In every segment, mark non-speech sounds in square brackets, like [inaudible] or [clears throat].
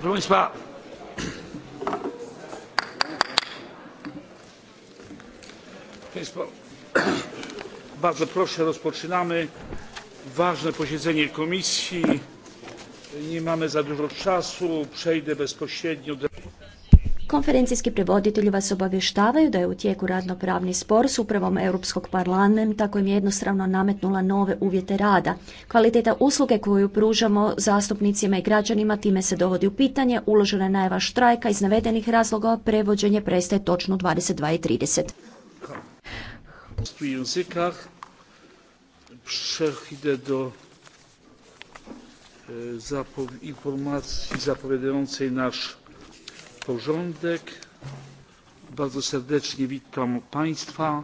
Proszę [clears throat] bardzo proszę, rozpoczynamy ważne posiedzenie komisji. Nie mamy za dużo czasu. Przejdę bezpośrednio do Konferencijski prevoditelji vas obavještavaju da je u tijeku radnopravni spor s upravom Europskog parlamenta kojim je jednostavno nametnula nove uvjete rada. Kvaliteta usluge koju pružamo zastupnicima i građanima time se dovodi u pitanje, uložena je najava štrajka iz navedenih razloga, prevođenje prestaje točno 22.30. W ide do e, informacji zapowiadającej nasz porządek. Bardzo serdecznie witam Państwa.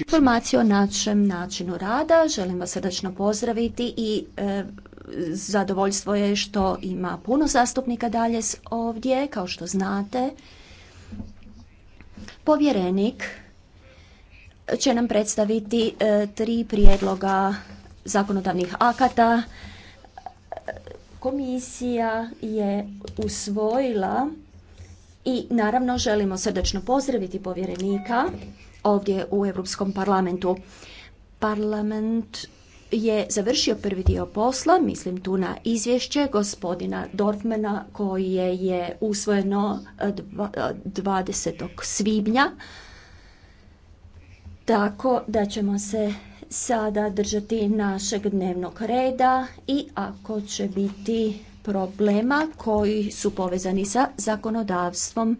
Informaciju o našem načinu rada želim vas srdečno pozdraviti i e, zadovoljstvo je što ima puno zastupnika dalje ovdje, kao što znate. Povjerenik će nam predstaviti e, tri prijedloga zakonodavnih akata Komisija je usvojila i naravno želimo srdečno pozdraviti povjerenika ovdje u Europskom parlamentu. Parlament je završio prvi dio posla, mislim tu na izvješće gospodina Dorfmana koje je usvojeno 20. svibnja, tako da ćemo se sada držati našeg dnevnog reda i ako će biti problema koji su povezani sa zakonodavstvom.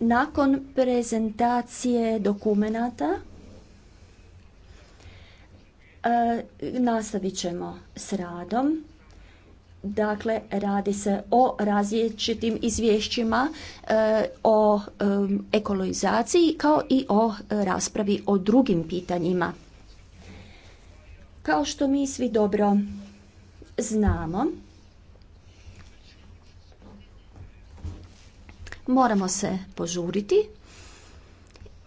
Nakon prezentacije dokumenata e, nastavit ćemo s radom. Dakle, radi se o različitim izvješćima, e, o e, ekologizaciji kao i o raspravi o drugim pitanjima. Kao što mi svi dobro znamo, moramo se požuriti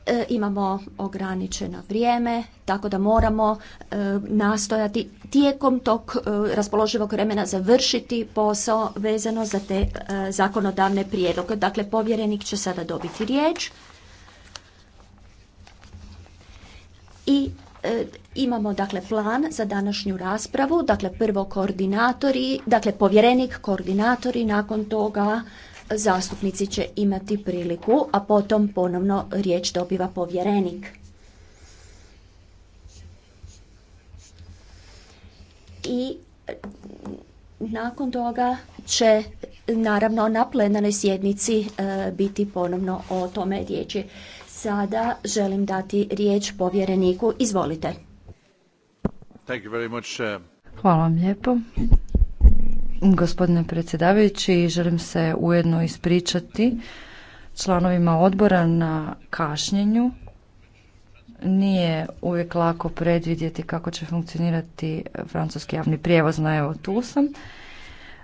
E, imamo ograničeno vrijeme, tako da moramo e, nastojati tijekom tog e, raspoloživog vremena završiti posao vezano za te zakonodavne prijedloge. Dakle, povjerenik će sada dobiti riječ. I imamo dakle plan za današnju raspravu, dakle prvo koordinatori, dakle povjerenik, koordinatori, nakon toga zastupnici će imati priliku, a potom ponovno riječ dobiva povjerenik. I nakon toga će naravno na plenarnoj sjednici e, biti ponovno o tome riječi. Sada želim dati riječ povjereniku. Izvolite. Uh, Hvala vam lijepo. Gospodine predsjedavajući, želim se ujedno ispričati članovima odbora na kašnjenju. Nije uvijek lako predvidjeti kako će funkcionirati francuski javni prijevoz, na evo tu sam.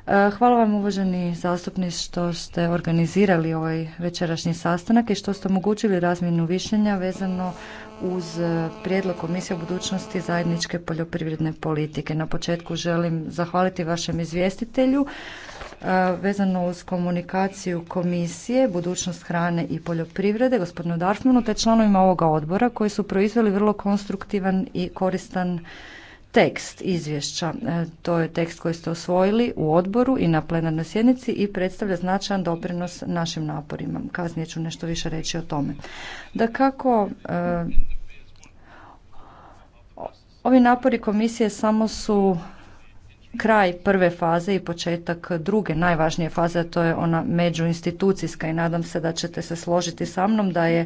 E, hvala vam uvaženi zastupnik što ste organizirali ovaj večerašnji sastanak i što ste omogućili razmjenu mišljenja vezano uz e, prijedlog Komisije o budućnosti zajedničke poljoprivredne politike. Na početku želim zahvaliti vašem izvjestitelju e, vezano uz komunikaciju Komisije, budućnost hrane i poljoprivrede, gospodinu Darfmanu, te članovima ovoga odbora koji su proizveli vrlo konstruktivan i koristan tekst izvješća. E, to je tekst koji ste osvojili u odboru i na plenarnoj sjednici i predstavlja značajan doprinos našim naporima. Kasnije ću nešto više reći o tome. Da kako e, ovi napori komisije samo su kraj prve faze i početak druge najvažnije faze, a to je ona međuinstitucijska i nadam se da ćete se složiti sa mnom da je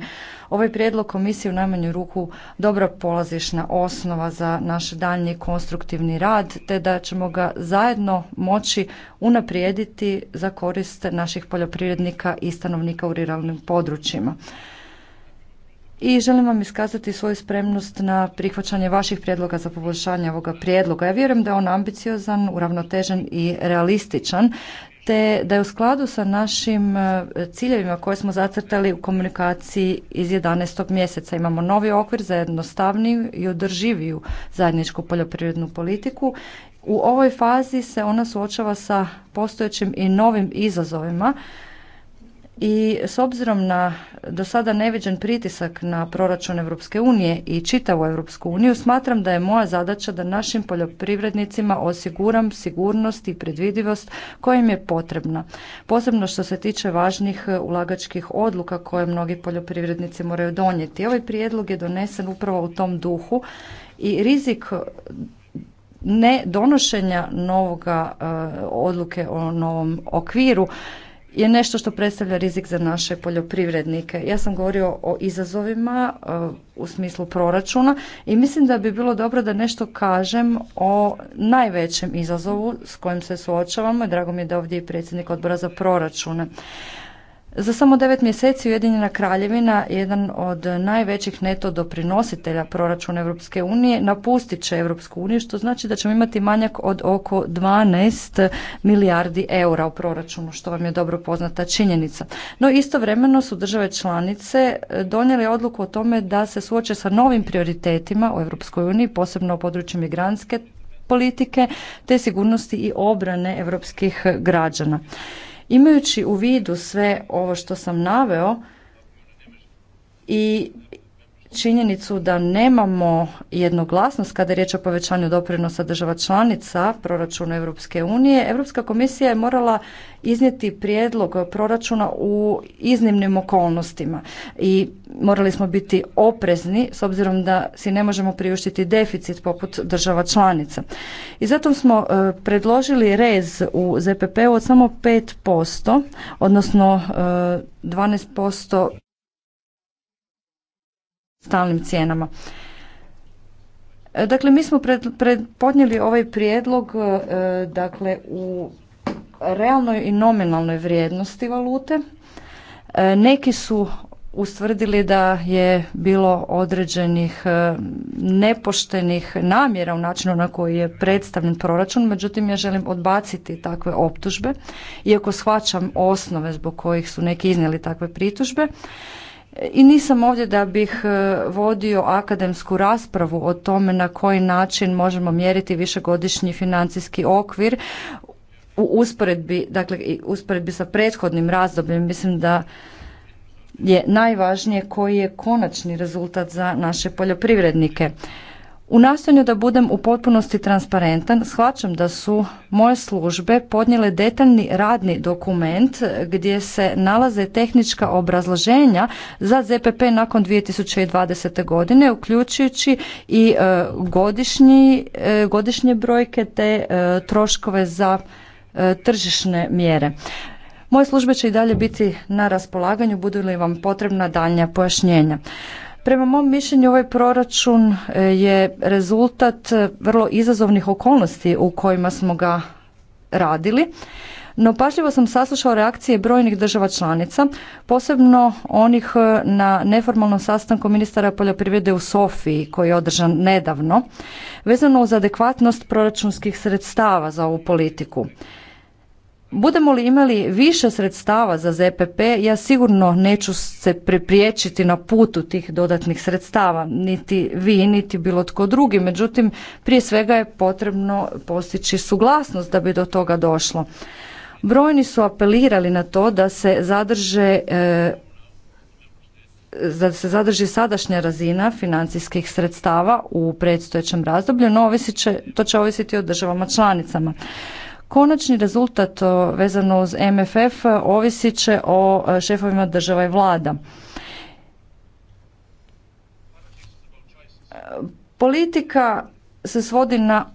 ovaj prijedlog komisije u najmanju ruku dobra polazišna osnova za naš daljnji konstruktivni rad te da ćemo ga zajedno moći unaprijediti za korist naših poljoprivrednika i stanovnika u ruralnim područjima i želim vam iskazati svoju spremnost na prihvaćanje vaših prijedloga za poboljšanje ovoga prijedloga. Ja vjerujem da je on ambiciozan, uravnotežen i realističan te da je u skladu sa našim e, ciljevima koje smo zacrtali u komunikaciji iz 11. mjeseca. Imamo novi okvir za jednostavniju i održiviju zajedničku poljoprivrednu politiku. U ovoj fazi se ona suočava sa postojećim i novim izazovima i s obzirom na do sada neviđen pritisak na proračun Europske unije i čitavu Europsku uniju, smatram da je moja zadaća da našim poljoprivrednicima osiguram sigurnost i predvidivost koja im je potrebna. Posebno što se tiče važnih ulagačkih odluka koje mnogi poljoprivrednici moraju donijeti. Ovaj prijedlog je donesen upravo u tom duhu i rizik ne donošenja novoga e, odluke o novom okviru je nešto što predstavlja rizik za naše poljoprivrednike. Ja sam govorio o izazovima e, u smislu proračuna i mislim da bi bilo dobro da nešto kažem o najvećem izazovu s kojim se suočavamo. Drago mi je da ovdje i predsjednik odbora za proračune. Za samo devet mjeseci Ujedinjena kraljevina, jedan od najvećih neto doprinositelja proračuna Europske unije, napustit će Europsku uniju, što znači da ćemo imati manjak od oko 12 milijardi eura u proračunu, što vam je dobro poznata činjenica. No istovremeno su države članice e, donijele odluku o tome da se suoče sa novim prioritetima u Europskoj uniji, posebno u području migrantske politike te sigurnosti i obrane europskih građana. Imajući u vidu sve ovo što sam naveo i činjenicu da nemamo jednoglasnost kada je riječ o povećanju doprinosa država članica proračuna Europske unije, Europska komisija je morala iznijeti prijedlog proračuna u iznimnim okolnostima i morali smo biti oprezni s obzirom da si ne možemo priuštiti deficit poput država članica. I zato smo e, predložili rez u ZPP-u od samo 5%, odnosno 12% e, stalnim cijenama. E, dakle, mi smo pred, podnijeli ovaj prijedlog e, dakle, u realnoj i nominalnoj vrijednosti valute. E, neki su ustvrdili da je bilo određenih nepoštenih namjera u načinu na koji je predstavljen proračun, međutim ja želim odbaciti takve optužbe, iako shvaćam osnove zbog kojih su neki iznijeli takve pritužbe. I nisam ovdje da bih e, vodio akademsku raspravu o tome na koji način možemo mjeriti višegodišnji financijski okvir u usporedbi, dakle, usporedbi sa prethodnim razdobljem. Mislim da je najvažnije koji je konačni rezultat za naše poljoprivrednike. U nastojanju da budem u potpunosti transparentan, shvaćam da su moje službe podnijele detaljni radni dokument gdje se nalaze tehnička obrazloženja za ZPP nakon 2020. godine, uključujući i e, godišnji, e, godišnje brojke te e, troškove za tržišne mjere. Moje službe će i dalje biti na raspolaganju, budu li vam potrebna daljnja pojašnjenja. Prema mom mišljenju ovaj proračun e, je rezultat e, vrlo izazovnih okolnosti u kojima smo ga radili. No pažljivo sam saslušao reakcije brojnih država članica, posebno onih e, na neformalnom sastanku ministara poljoprivrede u Sofiji koji je održan nedavno, vezano uz adekvatnost proračunskih sredstava za ovu politiku. Budemo li imali više sredstava za ZPP, ja sigurno neću se prepriječiti na putu tih dodatnih sredstava, niti vi, niti bilo tko drugi. Međutim, prije svega je potrebno postići suglasnost da bi do toga došlo. Brojni su apelirali na to da se zadrže e, da se zadrži sadašnja razina financijskih sredstava u predstojećem razdoblju, no će, to će ovisiti o državama članicama. Konačni rezultat vezano uz MFF ovisit će o e, šefovima država i vlada. E, politika se svodi na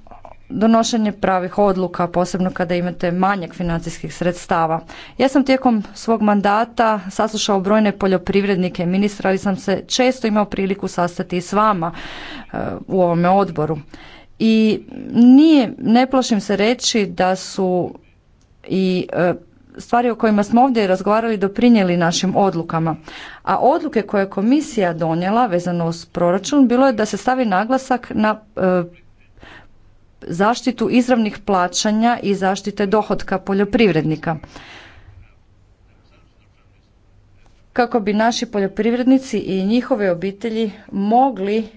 donošenje pravih odluka, posebno kada imate manjak financijskih sredstava. Ja sam tijekom svog mandata saslušao brojne poljoprivrednike, ministra, ali sam se često imao priliku sastati i s vama e, u ovome odboru i nije, ne plašim se reći da su i e, stvari o kojima smo ovdje razgovarali doprinijeli našim odlukama. A odluke koje je komisija donijela vezano uz proračun bilo je da se stavi naglasak na e, zaštitu izravnih plaćanja i zaštite dohotka poljoprivrednika. Kako bi naši poljoprivrednici i njihove obitelji mogli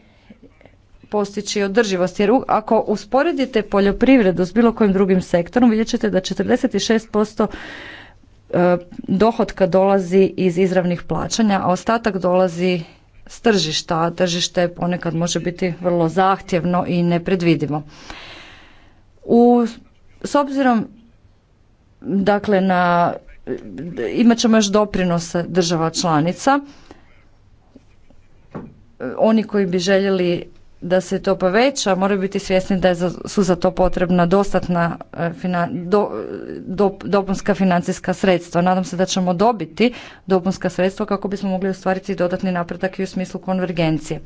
postići održivost. Jer ako usporedite poljoprivredu s bilo kojim drugim sektorom, vidjet ćete da 46% e, dohotka dolazi iz izravnih plaćanja, a ostatak dolazi s tržišta, a tržište ponekad može biti vrlo zahtjevno i nepredvidivo. U, s obzirom dakle na imat ćemo još doprinose država članica oni koji bi željeli da se to poveća, moraju biti svjesni da su za to potrebna dostatna e, dopunska financijska sredstva. Nadam se da ćemo dobiti dopunska sredstva kako bismo mogli ostvariti dodatni napredak i u smislu konvergencije.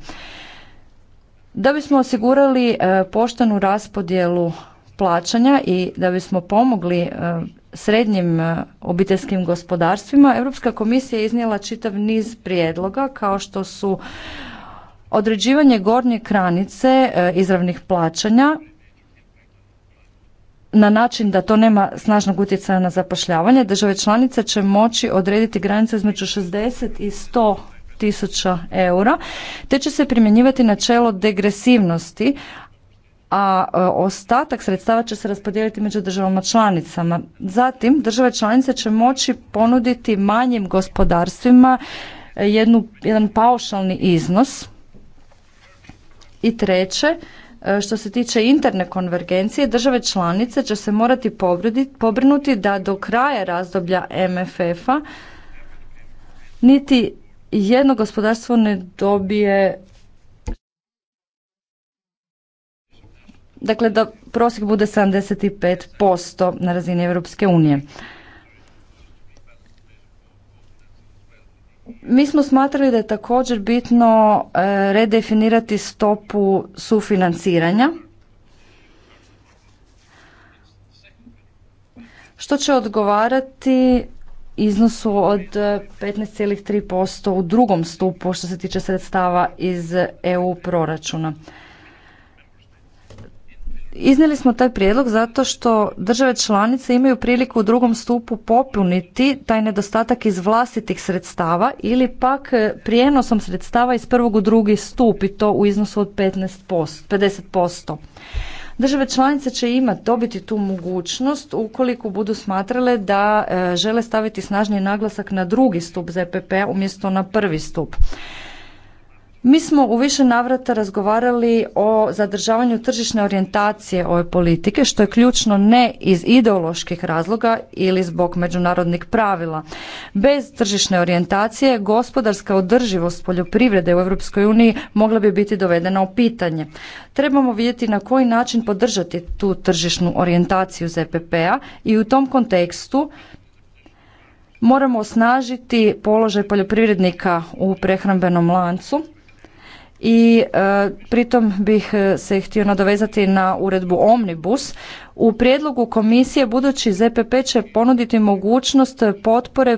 Da bismo osigurali e, poštenu raspodjelu plaćanja i da bismo pomogli e, srednjim obiteljskim gospodarstvima, Europska komisija je iznijela čitav niz prijedloga kao što su Određivanje gornje granice e, izravnih plaćanja na način da to nema snažnog utjecaja na zapošljavanje, države članice će moći odrediti granice između 60 i 100 tisuća eura, te će se primjenjivati načelo degresivnosti, a e, ostatak sredstava će se raspodijeliti među državama članicama. Zatim, države članice će moći ponuditi manjim gospodarstvima e, jedan paušalni iznos i treće, e, što se tiče interne konvergencije, države članice će se morati pobrinuti da do kraja razdoblja MFF-a niti jedno gospodarstvo ne dobije dakle da prosjek bude 75% na razini Europske unije. Mi smo smatrali da je također bitno e, redefinirati stopu sufinanciranja što će odgovarati iznosu od 15,3% u drugom stupu što se tiče sredstava iz EU proračuna. Iznijeli smo taj prijedlog zato što države članice imaju priliku u drugom stupu popuniti taj nedostatak iz vlastitih sredstava ili pak e, prijenosom sredstava iz prvog u drugi stup i to u iznosu od 15%, 50%. Države članice će imati, dobiti tu mogućnost ukoliko budu smatrale da e, žele staviti snažniji naglasak na drugi stup ZPP p-a umjesto na prvi stup. Mi smo u više navrata razgovarali o zadržavanju tržišne orijentacije ove politike, što je ključno ne iz ideoloških razloga ili zbog međunarodnih pravila. Bez tržišne orijentacije gospodarska održivost poljoprivrede u EU mogla bi biti dovedena u pitanje. Trebamo vidjeti na koji način podržati tu tržišnu orijentaciju ZPP-a i u tom kontekstu moramo osnažiti položaj poljoprivrednika u prehrambenom lancu i e, pritom bih e, se htio nadovezati na uredbu Omnibus. U prijedlogu komisije budući ZPP će ponuditi mogućnost potpore e,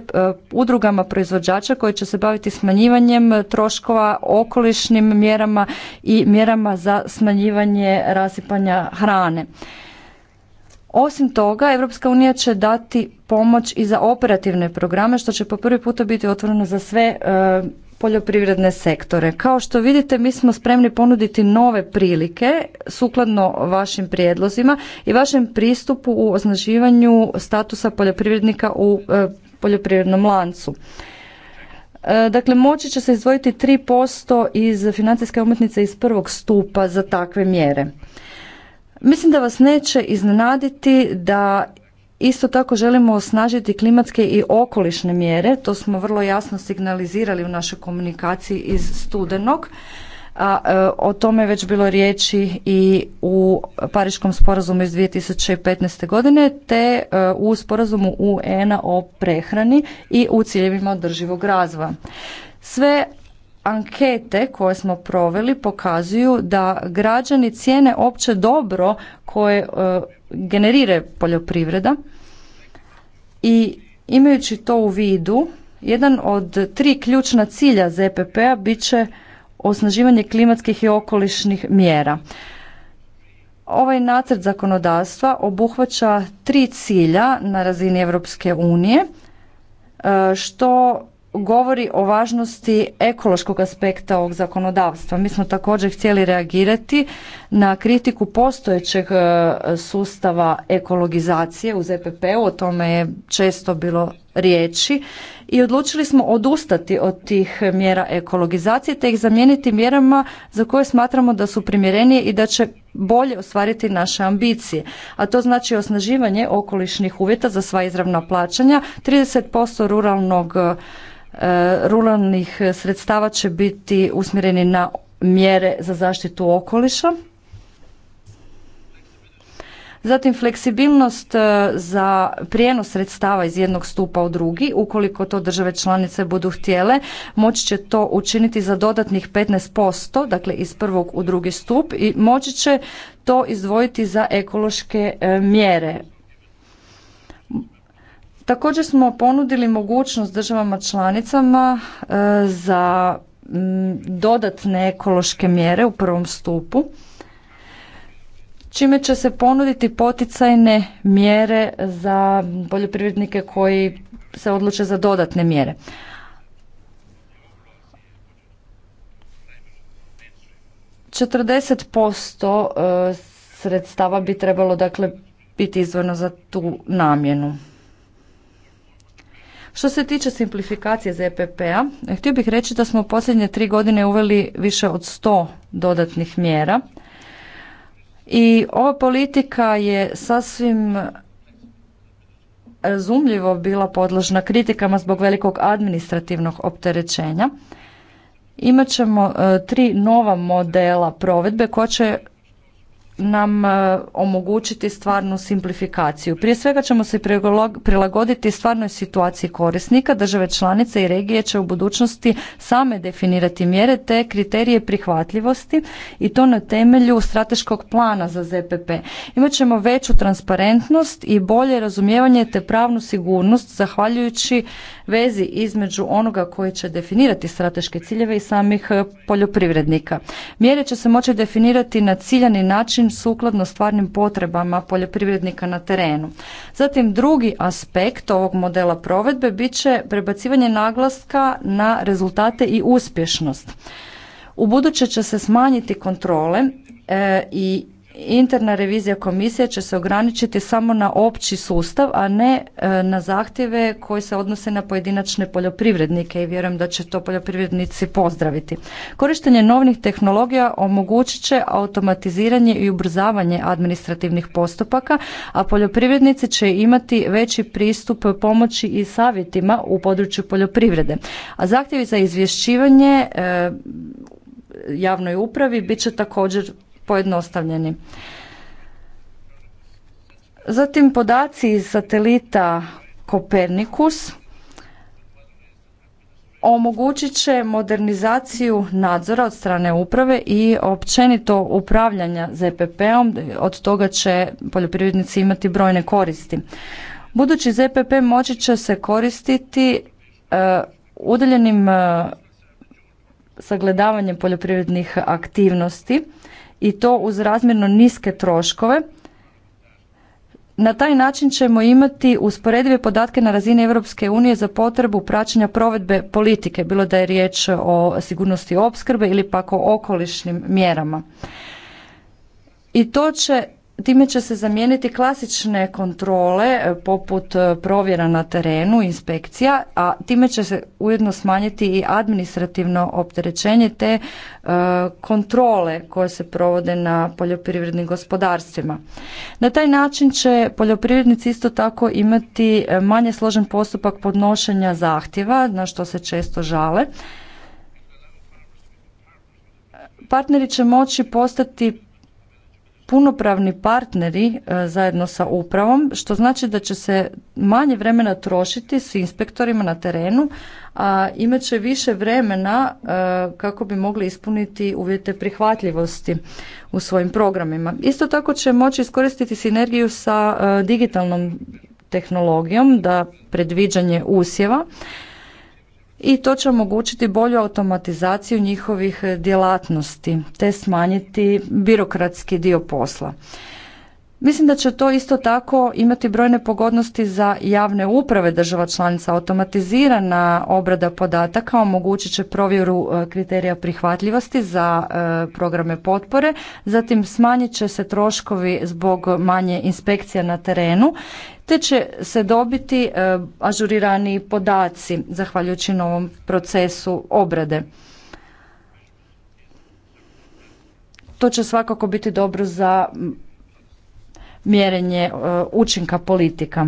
udrugama proizvođača koji će se baviti smanjivanjem troškova, okolišnim mjerama i mjerama za smanjivanje rasipanja hrane. Osim toga, Europska unija će dati pomoć i za operativne programe, što će po prvi puta biti otvoreno za sve poljoprivredne sektore. Kao što vidite, mi smo spremni ponuditi nove prilike sukladno vašim prijedlozima i vašem pristupu u označivanju statusa poljoprivrednika u e, poljoprivrednom lancu. E, dakle, moći će se izdvojiti 3% iz financijske omotnice iz prvog stupa za takve mjere. Mislim da vas neće iznenaditi da Isto tako želimo osnažiti klimatske i okolišne mjere, to smo vrlo jasno signalizirali u našoj komunikaciji iz studenog, a e, o tome je već bilo riječi i u Pariškom sporazumu iz 2015. godine te e, u sporazumu UN-a o prehrani i u ciljevima održivog razvoja. Sve ankete koje smo proveli pokazuju da građani cijene opće dobro koje e, generira poljoprivreda i imajući to u vidu, jedan od tri ključna cilja ZPP-a bit će osnaživanje klimatskih i okolišnih mjera. Ovaj nacrt zakonodavstva obuhvaća tri cilja na razini Europske unije, e, što govori o važnosti ekološkog aspekta ovog zakonodavstva. Mi smo također htjeli reagirati na kritiku postojećeg e, sustava ekologizacije u ZPP-u, o tome je često bilo riječi i odlučili smo odustati od tih mjera ekologizacije te ih zamijeniti mjerama za koje smatramo da su primjerenije i da će bolje ostvariti naše ambicije. A to znači osnaživanje okolišnih uvjeta za sva izravna plaćanja, 30% ruralnog ruralnih sredstava će biti usmjereni na mjere za zaštitu okoliša. Zatim fleksibilnost e, za prijenos sredstava iz jednog stupa u drugi, ukoliko to države članice budu htjele, moći će to učiniti za dodatnih 15%, dakle iz prvog u drugi stup i moći će to izdvojiti za ekološke e, mjere Također smo ponudili mogućnost državama članicama e, za dodatne ekološke mjere u prvom stupu čime će se ponuditi poticajne mjere za poljoprivrednike koji se odluče za dodatne mjere. Četrdeset posto e, sredstava bi trebalo dakle biti izvorno za tu namjenu. Što se tiče simplifikacije ZPP-a, htio bih reći da smo u posljednje tri godine uveli više od sto dodatnih mjera. I ova politika je sasvim razumljivo bila podložna kritikama zbog velikog administrativnog opterećenja. Imaćemo e, tri nova modela provedbe koja će nam e, omogućiti stvarnu simplifikaciju. Prije svega ćemo se prilagoditi stvarnoj situaciji korisnika, države članice i regije će u budućnosti same definirati mjere te kriterije prihvatljivosti i to na temelju strateškog plana za ZPP. Imaćemo veću transparentnost i bolje razumijevanje te pravnu sigurnost zahvaljujući vezi između onoga koji će definirati strateške ciljeve i samih e, poljoprivrednika. Mjere će se moći definirati na ciljani način sukladno stvarnim potrebama poljoprivrednika na terenu. Zatim drugi aspekt ovog modela provedbe bit će prebacivanje naglaska na rezultate i uspješnost. U buduće će se smanjiti kontrole e, i interna revizija komisije će se ograničiti samo na opći sustav, a ne e, na zahtjeve koji se odnose na pojedinačne poljoprivrednike i vjerujem da će to poljoprivrednici pozdraviti. Korištenje novnih tehnologija omogućit će automatiziranje i ubrzavanje administrativnih postupaka, a poljoprivrednici će imati veći pristup pomoći i savjetima u području poljoprivrede. A zahtjevi za izvješćivanje e, javnoj upravi bit će također pojednostavljeni. Zatim podaci iz satelita Kopernikus omogućit će modernizaciju nadzora od strane uprave i općenito upravljanja ZPP-om, od toga će poljoprivrednici imati brojne koristi. Budući ZPP moći će se koristiti uh, udaljenim e, sagledavanjem poljoprivrednih aktivnosti i to uz razmjerno niske troškove. Na taj način ćemo imati usporedive podatke na razini Europske unije za potrebu praćenja provedbe politike, bilo da je riječ o sigurnosti opskrbe ili pak o okolišnim mjerama. I to će Time će se zamijeniti klasične kontrole e, poput e, provjera na terenu, inspekcija, a time će se ujedno smanjiti i administrativno opterećenje te e, kontrole koje se provode na poljoprivrednim gospodarstvima. Na taj način će poljoprivrednici isto tako imati manje složen postupak podnošenja zahtjeva, na što se često žale. Partneri će moći postati punopravni partneri e, zajedno sa upravom, što znači da će se manje vremena trošiti s inspektorima na terenu, a imat će više vremena e, kako bi mogli ispuniti uvjete prihvatljivosti u svojim programima. Isto tako će moći iskoristiti sinergiju sa e, digitalnom tehnologijom da predviđanje usjeva i to će omogućiti bolju automatizaciju njihovih djelatnosti te smanjiti birokratski dio posla. Mislim da će to isto tako imati brojne pogodnosti za javne uprave država članica. Automatizirana obrada podataka omogućit će provjeru e, kriterija prihvatljivosti za e, programe potpore, zatim smanjit će se troškovi zbog manje inspekcija na terenu, te će se dobiti e, ažurirani podaci zahvaljujući novom procesu obrade. To će svakako biti dobro za mjerenje e, učinka politika.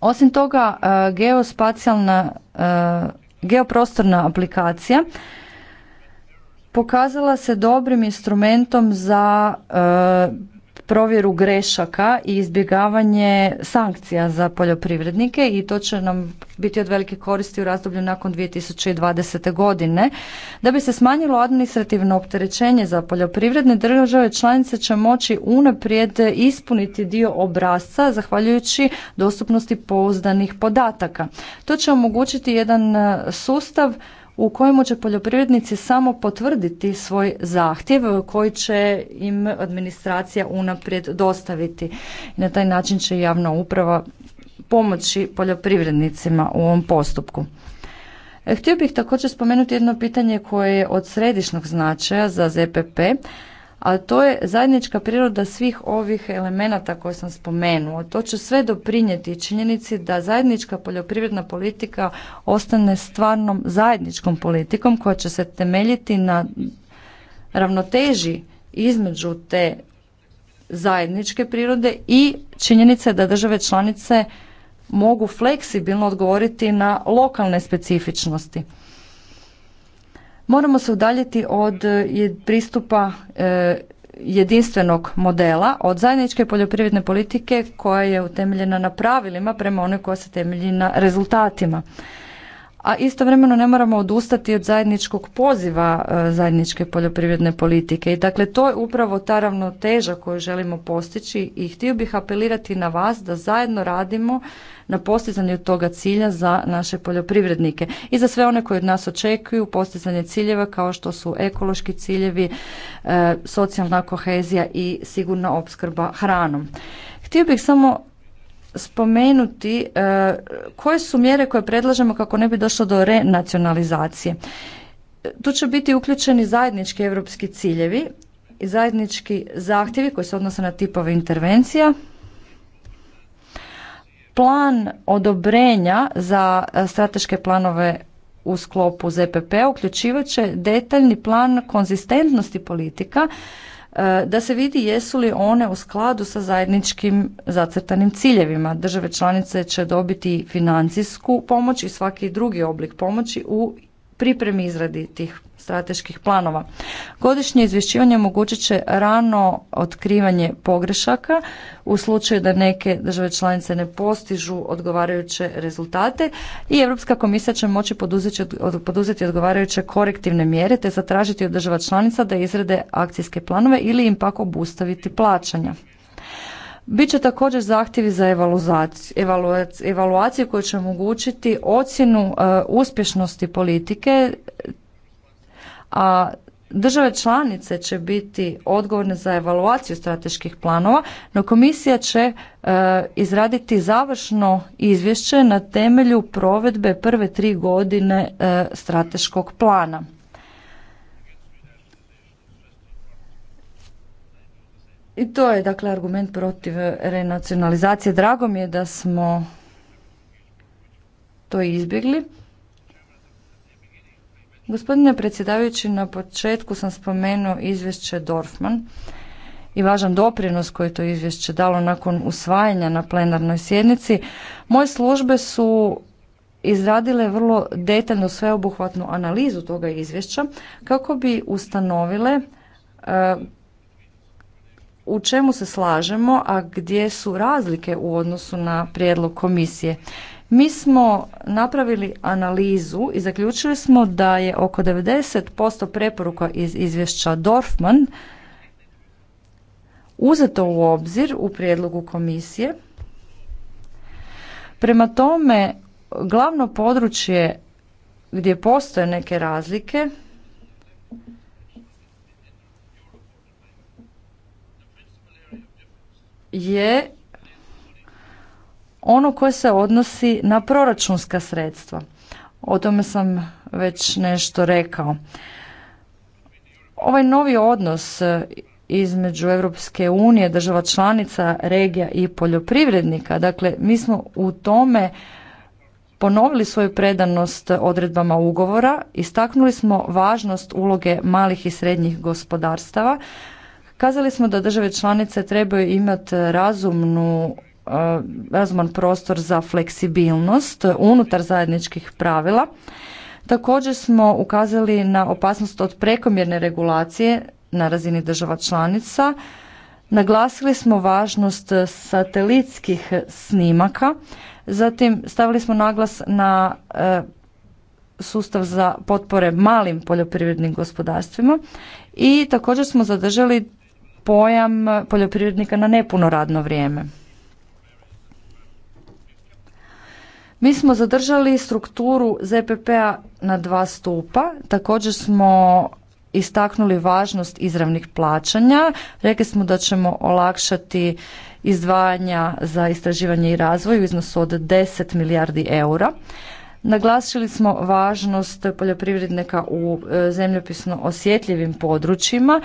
Osim toga, e, e, geoprostorna aplikacija pokazala se dobrim instrumentom za provjeru grešaka i izbjegavanje sankcija za poljoprivrednike i to će nam biti od velike koristi u razdoblju nakon 2020. godine. Da bi se smanjilo administrativno opterećenje za poljoprivredne države članice će moći unaprijed ispuniti dio obrazca zahvaljujući dostupnosti pouzdanih podataka. To će omogućiti jedan e, sustav u kojemu će poljoprivrednici samo potvrditi svoj zahtjev koji će im administracija unaprijed dostaviti. Na taj način će javna uprava pomoći poljoprivrednicima u ovom postupku. E, htio bih također spomenuti jedno pitanje koje je od središnjeg značaja za ZPP, a to je zajednička priroda svih ovih elemenata koje sam spomenuo. To će sve doprinijeti činjenici da zajednička poljoprivredna politika ostane stvarnom zajedničkom politikom koja će se temeljiti na ravnoteži između te zajedničke prirode i činjenice da države članice mogu fleksibilno odgovoriti na lokalne specifičnosti. Moramo se udaljiti od e, pristupa e, jedinstvenog modela, od zajedničke poljoprivredne politike koja je utemeljena na pravilima prema onoj koja se temelji na rezultatima a istovremeno ne moramo odustati od zajedničkog poziva e, zajedničke poljoprivredne politike. I dakle, to je upravo ta ravnoteža koju želimo postići i htio bih apelirati na vas da zajedno radimo na postizanju toga cilja za naše poljoprivrednike i za sve one koji od nas očekuju postizanje ciljeva kao što su ekološki ciljevi, e, socijalna kohezija i sigurna opskrba hranom. Htio bih samo spomenuti e, koje su mjere koje predlažemo kako ne bi došlo do renacionalizacije. Tu će biti uključeni zajednički europski ciljevi i zajednički zahtjevi koji se odnose na tipove intervencija, plan odobrenja za strateške planove u sklopu ZPP p-a, uključivat detaljni plan konzistentnosti politika E, da se vidi jesu li one u skladu sa zajedničkim zacrtanim ciljevima. Države članice će dobiti financijsku pomoć i svaki drugi oblik pomoći u pripremi izradi tih strateških planova. Godišnje izvješćivanje omogućit će rano otkrivanje pogrešaka u slučaju da neke države članice ne postižu odgovarajuće rezultate i Europska komisija će moći poduzeti odgovarajuće korektivne mjere te zatražiti od država članica da izrade akcijske planove ili im pak obustaviti plaćanja. Biće također zahtjevi za evaluaciju, evaluaciju koju će omogućiti ocjenu e, uspješnosti politike a Države članice će biti odgovorne za evaluaciju strateških planova, no komisija će e, izraditi završno izvješće na temelju provedbe prve tri godine e, strateškog plana. I to je dakle argument protiv renacionalizacije. Drago mi je da smo to izbjegli. Gospodine predsjedavajući, na početku sam spomenuo izvješće Dorfman i važan doprinos koje je to izvješće dalo nakon usvajanja na plenarnoj sjednici. Moje službe su izradile vrlo detaljnu sveobuhvatnu analizu toga izvješća kako bi ustanovile e, u čemu se slažemo, a gdje su razlike u odnosu na prijedlog komisije. Mi smo napravili analizu i zaključili smo da je oko 90% preporuka iz izvješća Dorfman uzeto u obzir u prijedlogu komisije. Prema tome, glavno područje gdje postoje neke razlike je ono koje se odnosi na proračunska sredstva. O tome sam već nešto rekao. Ovaj novi odnos između Europske unije, država članica, regija i poljoprivrednika, dakle mi smo u tome ponovili svoju predanost odredbama ugovora, istaknuli smo važnost uloge malih i srednjih gospodarstava, kazali smo da države članice trebaju imati razumnu E, razuman prostor za fleksibilnost unutar zajedničkih pravila. Također smo ukazali na opasnost od prekomjerne regulacije na razini država članica. Naglasili smo važnost satelitskih snimaka, zatim stavili smo naglas na e, sustav za potpore malim poljoprivrednim gospodarstvima i također smo zadržali pojam poljoprivrednika na nepuno radno vrijeme. Mi smo zadržali strukturu ZPP-a na dva stupa, također smo istaknuli važnost izravnih plaćanja. Rekli smo da ćemo olakšati izdvajanja za istraživanje i razvoj u iznosu od 10 milijardi eura. Naglasili smo važnost poljoprivrednika u e, zemljopisno osjetljivim područjima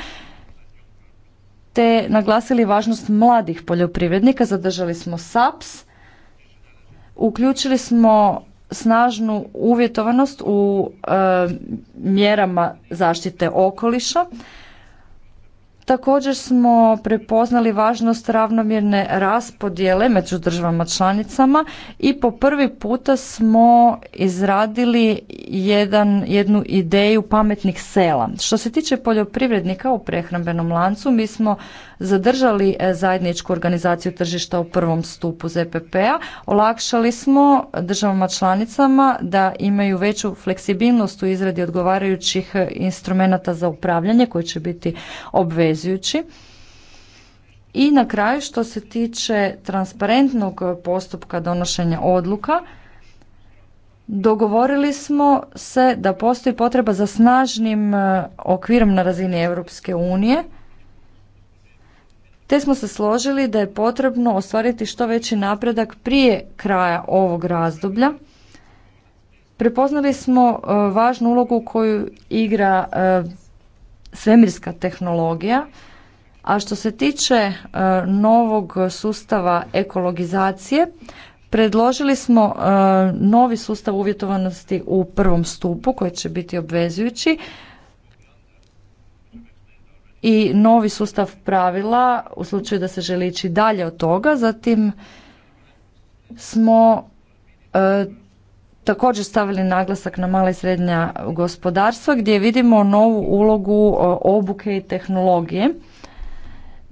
te naglasili važnost mladih poljoprivrednika. Zadržali smo SAPS Uključili smo snažnu uvjetovanost u e, mjerama zaštite okoliša Također smo prepoznali važnost ravnomjerne raspodjele među državama članicama i po prvi puta smo izradili jedan, jednu ideju pametnih sela. Što se tiče poljoprivrednika u prehrambenom lancu, mi smo zadržali e, zajedničku organizaciju tržišta u prvom stupu ZPP-a. Olakšali smo državama članicama da imaju veću fleksibilnost u izradi odgovarajućih e, instrumenata za upravljanje koji će biti obvezni. I na kraju što se tiče transparentnog postupka donošenja odluka, dogovorili smo se da postoji potreba za snažnim e, okvirom na razini Europske unije, te smo se složili da je potrebno ostvariti što veći napredak prije kraja ovog razdoblja. Prepoznali smo e, važnu ulogu koju igra e, svemirska tehnologija. A što se tiče e, novog sustava ekologizacije, predložili smo e, novi sustav uvjetovanosti u prvom stupu koji će biti obvezujući i novi sustav pravila u slučaju da se želi ići dalje od toga. Zatim smo e, također stavili naglasak na mala i srednja gospodarstva gdje vidimo novu ulogu obuke i tehnologije.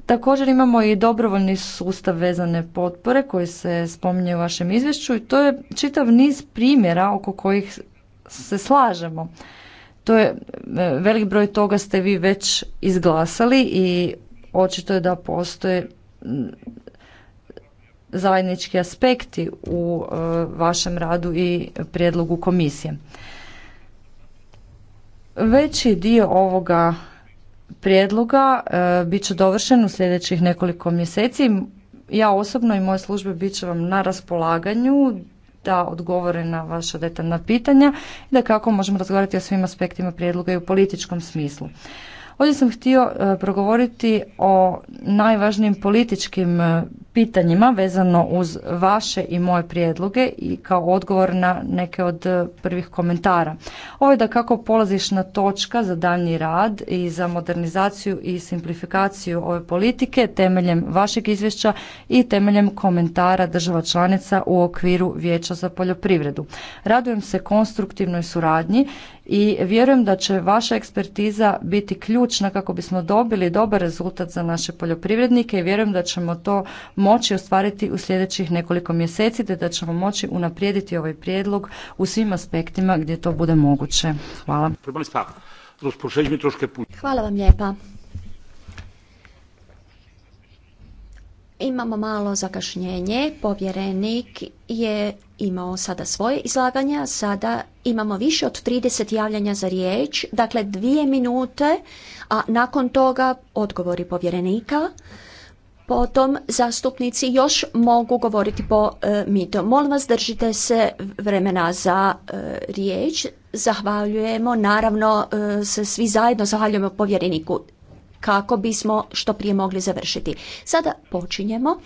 Također imamo i dobrovoljni sustav vezane potpore koji se spominje u vašem izvješću i to je čitav niz primjera oko kojih se slažemo. To je e, velik broj toga ste vi već izglasali i očito je da postoje zajednički aspekti u e, vašem radu i prijedlogu komisije. Veći dio ovoga prijedloga e, bit će dovršen u sljedećih nekoliko mjeseci. Ja osobno i moje službe bit će vam na raspolaganju da odgovore na vaša detaljna pitanja i da kako možemo razgovarati o svim aspektima prijedloga i u političkom smislu. Ovdje sam htio e, progovoriti o najvažnijim političkim e, pitanjima vezano uz vaše i moje prijedloge i kao odgovor na neke od e, prvih komentara. Ovo je da kako na točka za daljnji rad i za modernizaciju i simplifikaciju ove politike temeljem vašeg izvješća i temeljem komentara država članica u okviru Vijeća za poljoprivredu. Radujem se konstruktivnoj suradnji i vjerujem da će vaša ekspertiza biti ključna kako bismo dobili dobar rezultat za naše poljoprivrednike i vjerujem da ćemo to moći ostvariti u sljedećih nekoliko mjeseci te da ćemo moći unaprijediti ovaj prijedlog u svim aspektima gdje to bude moguće. Hvala. Hvala vam lijepa. Imamo malo zakašnjenje. Povjerenik je imao sada svoje izlaganje, Sada imamo više od 30 javljanja za riječ. Dakle, dvije minute, a nakon toga odgovori povjerenika. Potom zastupnici još mogu govoriti po mitu. E, mito. Molim vas držite se vremena za e, riječ. Zahvaljujemo, naravno e, se svi zajedno zahvaljujemo povjereniku kako bismo što prije mogli završiti. Sada počinjemo.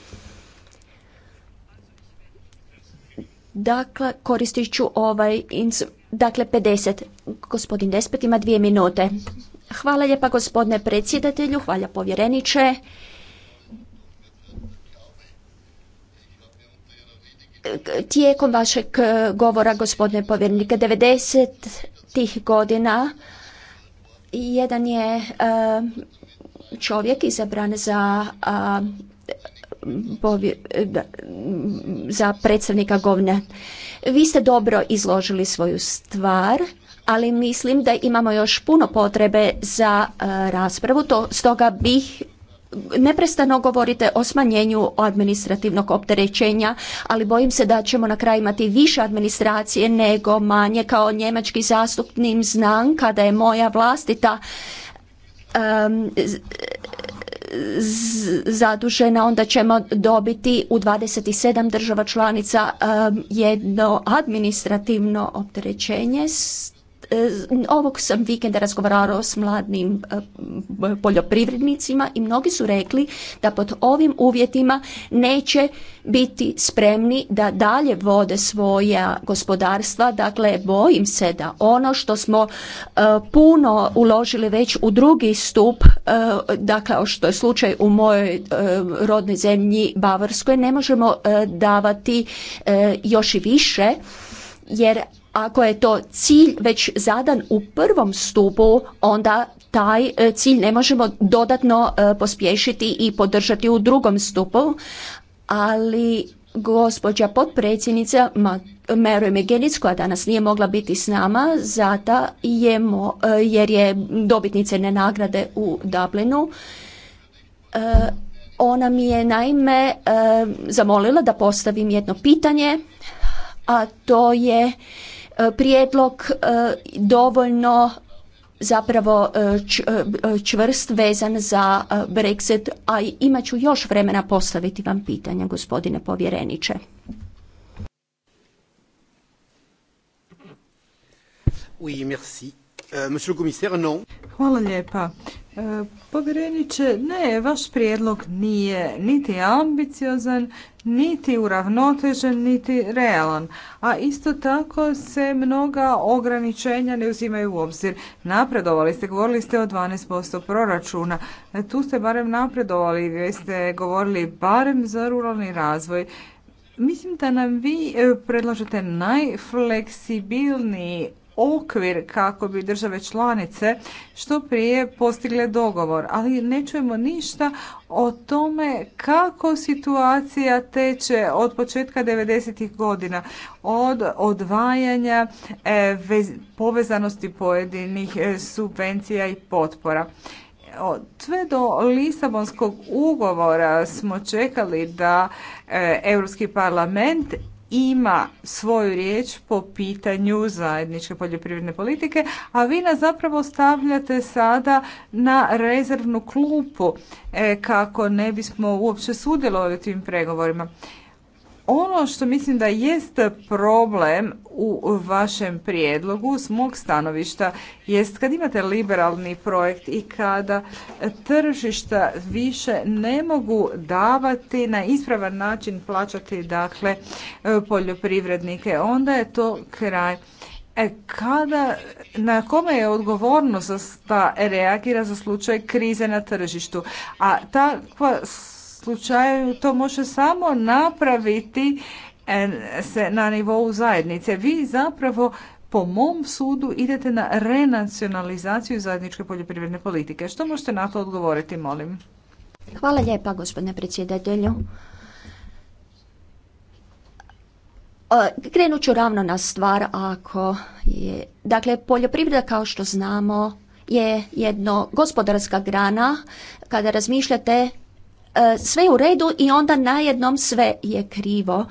Dakle, koristit ću ovaj, dakle 50. Gospodin Despet ima dvije minute. Hvala lijepa gospodine predsjedatelju, hvala povjereniče. Tijekom vašeg eh, govora, gospodine povjerenike, 90 tih godina jedan je eh, čovjek izabran za a, za predstavnika govne. Vi ste dobro izložili svoju stvar, ali mislim da imamo još puno potrebe za raspravu, to stoga bih neprestano govorite o smanjenju administrativnog opterećenja, ali bojim se da ćemo na kraju imati više administracije nego manje. Kao njemački zastupnik znam kada je moja vlastita um, zadužena, onda ćemo dobiti u 27 država članica um, jedno administrativno opterećenje s Eh, ovog sam vikenda razgovarala s mladim eh, poljoprivrednicima i mnogi su rekli da pod ovim uvjetima neće biti spremni da dalje vode svoja gospodarstva. Dakle, bojim se da ono što smo eh, puno uložili već u drugi stup, dakle, što je slučaj u mojoj rodnoj zemlji Bavarskoj, ne možemo davati još i više, jer ako je to cilj već zadan u prvom stupu, onda taj e, cilj ne možemo dodatno e, pospješiti i podržati u drugom stupu, ali gospođa potpredsjednica Mary McGinnis, koja danas nije mogla biti s nama, zata je e, jer je dobitnice ne nagrade u Dublinu, ona mi je naime zamolila da postavim jedno pitanje, a to je E, prijedlog e, dovoljno zapravo e, čvrst vezan za Brexit, a imat ću još vremena postaviti vam pitanja, gospodine povjereniče. Euh, Hvala lijepa. Povjereniče, ne, vaš prijedlog nije niti ambiciozan, niti uravnotežen, niti realan. A isto tako se mnoga ograničenja ne uzimaju u obzir. Napredovali ste, govorili ste o 12% proračuna. E, tu ste barem napredovali, vi ste govorili barem za ruralni razvoj. Mislim da nam vi e, predlažete najfleksibilniji okvir kako bi države članice što prije postigle dogovor, ali ne čujemo ništa o tome kako situacija teče od početka 90. godina, od odvajanja e, povezanosti pojedinih e, subvencija i potpora. Sve do Lisabonskog ugovora smo čekali da e, Europski parlament ima svoju riječ po pitanju zajedničke poljoprivredne politike, a vi nas zapravo stavljate sada na rezervnu klupu e, kako ne bismo uopće sudjelovali u tim pregovorima. Ono što mislim da jest problem u vašem prijedlogu s mog stanovišta jest kad imate liberalni projekt i kada tržišta više ne mogu davati na ispravan način plaćati dakle poljoprivrednike onda je to kraj E, kada, na kome je odgovornost da reagira za slučaj krize na tržištu? A takva slučaju to može samo napraviti e, se na nivou zajednice. Vi zapravo po mom sudu idete na renacionalizaciju zajedničke poljoprivredne politike. Što možete na to odgovoriti, molim? Hvala lijepa, gospodine predsjedatelju. Krenut ću ravno na stvar ako je... Dakle, poljoprivreda kao što znamo je jedno gospodarska grana kada razmišljate sve u redu i onda najednom sve je krivo.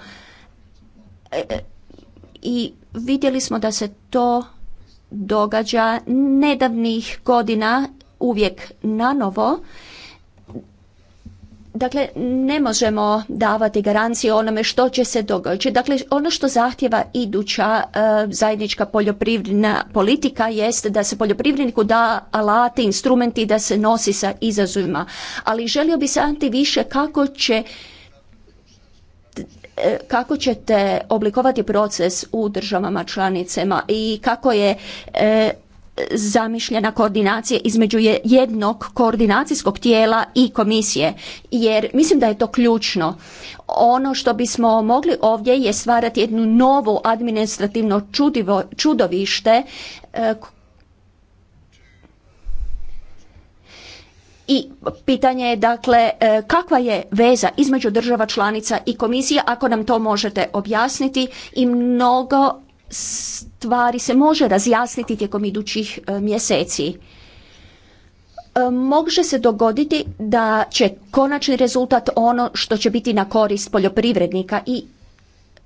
E, e, I vidjeli smo da se to događa nedavnih godina uvijek na novo Dakle, ne možemo davati garancije onome što će se događati. Dakle, ono što zahtjeva iduća e, zajednička poljoprivredna politika jest da se poljoprivredniku da alate, instrumenti da se nosi sa izazovima. Ali želio bi santi više kako će e, kako ćete oblikovati proces u državama članicama i kako je e, zamišljena koordinacija između jednog koordinacijskog tijela i komisije jer mislim da je to ključno. Ono što bismo mogli ovdje je stvarati jednu novu administrativno čudivo, čudovište e, I pitanje je dakle e, kakva je veza između država članica i komisije ako nam to možete objasniti i mnogo stvari se može razjasniti tijekom idućih e, mjeseci. E, može se dogoditi da će konačni rezultat ono što će biti na korist poljoprivrednika i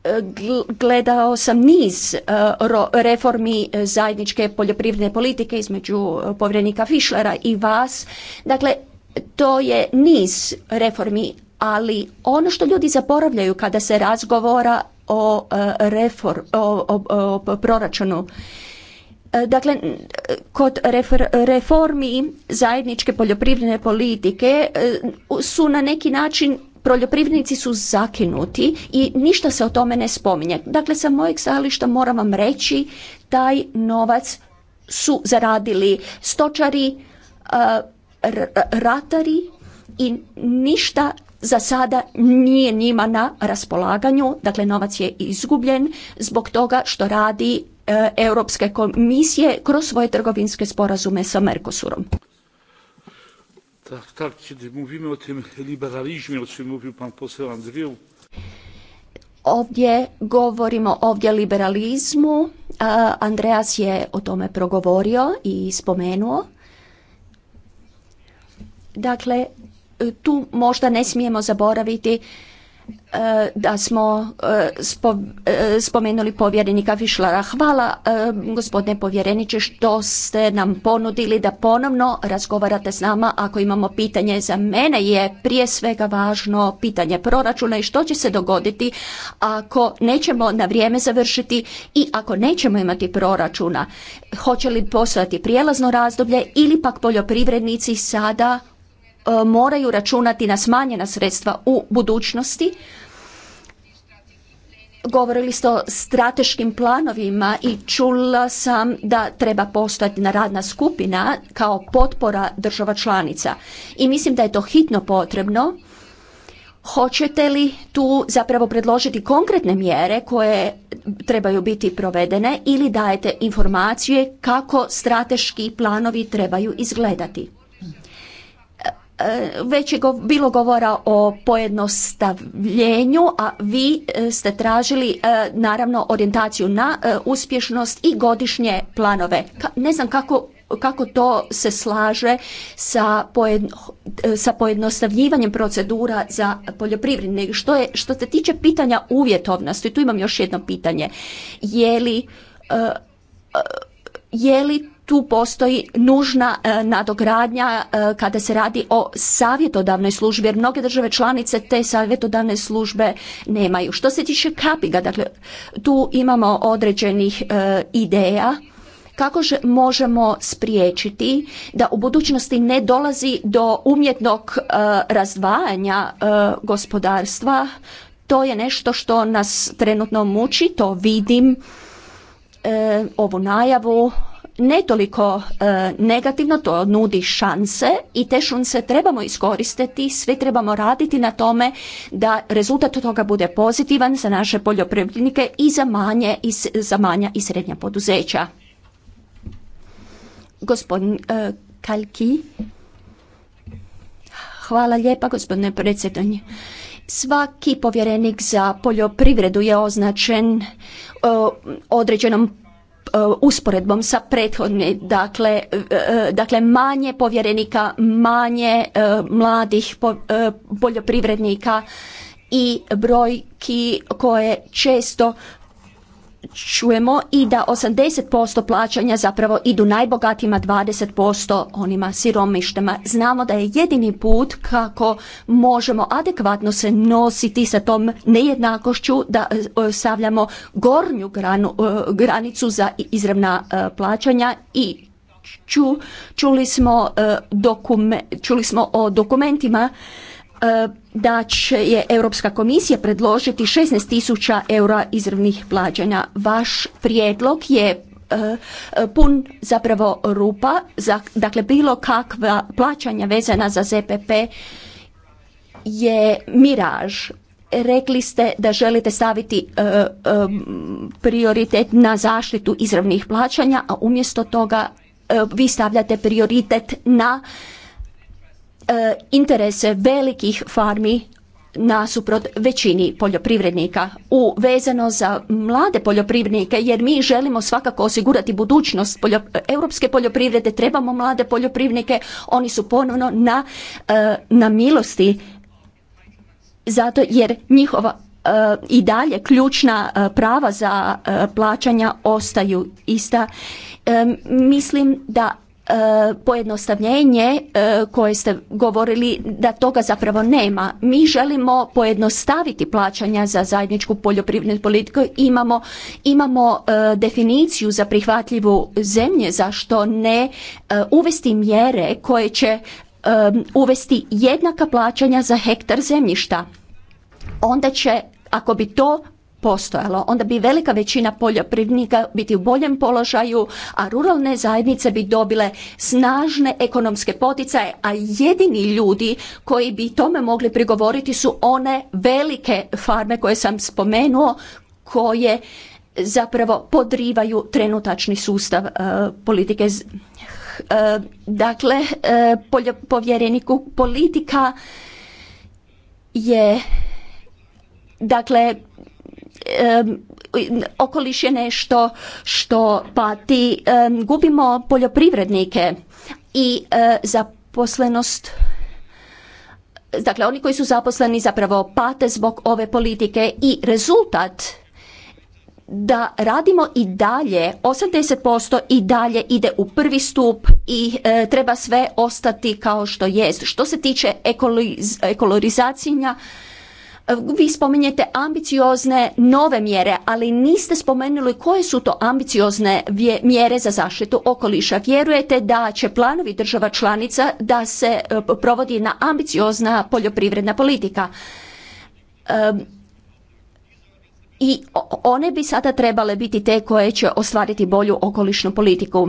e, gledao sam niz reformi zajedničke poljoprivredne politike između povjerenika Fišlera i vas. Dakle, to je niz reformi, ali ono što ljudi zaboravljaju kada se razgovora o, e, reform, o, o proračunu. E, dakle, kod reformi zajedničke poljoprivredne politike e, su na neki način poljoprivrednici su zakinuti i ništa se o tome ne spominje. Dakle, sa mojeg stajališta moram vam reći, taj novac su zaradili stočari, ratari i ništa za sada nije njima na raspolaganju, dakle novac je izgubljen zbog toga što radi e, Europske komisije kroz svoje trgovinske sporazume sa Mercosurom. Tak, tak, kiedy mówimy o tym liberalizmie, o czym mówił pan poseł Andrzeju. Ovdje govorimo ovdje liberalizmu. Andreas je o tome progovorio i spomenuo. Dakle, tu možda ne smijemo zaboraviti e, da smo e, e, spomenuli povjerenika Fišlara. Hvala gospodine povjereniče što ste nam ponudili da ponovno razgovarate s nama ako imamo pitanje. Za mene je prije svega važno pitanje proračuna i što će se dogoditi ako nećemo na vrijeme završiti i ako nećemo imati proračuna. Hoće li postojati prijelazno razdoblje ili pak poljoprivrednici sada E, moraju računati na smanjena sredstva u budućnosti. Govorili ste o strateškim planovima i čula sam da treba postojati na radna skupina kao potpora država članica. I mislim da je to hitno potrebno. Hoćete li tu zapravo predložiti konkretne mjere koje trebaju biti provedene ili dajete informacije kako strateški planovi trebaju izgledati? E, već je bilo govora o pojednostavljenju, a vi e, ste tražili e, naravno orijentaciju na uspješnost i godišnje planove. Ne znam kako kako to se slaže sa, sa pojednostavljivanjem procedura za poljoprivredne. Što, je, što se tiče pitanja uvjetovnosti, tu imam još jedno pitanje. Je li, je li tu postoji nužna e, nadogradnja e, kada se radi o savjetodavnoj službi jer mnoge države članice te savjetodavne službe nemaju. Što se tiče kapiga, dakle tu imamo određenih e, ideja kako možemo spriječiti da u budućnosti ne dolazi do umjetnog razdvajanja gospodarstva. To je nešto što nas trenutno muči, to vidim ovu najavu ne toliko e, negativno, to nudi šanse i te šanse trebamo iskoristiti, svi trebamo raditi na tome da rezultat toga bude pozitivan za naše poljoprivrednike i za, manje, i za manja i srednja poduzeća. Gospodin e, Kalki. Hvala lijepa gospodine predsjedanje. Svaki povjerenik za poljoprivredu je označen e, određenom E, usporedbom sa prethodnim, dakle, e, e, dakle manje povjerenika, manje mladih poljoprivrednika i brojki koje često čujemo i da 80% plaćanja zapravo idu najbogatima, 20% onima siromištama. Znamo da je jedini put kako možemo adekvatno se nositi sa tom nejednakošću da e, stavljamo gornju granu, e, granicu za izravna e, plaćanja i čuli, smo, čuli smo o dokumentima E, da će je Europska komisija predložiti 16.000 eura izravnih plaćanja. Vaš prijedlog je e, e, pun zapravo rupa, dakle bilo kakva plaćanja vezana za ZPP je miraž. Rekli ste da želite staviti prioritet na zaštitu izravnih plaćanja, a umjesto toga vi stavljate prioritet na E, interese velikih farmi nasuprot većini poljoprivrednika u vezano za mlade poljoprivrednike jer mi želimo svakako osigurati budućnost europske poljoprivrede trebamo mlade poljoprivrednike oni su ponovno na, e, na milosti zato jer njihova e, i dalje ključna prava za plaćanja ostaju ista. Mislim da E, pojednostavljenje e, koje ste govorili da toga zapravo nema. Mi želimo pojednostaviti plaćanja za zajedničku poljoprivrednu politiku. Imamo, imamo e, definiciju za prihvatljivu zemlje, zašto ne uvesti mjere koje će uvesti jednaka plaćanja za hektar zemljišta. Onda će ako bi to postojalo, onda bi velika većina poljoprivrednika biti u boljem položaju, a ruralne zajednice bi dobile snažne ekonomske poticaje, a jedini ljudi koji bi tome mogli prigovoriti su one velike farme koje sam spomenuo, koje zapravo podrivaju trenutačni sustav e, politike e, dakle e, povjereniku politika je dakle okoliš je nešto što pati, gubimo poljoprivrednike i e, zaposlenost Dakle, oni koji su zaposleni zapravo pate zbog ove politike i rezultat da radimo i dalje, 80% i dalje ide u prvi stup i e, treba sve ostati kao što jest. Što se tiče ekolorizacijenja, ekolorizacija, vi spominjete ambiciozne nove mjere, ali niste spomenuli koje su to ambiciozne mjere za zaštitu okoliša. Vjerujete da će planovi država članica da se e, provodi na ambiciozna poljoprivredna politika. I one bi sada trebale biti te koje će ostvariti bolju okolišnu politiku.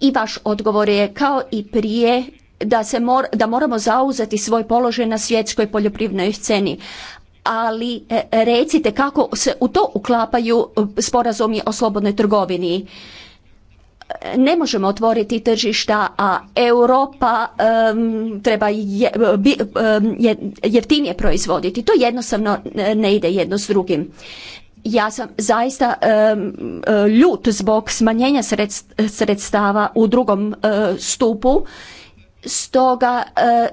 I vaš odgovor je kao i prije da, se da moramo zauzeti svoj položaj na svjetskoj poljoprivrednoj sceni ali e, recite kako se u to uklapaju e, sporazumi o slobodnoj trgovini e, ne možemo otvoriti tržišta, a Europa treba je, jeftinije proizvoditi. To jednostavno ne ide jedno s drugim. Ja sam zaista ljut zbog smanjenja sredstava u drugom stupu, stoga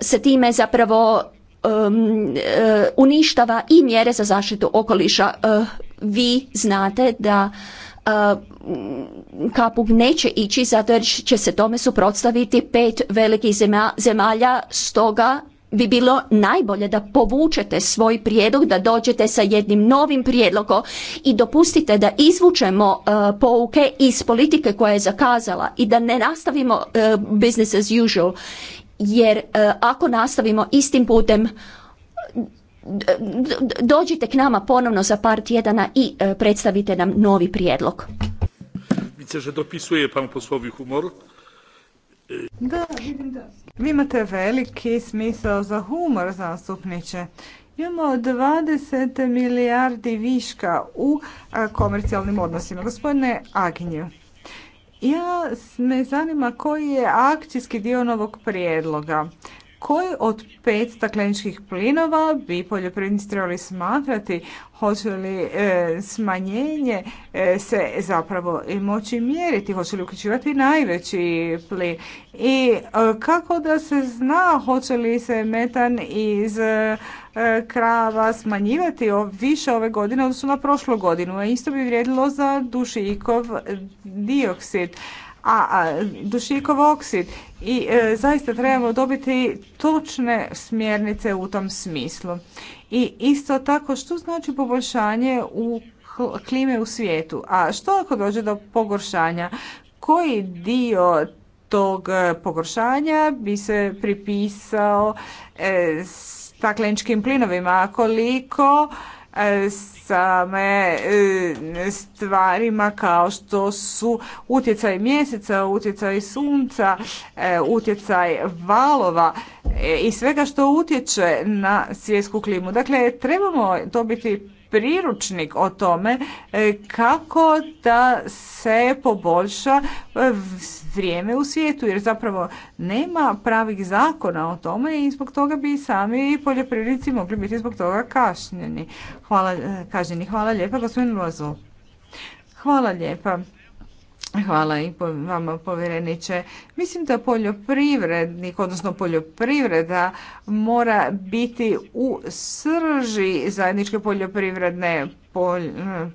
se time zapravo Um, uh, uništava i mjere za zaštitu okoliša. Uh, vi znate da uh, kapug neće ići zato jer će se tome suprotstaviti pet velikih zemalja, stoga bi bilo najbolje da povučete svoj prijedlog, da dođete sa jednim novim prijedlogom i dopustite da izvučemo pouke iz politike koja je zakazala i da ne nastavimo business as usual jer e, ako nastavimo istim putem dođite k nama ponovno za par tjedana i e, predstavite nam novi prijedlog. Vidite dopisuje pan poslovi humor. Da, vidim da. Vi imate veliki smisao za humor, zastupniče. Imamo 20 milijardi viška u e, komercijalnim odnosima. Gospodine Aginju. Ja me zanima koji je akcijski dio novog prijedloga. Koji od pet stakleničkih plinova bi poljoprivrednici trebali smatrati? Hoće li e, smanjenje e, se zapravo i moći mjeriti? Hoće li uključivati najveći plin? I e, kako da se zna hoće li se metan iz E, krava smanjivati više ove godine odnosno na prošlu godinu. A isto bi vrijedilo za dušikov e, dioksid a dušikov oksid i e, zaista trebamo dobiti točne smjernice u tom smislu. I isto tako što znači poboljšanje u klime u svijetu? A što ako dođe do pogoršanja? Koji dio tog pogoršanja bi se pripisao s stakleničkim plinovima, koliko e, same e, stvarima kao što su utjecaj mjeseca, utjecaj sunca, e, utjecaj valova i svega što utječe na svjetsku klimu. Dakle, trebamo dobiti priručnik o tome e, kako da se poboljša e, vrijeme u svijetu jer zapravo nema pravih zakona o tome i zbog toga bi sami poljoprivrednici mogli biti zbog toga kašnjeni. Hvala, e, kažnjeni. Hvala lijepa gospodin Lozo. Hvala lijepa. Hvala i vama povjereniče. Mislim da poljoprivrednik, odnosno poljoprivreda mora biti u srži zajedničke poljoprivredne eh,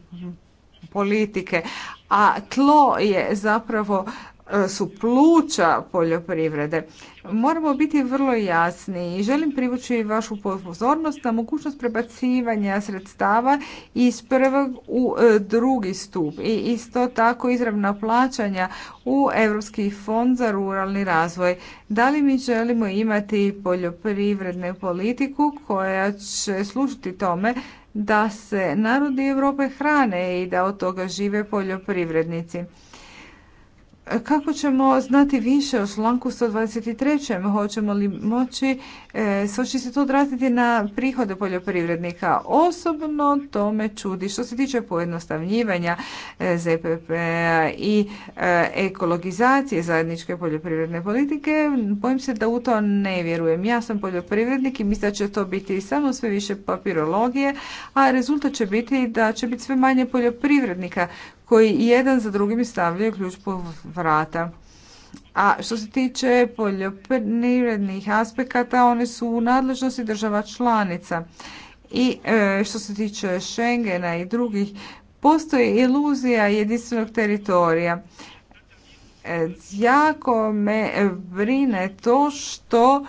politike, a tlo je zapravo E, su pluća poljoprivrede. Moramo biti vrlo jasni i želim privući vašu pozornost na mogućnost prebacivanja sredstava iz prvog u e, drugi stup i isto tako izravna plaćanja u Europski fond za ruralni razvoj. Da li mi želimo imati poljoprivrednu politiku koja će služiti tome da se narodi Europe hrane i da od toga žive poljoprivrednici? Kako ćemo znati više o članku 123. Hoćemo li moći što e, će se to odraziti na prihode poljoprivrednika. Osobno to me čudi. Što se tiče pojednostavnjivanja e, zpp p-a i e, ekologizacije zajedničke poljoprivredne politike, bojim se da u to ne vjerujem. Ja sam poljoprivrednik i mislim da će to biti samo sve više papirologije, a rezultat će biti da će biti sve manje poljoprivrednika koji jedan za drugim stavljaju ključ po vrata. A što se tiče poljoprivrednih aspekata, oni su u nadležnosti država članica. I e, što se tiče Schengena i drugih, postoji iluzija jedinstvenog teritorija. E, jako me brine to što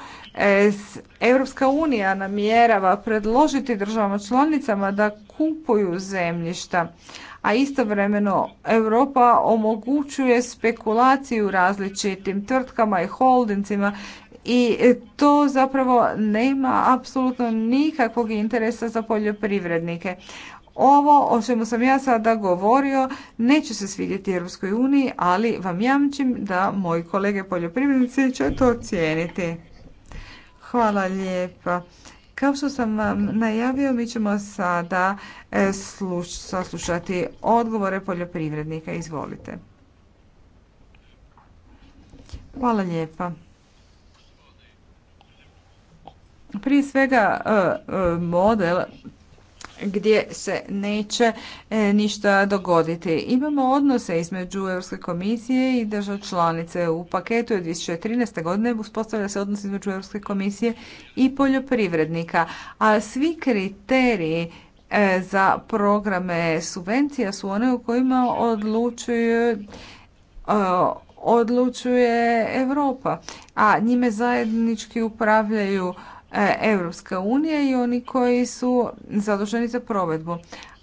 Europska unija namjerava predložiti državama članicama da kupuju zemljišta a istovremeno Europa omogućuje spekulaciju različitim tvrtkama i holdincima i to zapravo nema apsolutno nikakvog interesa za poljoprivrednike. Ovo o čemu sam ja sada govorio neće se svidjeti Europskoj uniji, ali vam jamčim da moji kolege poljoprivrednici će to cijeniti. Hvala lijepa. Kao što sam vam najavio, mi ćemo sada e, saslušati odgovore poljoprivrednika. Izvolite. Hvala lijepa. Prije svega e, e, model gdje se neće e, ništa dogoditi. Imamo odnose između Europske komisije i država članice. U paketu je 2013. godine uspostavlja se odnos između Europske komisije i poljoprivrednika. A svi kriteriji e, za programe subvencija su one u kojima odlučuju e, odlučuje Europa, a njime zajednički upravljaju Europske unija i oni koji su zaduženi za provedbu.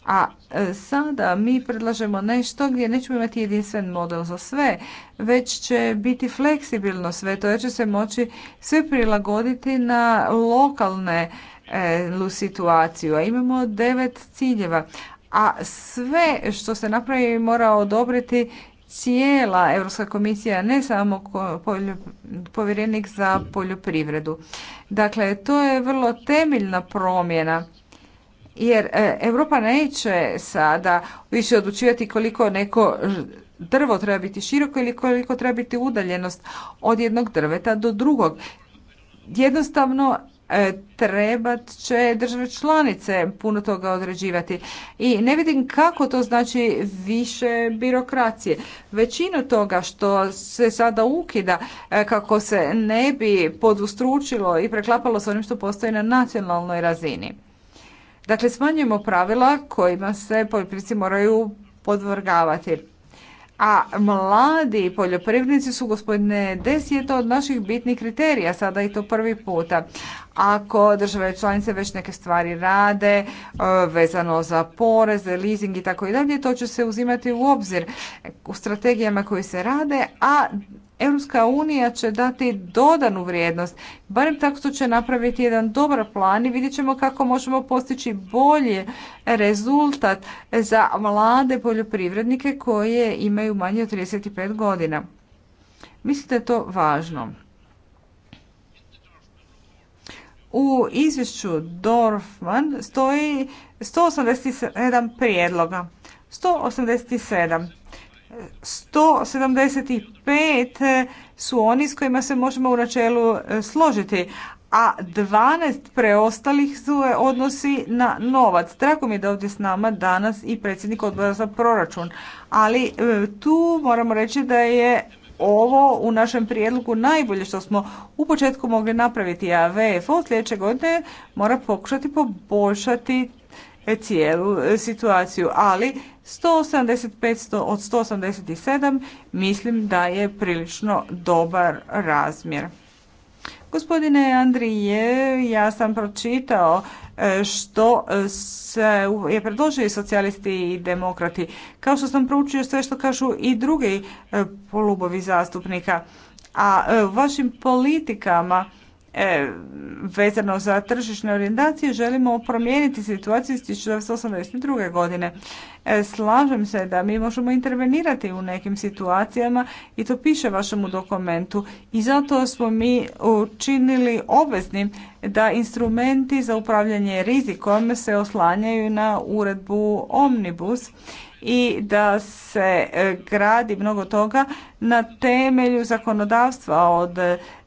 A e, sada mi predlažemo nešto gdje nećemo imati jedinstven model za sve, već će biti fleksibilno sve to, jer će se moći sve prilagoditi na lokalne e, situaciju, a imamo devet ciljeva. A sve što se napravi mora odobriti cijela Europska komisija, ne samo povjerenik za poljoprivredu. Dakle, to je vrlo temeljna promjena jer e, Europa neće sada više odlučivati koliko neko drvo treba biti široko ili koliko treba biti udaljenost od jednog drveta do drugog. Jednostavno E, trebat će države članice puno toga određivati. I ne vidim kako to znači više birokracije. Većinu toga što se sada ukida e, kako se ne bi podustručilo i preklapalo s onim što postoji na nacionalnoj razini. Dakle, smanjujemo pravila kojima se poljoprivrednici moraju podvrgavati. A mladi poljoprivrednici su, gospodine Des, to od naših bitnih kriterija, sada i to prvi puta ako države članice već neke stvari rade e, vezano za poreze, leasing i tako i dalje, to će se uzimati u obzir u strategijama koje se rade, a Europska unija će dati dodanu vrijednost, barem tako što će napraviti jedan dobar plan i vidjet ćemo kako možemo postići bolji rezultat za mlade poljoprivrednike koje imaju manje od 35 godina. Mislim da je to važno. U izvješću Dorfman stoji 187 prijedloga. 187. 175 su oni s kojima se možemo u načelu e, složiti, a 12 preostalih su e, odnosi na novac. Drago mi je da ovdje s nama danas i predsjednik odbora za proračun, ali e, tu moramo reći da je ovo u našem prijedlogu najbolje što smo u početku mogli napraviti, a VFO sljedeće godine mora pokušati poboljšati e, cijelu e, situaciju, ali 185 od 187 mislim da je prilično dobar razmjer. Gospodine Andrije, ja sam pročitao e, što e, se je predložio socijalisti i demokrati. Kao što sam proučio sve što kažu i drugi e, polubovi zastupnika. A vašim politikama E, vezano za tržišne orijentacije želimo promijeniti situaciju iz 1982. godine. E, slažem se da mi možemo intervenirati u nekim situacijama i to piše vašemu dokumentu i zato smo mi učinili obveznim da instrumenti za upravljanje rizikom se oslanjaju na uredbu Omnibus i da se e, gradi mnogo toga na temelju zakonodavstva od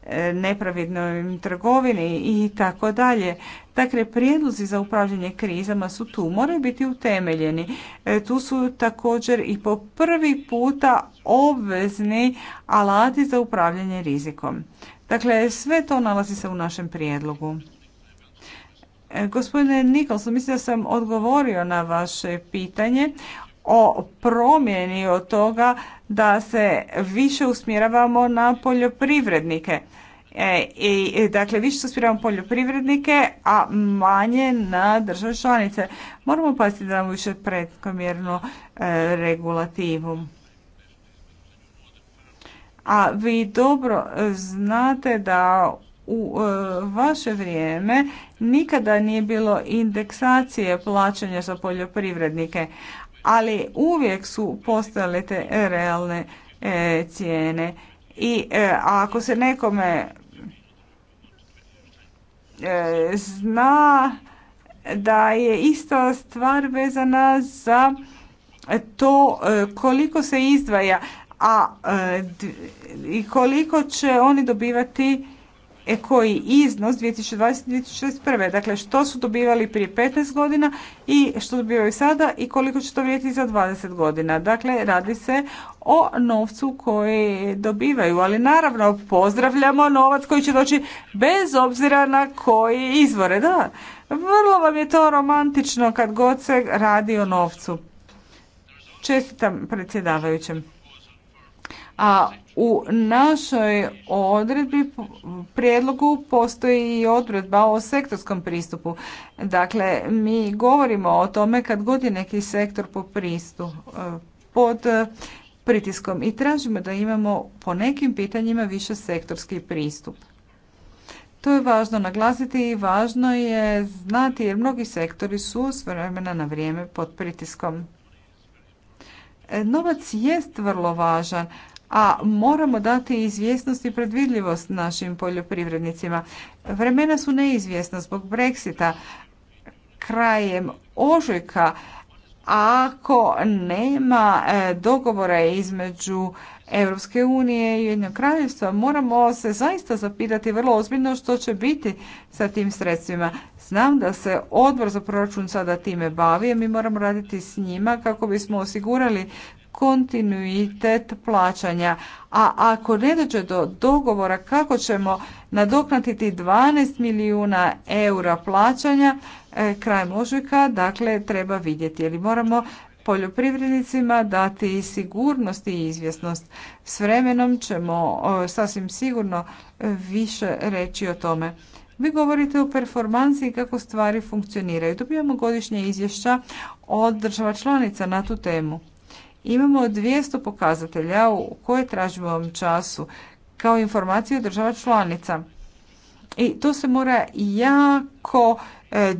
E, nepravednoj trgovini i tako dalje. Dakle, prijedlozi za upravljanje krizama su tu, moraju biti utemeljeni. E, tu su također i po prvi puta obvezni alati za upravljanje rizikom. Dakle, sve to nalazi se u našem prijedlogu. E, gospodine Nikolson, mislim da sam odgovorio na vaše pitanje o promjeni od toga da se više usmjeravamo na poljoprivrednike. E, i, dakle, više se usmjeravamo poljoprivrednike, a manje na države članice. Moramo paziti da nam više predkomjerno e, regulativu. A vi dobro znate da u e, vaše vrijeme nikada nije bilo indeksacije plaćanja za poljoprivrednike, ali uvijek su postojale te realne e, cijene. I e, ako se nekome e, zna da je ista stvar vezana za to koliko se izdvaja a i koliko će oni dobivati e koji iznos 2020-2021. Dakle, što su dobivali prije 15 godina i što dobivaju sada i koliko će to vrijediti za 20 godina. Dakle, radi se o novcu koji dobivaju, ali naravno pozdravljamo novac koji će doći bez obzira na koje izvore. Da, vrlo vam je to romantično kad god se radi o novcu. Čestitam predsjedavajućem. A u našoj odredbi prijedlogu postoji i odredba o sektorskom pristupu. Dakle, mi govorimo o tome kad god je neki sektor po pristup, e, pod e, pritiskom i tražimo da imamo po nekim pitanjima više sektorski pristup. To je važno naglasiti i važno je znati jer mnogi sektori su s vremena na vrijeme pod pritiskom. E, novac jest vrlo važan, a moramo dati izvjesnost i predvidljivost našim poljoprivrednicima. Vremena su neizvjesna zbog Brexita. Krajem ožujka ako nema e, dogovora između Europske unije i Ujedinjenog kraljevstva, moramo se zaista zapitati vrlo ozbiljno što će biti sa tim sredstvima. Znam da se odbor za proračun sada time bavi, a mi moramo raditi s njima kako bismo osigurali kontinuitet plaćanja. A ako ne dođe do dogovora kako ćemo nadoknatiti 12 milijuna eura plaćanja e, krajem ožujka, dakle treba vidjeti. Jer moramo poljoprivrednicima dati sigurnost i izvjesnost. S vremenom ćemo e, sasvim sigurno više reći o tome. Vi govorite o performanciji i kako stvari funkcioniraju. Dobijamo godišnje izvješća od država članica na tu temu. Imamo 200 pokazatelja u koje tražimo ovom času kao informaciju država članica. I to se mora jako e,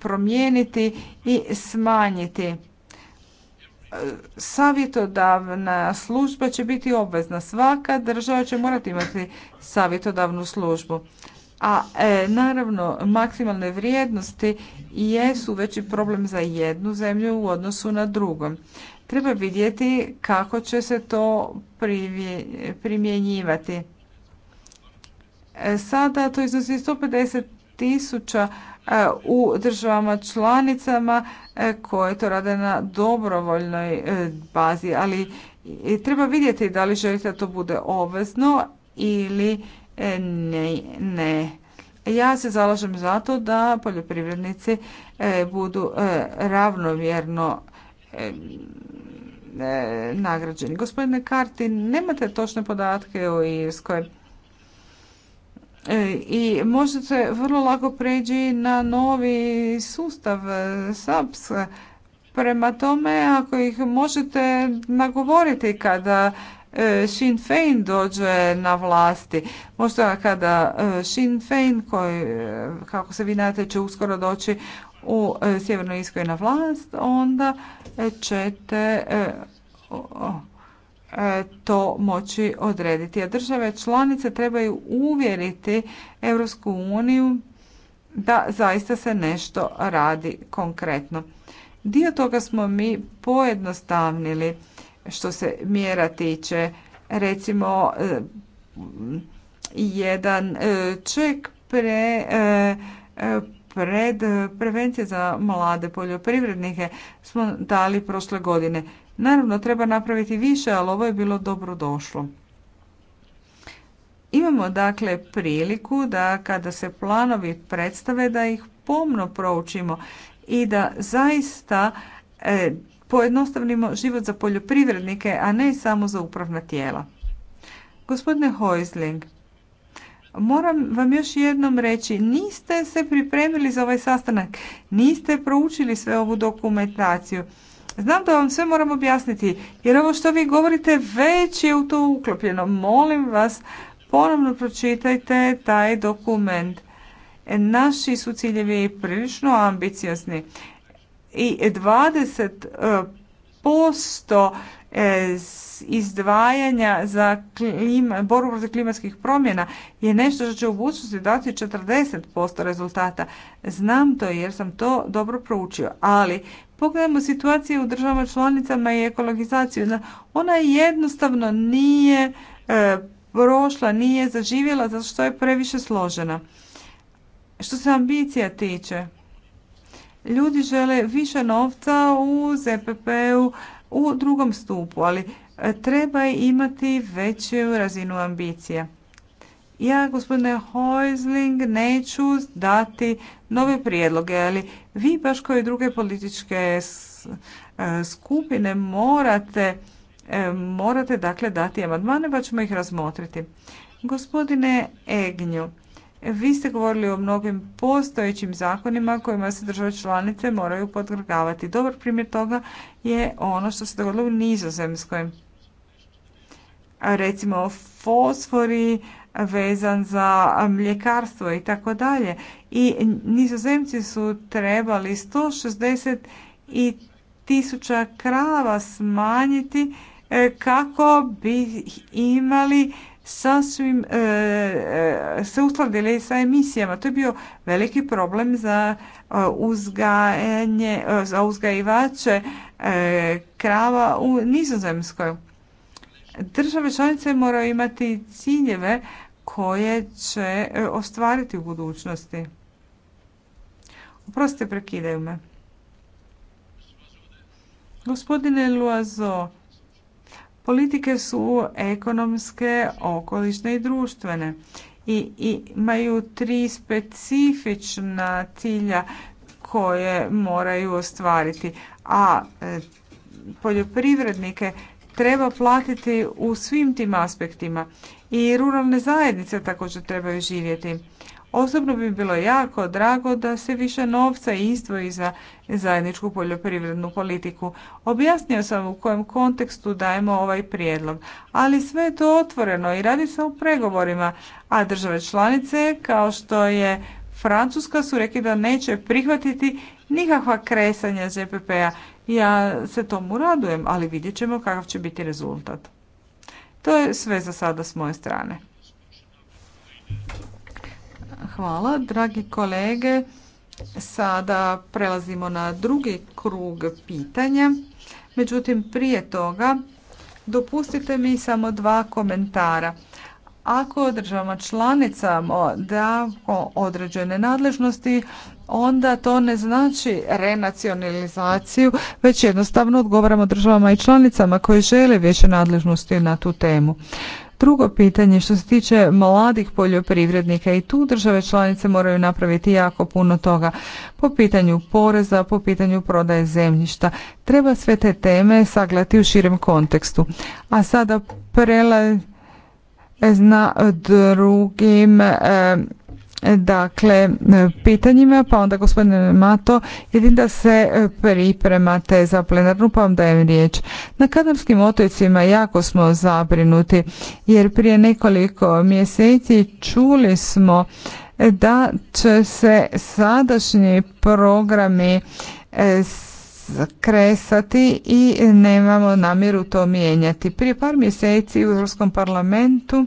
promijeniti i smanjiti. E, savjetodavna služba će biti obvezna. Svaka država će morati imati savjetodavnu službu. A e, naravno, maksimalne vrijednosti jesu veći problem za jednu zemlju u odnosu na drugom. Treba vidjeti kako će se to primjenjivati. E, sada to iznosi 150 tisuća e, u državama članicama koje to rade na dobrovoljnoj bazi, ali treba vidjeti da li želite da to bude obvezno ili E, ne, ne. Ja se zalažem za to da poljoprivrednici e, budu e, ravnomjerno nagrađeni. Gospodine Karti, nemate točne podatke o Irskoj. I možete vrlo lako pređi na novi sustav SAPS. Prema tome, ako ih možete nagovoriti kada E, Sinn Fein dođe na vlasti. Možda kada e, Sinn Fein, koji, e, kako se vi nadate, će uskoro doći u Sjevernoj Iskoj na vlast, onda ćete to moći odrediti. A države članice trebaju uvjeriti Europsku uniju da zaista se nešto radi konkretno. Dio toga smo mi pojednostavnili što se mjera tiče. Recimo, e, jedan e, ček pre, e, pred prevencije za mlade poljoprivrednike smo dali prošle godine. Naravno, treba napraviti više, ali ovo je bilo dobro došlo. Imamo dakle priliku da kada se planovi predstave da ih pomno proučimo i da zaista pojednostavnimo život za poljoprivrednike, a ne samo za upravna tijela. Gospodine Hojzling, moram vam još jednom reći, niste se pripremili za ovaj sastanak, niste proučili sve ovu dokumentaciju. Znam da vam sve moram objasniti, jer ovo što vi govorite već je u to uklopljeno. Molim vas, ponovno pročitajte taj dokument. Naši su ciljevi prilično ambiciozni i 20% e, e, izdvajanja za klima, borbu protiv klimatskih promjena je nešto što će u budućnosti dati 40% rezultata. Znam to jer sam to dobro proučio, ali pogledajmo situaciju u državama članicama i ekologizaciju. Ona jednostavno nije e, prošla, nije zaživjela zato što je previše složena. Što se ambicija tiče, ljudi žele više novca u ZPP-u u drugom stupu, ali e, treba imati veću razinu ambicije. Ja, gospodine Hojzling, neću dati nove prijedloge, ali vi baš kao i druge političke e, skupine morate, e, morate dakle dati amandmane pa ćemo ih razmotriti. Gospodine Egnju, vi ste govorili o mnogim postojećim zakonima kojima se države članice moraju podvrgavati. Dobar primjer toga je ono što se dogodilo u Nizozemskoj. recimo fosfori vezan za mljekarstvo i tako dalje. I nizozemci su trebali 160 i tisuća krava smanjiti e, kako bi imali sasvim e, e, se uskladili sa emisijama. To je bio veliki problem za e, uzgajanje, za uzgajivače krava u Nizozemskoj. Države članice moraju imati ciljeve koje će ostvariti u budućnosti. Oprostite, prekidaju me. Gospodine Luazo, Politike su ekonomske, okolišne i društvene i imaju tri specifična cilja koje moraju ostvariti, a e, poljoprivrednike treba platiti u svim tim aspektima i ruralne zajednice također trebaju živjeti. Osobno bi bilo jako drago da se više novca izdvoji za zajedničku poljoprivrednu politiku. Objasnio sam u kojem kontekstu dajemo ovaj prijedlog, ali sve je to otvoreno i radi se o pregovorima, a države članice kao što je Francuska su rekli da neće prihvatiti nikakva kresanja ZPP-a. Ja se tomu radujem, ali vidjet ćemo kakav će biti rezultat. To je sve za sada s moje strane. Hvala, dragi kolege. Sada prelazimo na drugi krug pitanja. Međutim, prije toga dopustite mi samo dva komentara. Ako državama članicama da određene nadležnosti, onda to ne znači renacionalizaciju, već jednostavno odgovaramo državama i članicama koje žele više nadležnosti na tu temu. Drugo pitanje što se tiče mladih poljoprivrednika i tu države članice moraju napraviti jako puno toga po pitanju poreza, po pitanju prodaje zemljišta. Treba sve te teme sagledati u širem kontekstu. A sada prelaz na drugim eh, dakle pitanjima, pa onda gospodine Mato, jedin da se pripremate za plenarnu, pa vam dajem riječ. Na Kanarskim otocima jako smo zabrinuti, jer prije nekoliko mjeseci čuli smo da će se sadašnji programi e, kresati i nemamo namjeru to mijenjati. Prije par mjeseci u Europskom parlamentu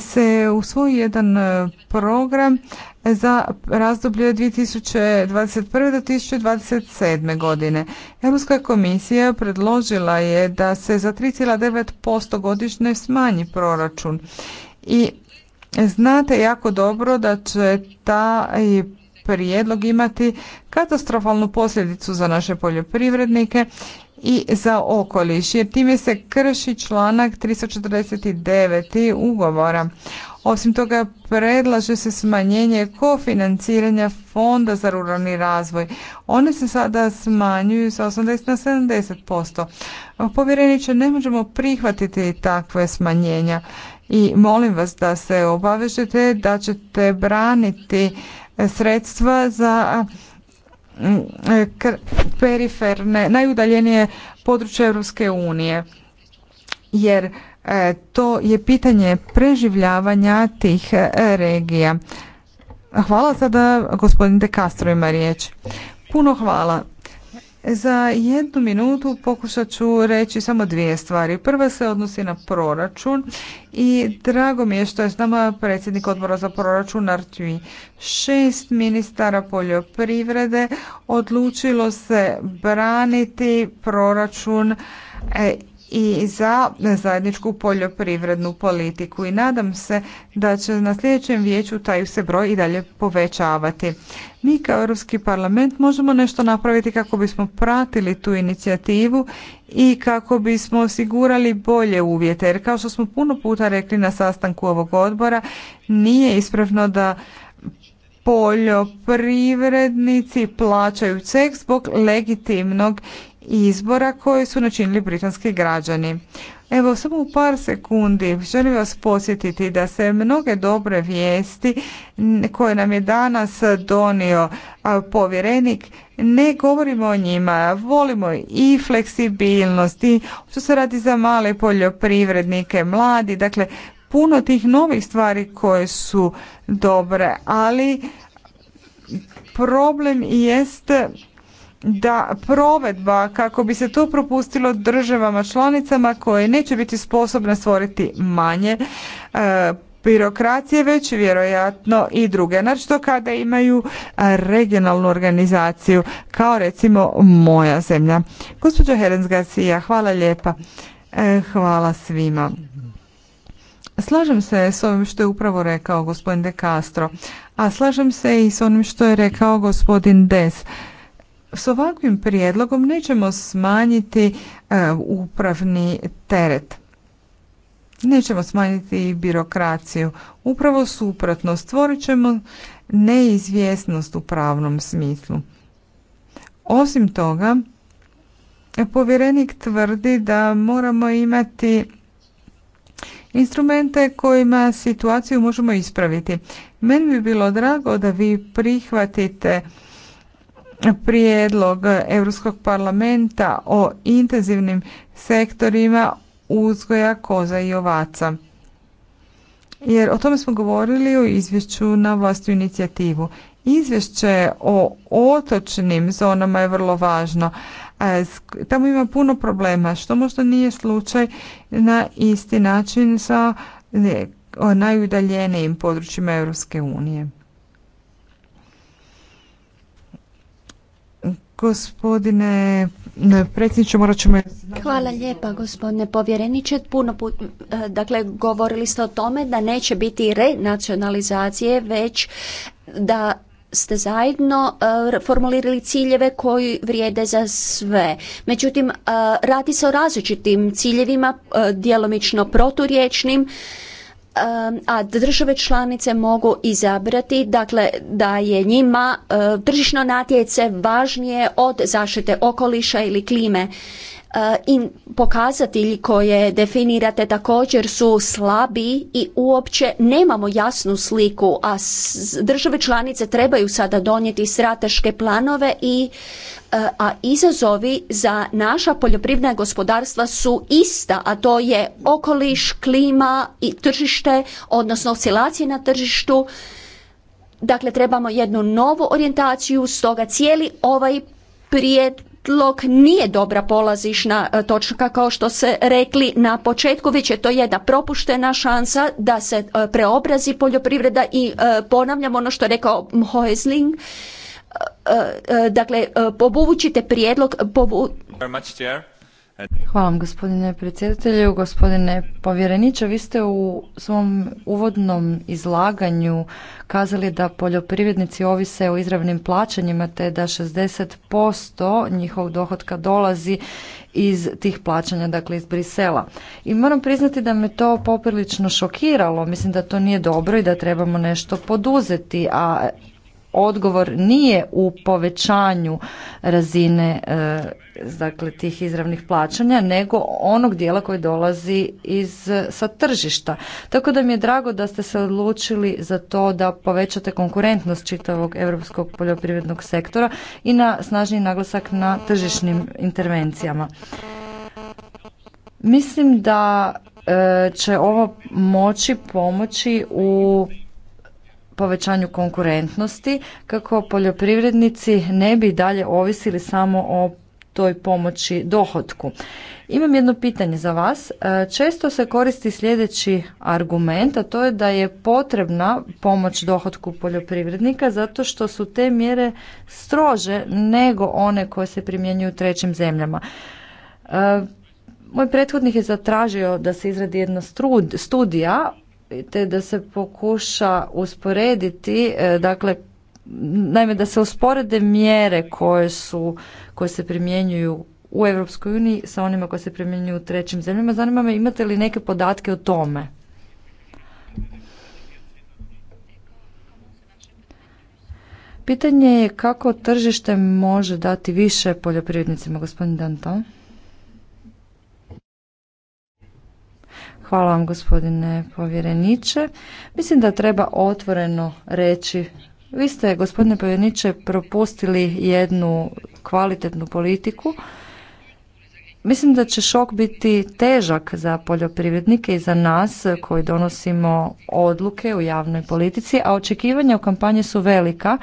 se usvoji jedan e, program za razdoblje 2021. do 2027. godine. Europska komisija predložila je da se za 3,9% godišnje smanji proračun i znate jako dobro da će taj prijedlog imati katastrofalnu posljedicu za naše poljoprivrednike i za okoliš jer time se krši članak 349. ugovora. Osim toga predlaže se smanjenje kofinanciranja fonda za ruralni razvoj. One se sada smanjuju sa 80 na 70%. Povjereniče, ne možemo prihvatiti takve smanjenja i molim vas da se obavežete da ćete braniti sredstva za periferne, najudaljenije područje Europske unije. Jer e, to je pitanje preživljavanja tih e, regija. Hvala sada gospodin De Castro ima riječ. Puno hvala. Za jednu minutu pokušat ću reći samo dvije stvari. Prva se odnosi na proračun i drago mi je što je s nama predsjednik odbora za proračun Artui. Šest ministara poljoprivrede odlučilo se braniti proračun e, i za zajedničku poljoprivrednu politiku i nadam se da će na sljedećem vijeću taj se broj i dalje povećavati. Mi kao Europski parlament možemo nešto napraviti kako bismo pratili tu inicijativu i kako bismo osigurali bolje uvjete jer kao što smo puno puta rekli na sastanku ovog odbora nije ispravno da poljoprivrednici plaćaju ceh zbog legitimnog izbora koji su načinili britanski građani. Evo, samo u par sekundi želim vas posjetiti da se mnoge dobre vijesti koje nam je danas donio povjerenik, ne govorimo o njima, volimo i fleksibilnost i što se radi za male poljoprivrednike, mladi, dakle puno tih novih stvari koje su dobre, ali problem jest da provedba kako bi se to propustilo državama članicama koje neće biti sposobne stvoriti manje e, birokracije već vjerojatno i druge, to kada imaju e, regionalnu organizaciju kao recimo moja zemlja. Gospođo Helens Garcia, hvala lijepa. E, hvala svima. Slažem se s ovim što je upravo rekao gospodin De Castro, a slažem se i s onim što je rekao gospodin Des. S ovakvim prijedlogom nećemo smanjiti e, upravni teret. Nećemo smanjiti birokraciju. Upravo suprotno, stvorit ćemo neizvjesnost u pravnom smislu. Osim toga, povjerenik tvrdi da moramo imati instrumente kojima situaciju možemo ispraviti. Meni bi bilo drago da vi prihvatite prijedlog Europskog parlamenta o intenzivnim sektorima uzgoja koza i ovaca. Jer o tome smo govorili u izvješću na vlastnu inicijativu. Izvješće o otočnim zonama je vrlo važno, Tamo ima puno problema, što možda nije slučaj na isti način sa najudaljenijim područjima Europske unije. Gospodine predsjedniče, morat ćemo... Hvala lijepa, gospodine povjereniče. Puno put, dakle, govorili ste o tome da neće biti renacionalizacije, već da ste zajedno eh, formulirali ciljeve koji vrijede za sve. Međutim, eh, radi se o različitim ciljevima, uh, djelomično proturječnim, a države članice mogu izabrati dakle da je njima tržišno natjece važnije od zaštite okoliša ili klime i pokazatelji koje definirate također su slabi i uopće nemamo jasnu sliku, a države članice trebaju sada donijeti strateške planove i e, a izazovi za naša poljoprivredna gospodarstva su ista, a to je okoliš, klima i tržište, odnosno oscilacije na tržištu. Dakle, trebamo jednu novu orijentaciju, stoga cijeli ovaj prijed, Prijedlog nije dobra polazišna e, točka kao što se rekli na početku, već je to jedna propuštena šansa da se e, preobrazi poljoprivreda i e, ponavljam ono što je rekao Hoesling, dakle povučite prijedlog Hvala vam gospodine predsjedatelju. Gospodine povjereniče, vi ste u svom uvodnom izlaganju kazali da poljoprivrednici ovise o izravnim plaćanjima te da 60% njihovog dohotka dolazi iz tih plaćanja, dakle iz Brisela. I moram priznati da me to poprilično šokiralo. Mislim da to nije dobro i da trebamo nešto poduzeti, a odgovor nije u povećanju razine e, dakle tih izravnih plaćanja nego onog dijela koji dolazi iz sa tržišta. Tako da mi je drago da ste se odlučili za to da povećate konkurentnost čitavog europskog poljoprivrednog sektora i na snažniji naglasak na tržišnim intervencijama. Mislim da e, će ovo moći pomoći u povećanju konkurentnosti kako poljoprivrednici ne bi dalje ovisili samo o toj pomoći dohotku. Imam jedno pitanje za vas. E, često se koristi sljedeći argument, a to je da je potrebna pomoć dohotku poljoprivrednika zato što su te mjere strože nego one koje se primjenjuju u trećim zemljama. E, moj prethodnik je zatražio da se izradi jedna studija te da se pokuša usporediti, e, dakle, naime da se usporede mjere koje su, koje se primjenjuju u Europskoj uniji sa onima koje se primjenjuju u trećim zemljama. Zanima me imate li neke podatke o tome? Pitanje je kako tržište može dati više poljoprivrednicima, gospodin Danton. Hvala vam gospodine povjereniče. Mislim da treba otvoreno reći vi ste gospodine povjereniče propustili jednu kvalitetnu politiku. Mislim da će šok biti težak za poljoprivrednike i za nas koji donosimo odluke u javnoj politici, a očekivanja u kampanji su velika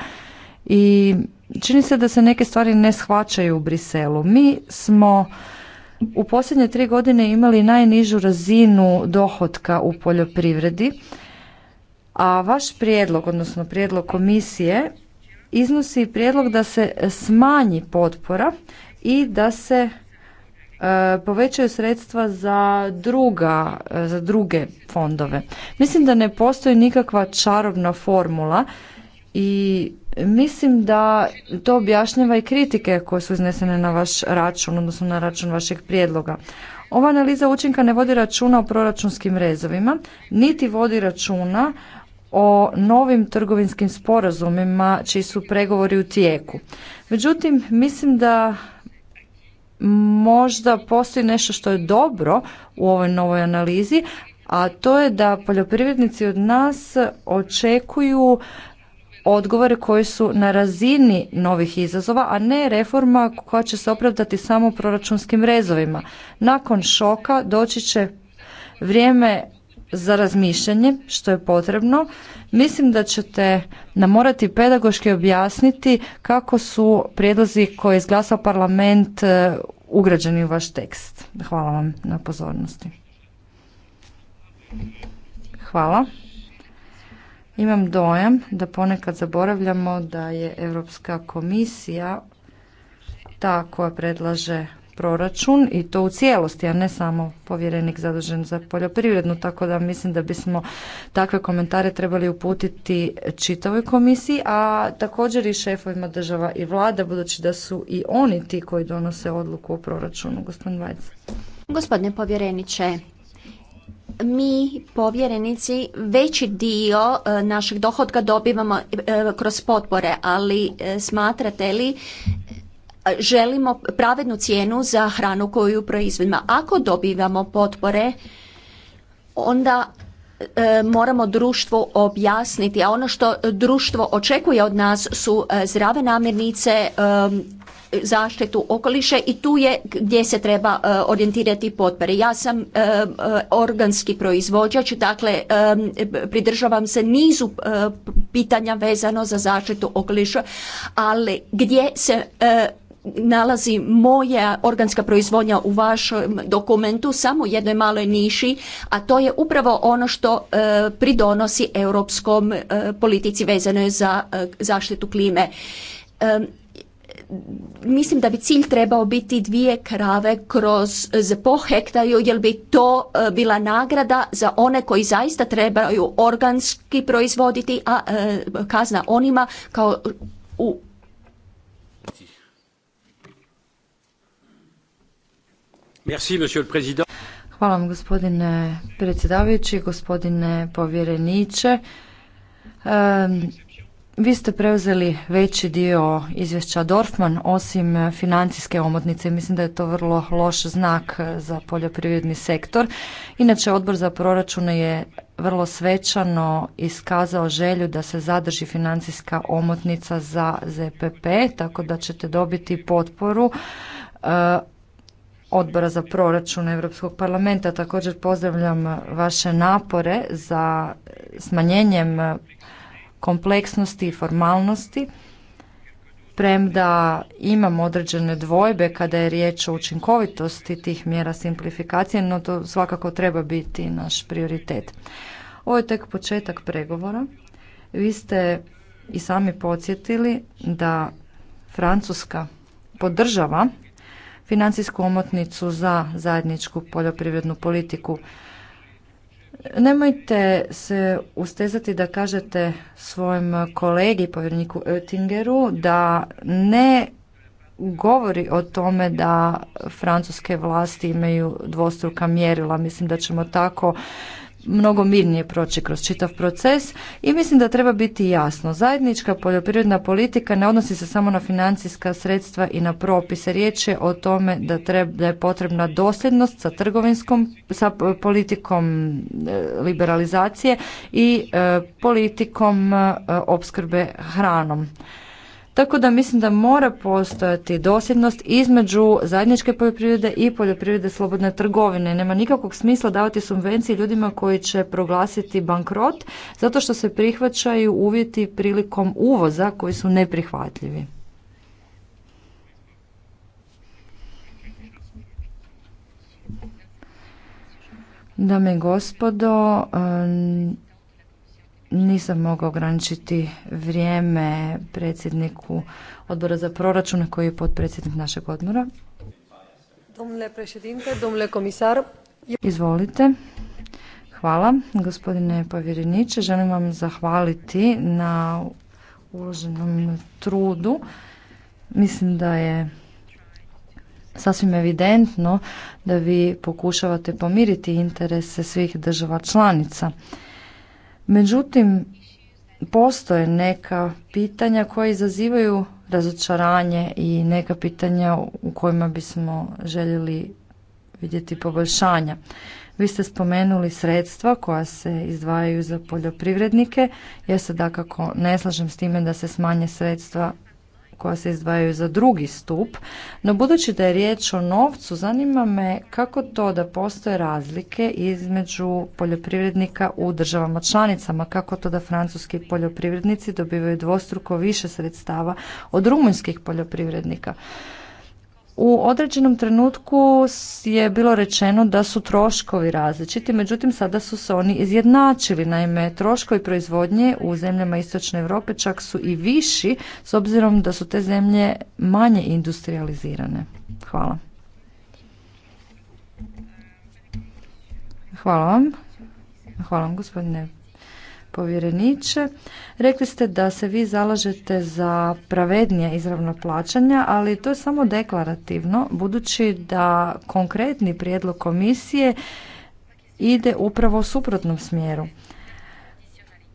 i čini se da se neke stvari ne shvaćaju u Briselu. Mi smo u posljednje tri godine imali najnižu razinu dohotka u poljoprivredi, a vaš prijedlog, odnosno prijedlog komisije, iznosi prijedlog da se smanji potpora i da se e, povećaju sredstva za druga, e, za druge fondove. Mislim da ne postoji nikakva čarobna formula i Mislim da to objašnjava i kritike koje su iznesene na vaš račun, odnosno na račun vašeg prijedloga. Ova analiza učinka ne vodi računa o proračunskim rezovima, niti vodi računa o novim trgovinskim sporazumima čiji su pregovori u tijeku. Međutim, mislim da možda postoji nešto što je dobro u ovoj novoj analizi, a to je da poljoprivrednici od nas očekuju odgovore koji su na razini novih izazova, a ne reforma koja će se opravdati samo proračunskim rezovima. Nakon šoka doći će vrijeme za razmišljanje što je potrebno. Mislim da ćete nam morati pedagoški objasniti kako su prijedlozi koje je izglasao parlament e, ugrađeni u vaš tekst. Hvala vam na pozornosti. Hvala. Imam dojam da ponekad zaboravljamo da je Europska komisija ta koja predlaže proračun i to u cijelosti, a ne samo povjerenik zadužen za poljoprivrednu, tako da mislim da bismo takve komentare trebali uputiti čitavoj komisiji, a također i šefovima država i vlada, budući da su i oni ti koji donose odluku o proračunu. Gospodin Vajc. Gospodine povjereniče, mi povjerenici veći dio e, našeg dohotka dobivamo e, kroz potpore, ali e, smatrate li želimo pravednu cijenu za hranu koju proizvodimo. Ako dobivamo potpore, onda moramo društvu objasniti, a ono što društvo očekuje od nas su zdrave namirnice, zaštitu okoliša i tu je gdje se treba e, orijentirati potpore. Ja sam e, e, organski proizvođač, dakle pridržavam se nizu pitanja vezano za zaštitu okoliša, ali gdje se nalazi moja organska proizvodnja u vašem dokumentu samo u jednoj maloj niši, a to je upravo ono što pridonosi europskom politici vezano za zaštitu klime mislim da bi cilj trebao biti dvije krave kroz po hektaju jer bi to e, bila nagrada za one koji zaista trebaju organski proizvoditi, a e, kazna onima kao u Merci, monsieur le président. Hvala vam gospodine predsjedavajući, gospodine povjereniče. Vi ste preuzeli veći dio izvješća Dorfman osim financijske omotnice. Mislim da je to vrlo loš znak za poljoprivredni sektor. Inače, odbor za proračune je vrlo svečano iskazao želju da se zadrži financijska omotnica za ZPP, tako da ćete dobiti potporu eh, odbora za proračun Europskog parlamenta. Također pozdravljam vaše napore za smanjenjem kompleksnosti i formalnosti, premda imam određene dvojbe kada je riječ o učinkovitosti tih mjera simplifikacije, no to svakako treba biti naš prioritet. Ovo je tek početak pregovora. Vi ste i sami podsjetili da Francuska podržava financijsku omotnicu za zajedničku poljoprivrednu politiku Nemojte se ustezati da kažete svojem kolegi, povjereniku Oettingeru, da ne govori o tome da francuske vlasti imaju dvostruka mjerila. Mislim da ćemo tako mnogo mirnije proći kroz čitav proces i mislim da treba biti jasno. Zajednička poljoprivredna politika ne odnosi se samo na financijska sredstva i na propise. Riječ je o tome da, da je potrebna dosljednost sa trgovinskom, sa politikom e, liberalizacije i e, politikom e, opskrbe hranom. Tako da mislim da mora postojati dosljednost između zajedničke poljoprivrede i poljoprivrede slobodne trgovine. Nema nikakvog smisla davati subvencije ljudima koji će proglasiti bankrot zato što se prihvaćaju uvjeti prilikom uvoza koji su neprihvatljivi. Dame i gospodo, nisam mogao ograničiti vrijeme predsjedniku odbora za proračun koji je potpredsjednik našeg odbora. Izvolite. Hvala, gospodine povjereniče. Želim vam zahvaliti na uloženom trudu. Mislim da je sasvim evidentno da vi pokušavate pomiriti interese svih država članica Međutim, postoje neka pitanja koja izazivaju razočaranje i neka pitanja u kojima bismo željeli vidjeti poboljšanja. Vi ste spomenuli sredstva koja se izdvajaju za poljoprivrednike. Ja se dakako ne slažem s time da se smanje sredstva koja se izdvajaju za drugi stup, no budući da je riječ o novcu, zanima me kako to da postoje razlike između poljoprivrednika u državama članicama, kako to da francuski poljoprivrednici dobivaju dvostruko više sredstava od rumunjskih poljoprivrednika. U određenom trenutku je bilo rečeno da su troškovi različiti, međutim sada su se oni izjednačili. Naime, troškovi proizvodnje u zemljama Istočne Europe čak su i viši s obzirom da su te zemlje manje industrializirane. Hvala. Hvala vam. Hvala vam gospodine povjereniče. Rekli ste da se vi zalažete za pravednija izravna plaćanja, ali to je samo deklarativno, budući da konkretni prijedlog komisije ide upravo u suprotnom smjeru.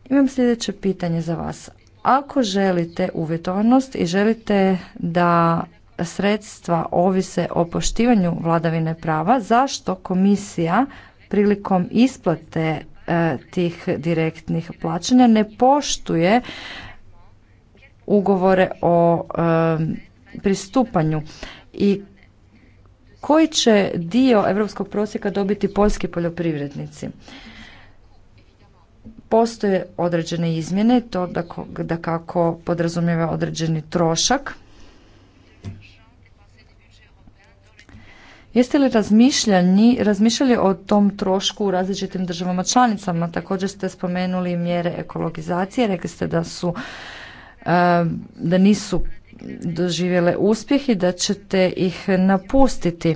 Imam sljedeće pitanje za vas. Ako želite uvjetovanost i želite da sredstva ovise o poštivanju vladavine prava, zašto komisija prilikom isplate E, tih direktnih plaćanja ne poštuje ugovore o e, pristupanju i koji će dio europskog prosjeka dobiti poljski poljoprivrednici. Postoje određene izmjene, to da, da kako podrazumijeva određeni trošak Jeste li razmišljani, razmišljali o tom trošku u različitim državama članicama? Također ste spomenuli mjere ekologizacije, rekli ste da su e, da nisu doživjele uspjeh i da ćete ih napustiti.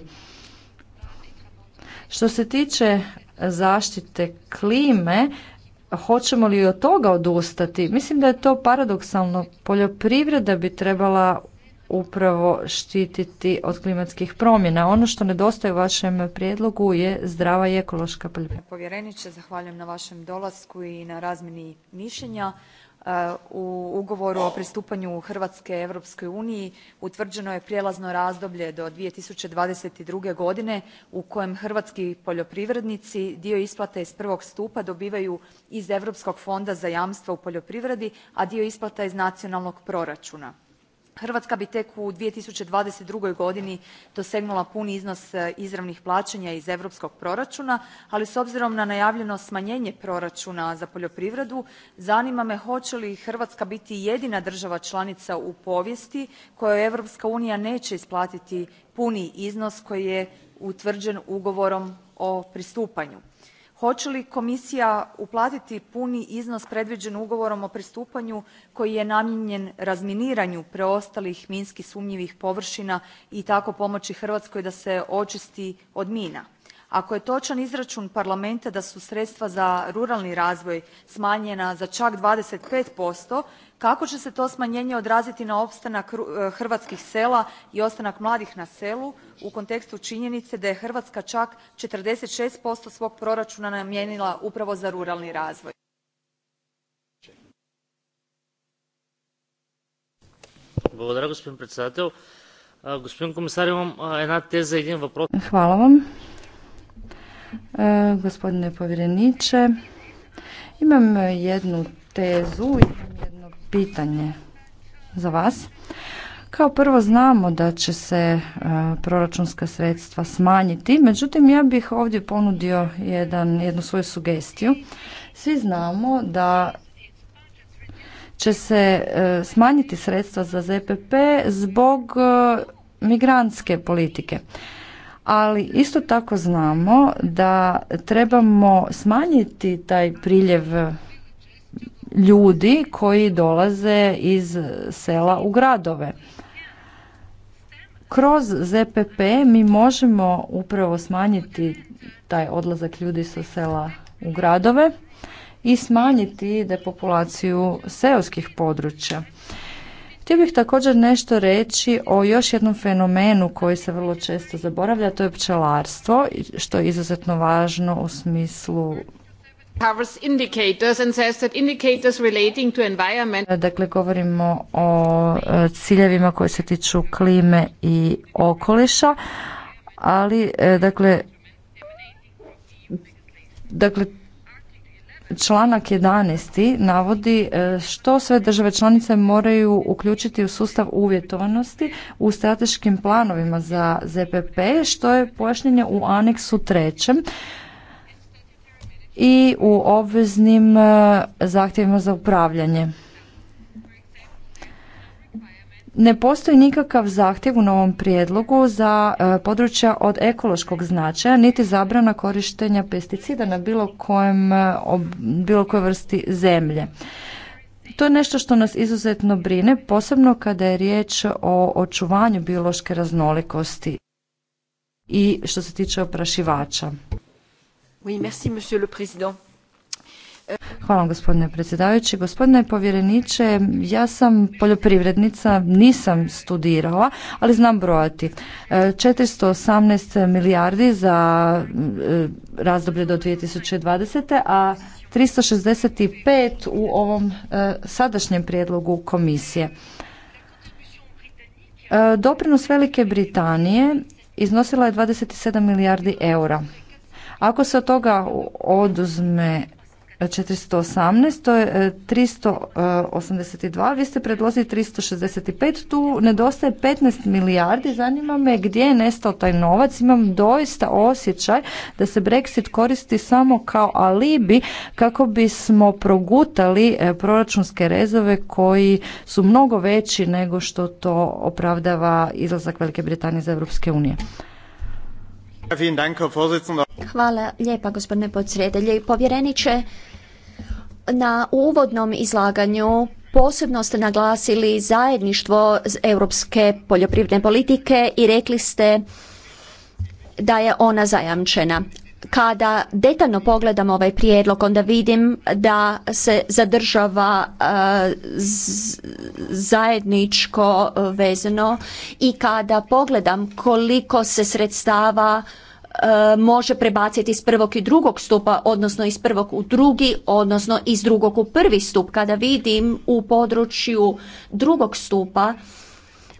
Što se tiče zaštite klime, hoćemo li od toga odustati? Mislim da je to paradoksalno. Poljoprivreda bi trebala upravo štititi od klimatskih promjena. Ono što nedostaje u vašem prijedlogu je zdrava i ekološka poljoprivreda. Povjereniče, zahvaljujem na vašem dolasku i na razmjeni mišljenja. U ugovoru o pristupanju Hrvatske Europskoj uniji utvrđeno je prijelazno razdoblje do 2022. godine u kojem hrvatski poljoprivrednici dio isplate iz prvog stupa dobivaju iz Europskog fonda za jamstvo u poljoprivredi, a dio isplata iz nacionalnog proračuna hrvatska bi tek u. two thousand and twenty godini dosegnula puni iznos e, izravnih plaćanja iz europskog proračuna ali s obzirom na najavljeno smanjenje proračuna za poljoprivredu zanima me hoće li hrvatska biti jedina država članica u povijesti kojoj europska unija neće isplatiti puni iznos koji je utvrđen ugovorom o pristupanju hoće li komisija uplatiti puni iznos predviđen ugovorom o pristupanju koji je namijenjen razminiranju preostalih minski sumnjivih površina i tako pomoći hrvatskoj da se očisti od mina? Ako je točan izračun Parlamenta da su sredstva za ruralni razvoj smanjena za čak 25% kako će se to smanjenje odraziti na opstanak e, hrvatskih sela i ostanak mladih na selu u kontekstu činjenice da je Hrvatska čak 46% svog proračuna namijenila upravo za ruralni razvoj. Hvala vam. E, gospodine povjereniče. Imam jednu tezu i jedno pitanje za vas. Kao prvo znamo da će se e, proračunska sredstva smanjiti, međutim ja bih ovdje ponudio jedan, jednu svoju sugestiju. Svi znamo da će se e, smanjiti sredstva za ZPP zbog migrantske politike ali isto tako znamo da trebamo smanjiti taj priljev ljudi koji dolaze iz sela u gradove. Kroz ZPP mi možemo upravo smanjiti taj odlazak ljudi sa sela u gradove i smanjiti depopulaciju seoskih područja. Htio bih također nešto reći o još jednom fenomenu koji se vrlo često zaboravlja, to je pčelarstvo, što je izuzetno važno u smislu Dakle, govorimo o e, ciljevima koji se tiču klime i okoliša, ali e, dakle, dakle članak 11. navodi e, što sve države članice moraju uključiti u sustav uvjetovanosti u strateškim planovima za ZPP, što je pojašnjenje u aneksu 3. i u obveznim e, zahtjevima za upravljanje. Ne postoji nikakav zahtjev u novom prijedlogu za e, područja od ekološkog značaja, niti zabrana korištenja pesticida na bilo, kojem, e, bilo kojoj vrsti zemlje. To je nešto što nas izuzetno brine, posebno kada je riječ o očuvanju biološke raznolikosti i što se tiče oprašivača. Oui, merci, Hvala vam gospodine predsjedavajući. Gospodine povjereniče, ja sam poljoprivrednica, nisam studirala, ali znam brojati. 418 e, milijardi za e, razdoblje do 2020. a 365 u ovom e, sadašnjem prijedlogu komisije. Doprinos Velike Britanije iznosila je 27 milijardi eura. Ako se od toga oduzme 418, 382, e, e, vi ste predložili 365, tu nedostaje 15 milijardi, zanima me gdje je nestao taj novac, imam doista osjećaj da se Brexit koristi samo kao alibi kako bismo progutali e, proračunske rezove koji su mnogo veći nego što to opravdava izlazak Velike Britanije iz Europske unije. Hvala lijepa gospodine podsredelje povjereniče. Na uvodnom izlaganju posebno ste naglasili zajedništvo europske poljoprivredne politike i rekli ste da je ona zajamčena kada detaljno pogledam ovaj prijedlog onda vidim da se zadržava e, zajedničko vezano i kada pogledam koliko se sredstava e, može prebaciti iz prvog i drugog stupa, odnosno iz prvog u drugi, odnosno iz drugog u prvi stup. Kada vidim u području drugog stupa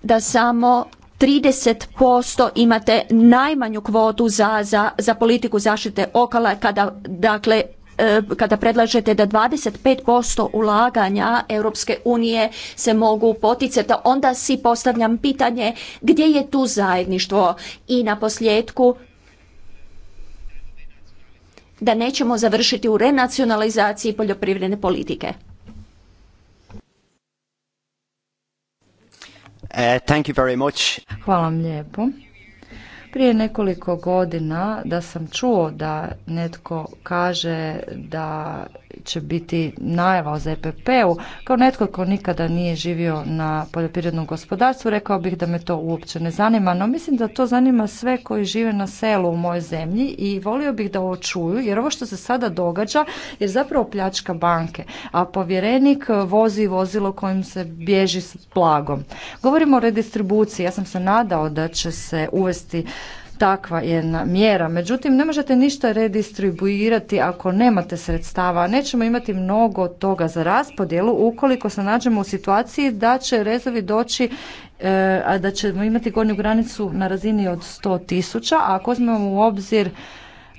da samo 30% imate najmanju kvotu za, za, politiku zaštite okala kada dakle e, kada predlažete da 25% ulaganja Europske unije se mogu poticati, onda si postavljam pitanje gdje je tu zajedništvo i na posljedku da nećemo završiti u renacionalizaciji poljoprivredne politike. Eh, thank Hvala vam lijepo. Prije nekoliko godina da sam čuo da netko kaže da će biti najava o ZPP-u. Kao netko ko nikada nije živio na poljoprivrednom gospodarstvu, rekao bih da me to uopće ne zanima, no mislim da to zanima sve koji žive na selu u mojoj zemlji i volio bih da ovo čuju, jer ovo što se sada događa je zapravo pljačka banke, a povjerenik vozi vozilo kojim se bježi s plagom. Govorimo o redistribuciji, ja sam se nadao da će se uvesti takva jedna mjera. Međutim, ne možete ništa redistribuirati ako nemate sredstava. Nećemo imati mnogo toga za raspodjelu ukoliko se nađemo u situaciji da će rezovi doći e, a da ćemo imati gornju granicu na razini od 100 tisuća, ako uzmemo u obzir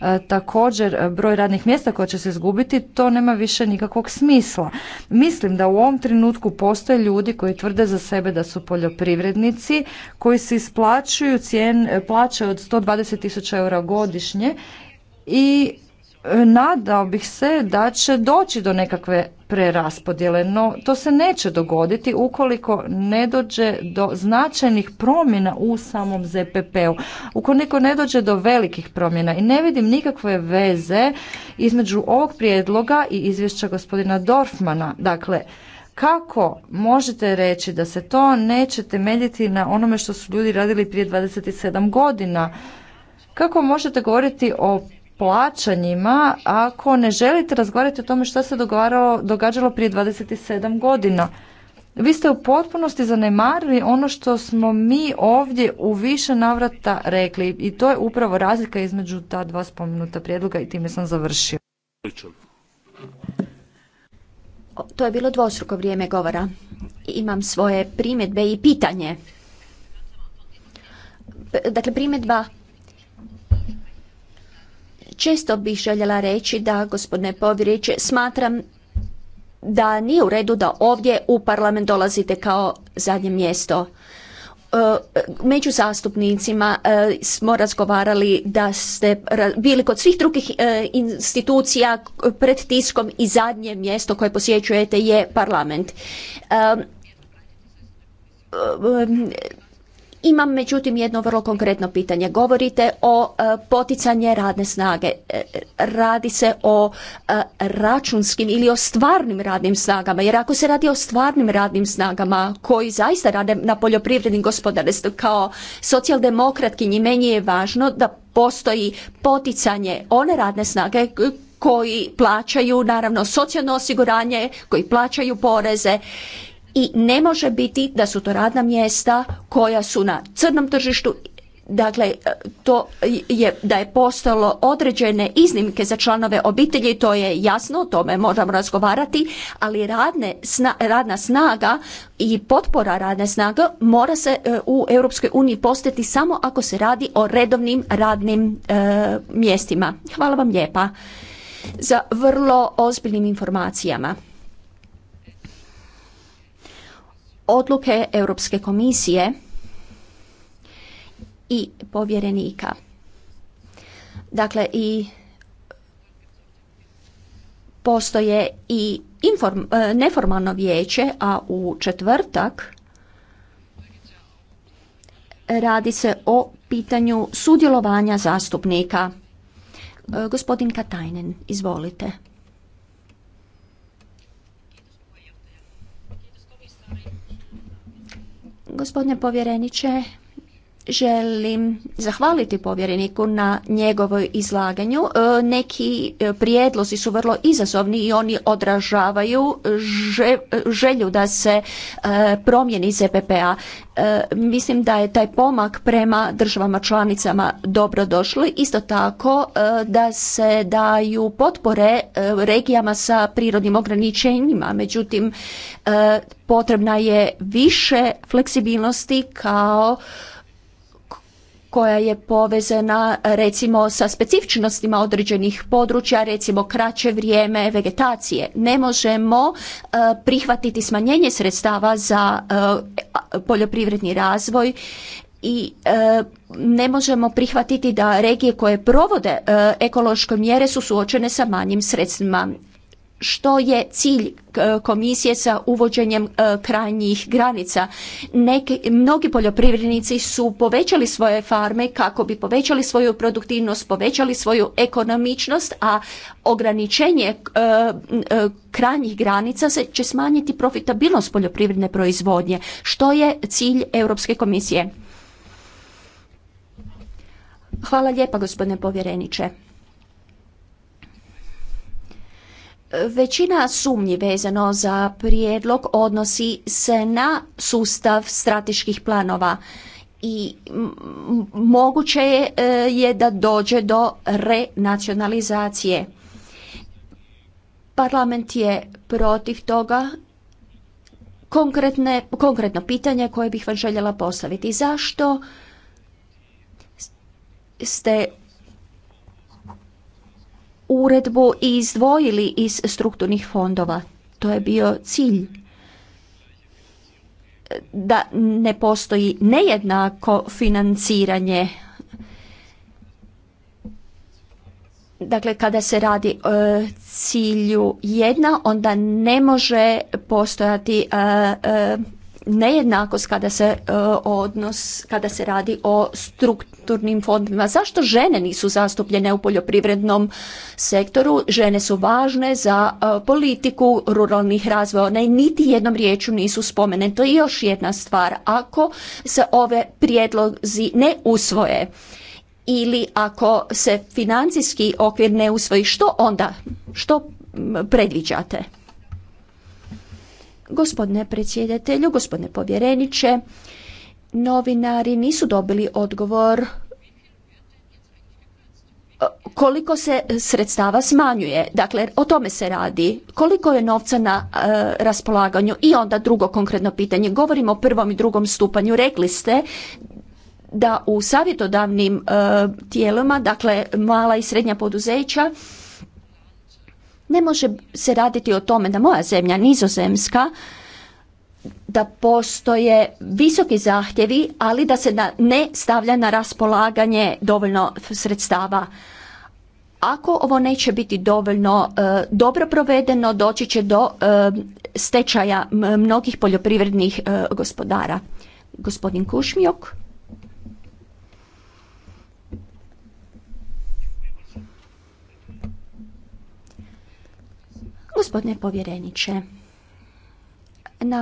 E, također e, broj radnih mjesta koja će se izgubiti, to nema više nikakvog smisla. Mislim da u ovom trenutku postoje ljudi koji tvrde za sebe da su poljoprivrednici, koji se isplaćuju cijen, e, plaće od 120 tisuća eura godišnje i nadao bih se da će doći do nekakve preraspodjele, no to se neće dogoditi ukoliko ne dođe do značajnih promjena u samom ZPP-u, ukoliko ne dođe do velikih promjena i ne vidim nikakve veze između ovog prijedloga i izvješća gospodina Dorfmana. Dakle, kako možete reći da se to neće temeljiti na onome što su ljudi radili prije 27 godina? Kako možete govoriti o plaćanjima ako ne želite razgovarati o tome što se dogovaralo, događalo prije 27 godina. Vi ste u potpunosti zanemarili ono što smo mi ovdje u više navrata rekli i to je upravo razlika između ta dva spomenuta prijedloga i time sam završio. To je bilo dvostruko vrijeme govora. Imam svoje primjedbe i pitanje. Dakle, primjedba Često bih željela reći da, gospodine povjeriće, smatram da nije u redu da ovdje u parlament dolazite kao zadnje mjesto. E, među zastupnicima e, smo razgovarali da ste bili kod svih drugih e, institucija pred tiskom i zadnje mjesto koje posjećujete je parlament imam međutim jedno vrlo konkretno pitanje. Govorite o e, poticanje radne snage. E, radi se o e, računskim ili o stvarnim radnim snagama. Jer ako se radi o stvarnim radnim snagama koji zaista rade na poljoprivrednim gospodarstvu kao socijaldemokratkinji, meni je važno da postoji poticanje one radne snage koji plaćaju naravno socijalno osiguranje, koji plaćaju poreze i ne može biti da su to radna mjesta koja su na crnom tržištu Dakle, to je da je postalo određene iznimke za članove obitelji, to je jasno, o tome možemo razgovarati, ali radne, radna snaga i potpora radne snage mora se e, u Europskoj uniji postati samo ako se radi o redovnim radnim e, mjestima. Hvala vam lijepa za vrlo ozbiljnim informacijama. odluke Europske komisije i povjerenika. Dakle, i postoje i e, neformalno vijeće, a u četvrtak radi se o pitanju sudjelovanja zastupnika. E, gospodin Katajnen, izvolite. Gospodine povjereniče, želim zahvaliti povjereniku na njegovoj izlaganju. E, neki e, prijedlozi su vrlo izazovni i oni odražavaju želju da se e, promijeni ZPPA. Mislim da je taj pomak prema državama članicama dobro došli. Isto tako da se daju potpore regijama sa prirodnim ograničenjima. Međutim, potrebna je više fleksibilnosti kao koja je povezana recimo sa specifičnostima određenih područja, recimo kraće vrijeme vegetacije. Ne možemo e, prihvatiti smanjenje sredstava za e, poljoprivredni razvoj i e, ne možemo prihvatiti da regije koje provode ekološke mjere su suočene sa manjim sredstvima što je cilj e, komisije sa uvođenjem e, krajnjih granica. mnogi poljoprivrednici su povećali svoje farme kako bi povećali svoju produktivnost, povećali svoju ekonomičnost, a ograničenje e, krajnjih granica će smanjiti profitabilnost poljoprivredne proizvodnje, što je cilj Europske komisije. Hvala lijepa gospodine povjereniče. Većina sumnji vezano za prijedlog odnosi se na sustav strateških planova i moguće e, je, da dođe do renacionalizacije. Parlament je protiv toga Konkretne, konkretno pitanje koje bih vam željela postaviti. Zašto ste uredbu i izdvojili iz strukturnih fondova. To je bio cilj da ne postoji nejednako financiranje Dakle, kada se radi o e, cilju jedna, onda ne može postojati e, e, nejednakost kada se e, odnos kada se radi o strukturnim fondovima. Zašto žene nisu zastupljene u poljoprivrednom sektoru? Žene su važne za e, politiku ruralnih razvoja. One niti jednom riječju nisu spomene. To je još jedna stvar. Ako se ove prijedlozi ne usvoje ili ako se financijski okvir ne usvoji, što onda? Što predviđate? Gospodine predsjedatelju, gospodine povjereniče, novinari nisu dobili odgovor koliko se sredstava smanjuje. Dakle, o tome se radi. Koliko je novca na e, raspolaganju? I onda drugo konkretno pitanje. Govorimo o prvom i drugom stupanju. Rekli ste da u savjetodavnim e, tijelima, dakle mala i srednja poduzeća, ne može se raditi o tome da moja zemlja, Nizozemska, da postoje visoki zahtjevi, ali da se ne stavlja na raspolaganje dovoljno sredstava. Ako ovo neće biti dovoljno e, dobro provedeno, doći će do e, stečaja mnogih poljoprivrednih e, gospodara. Gospodin kušmiok Gospodine povjereniče, na,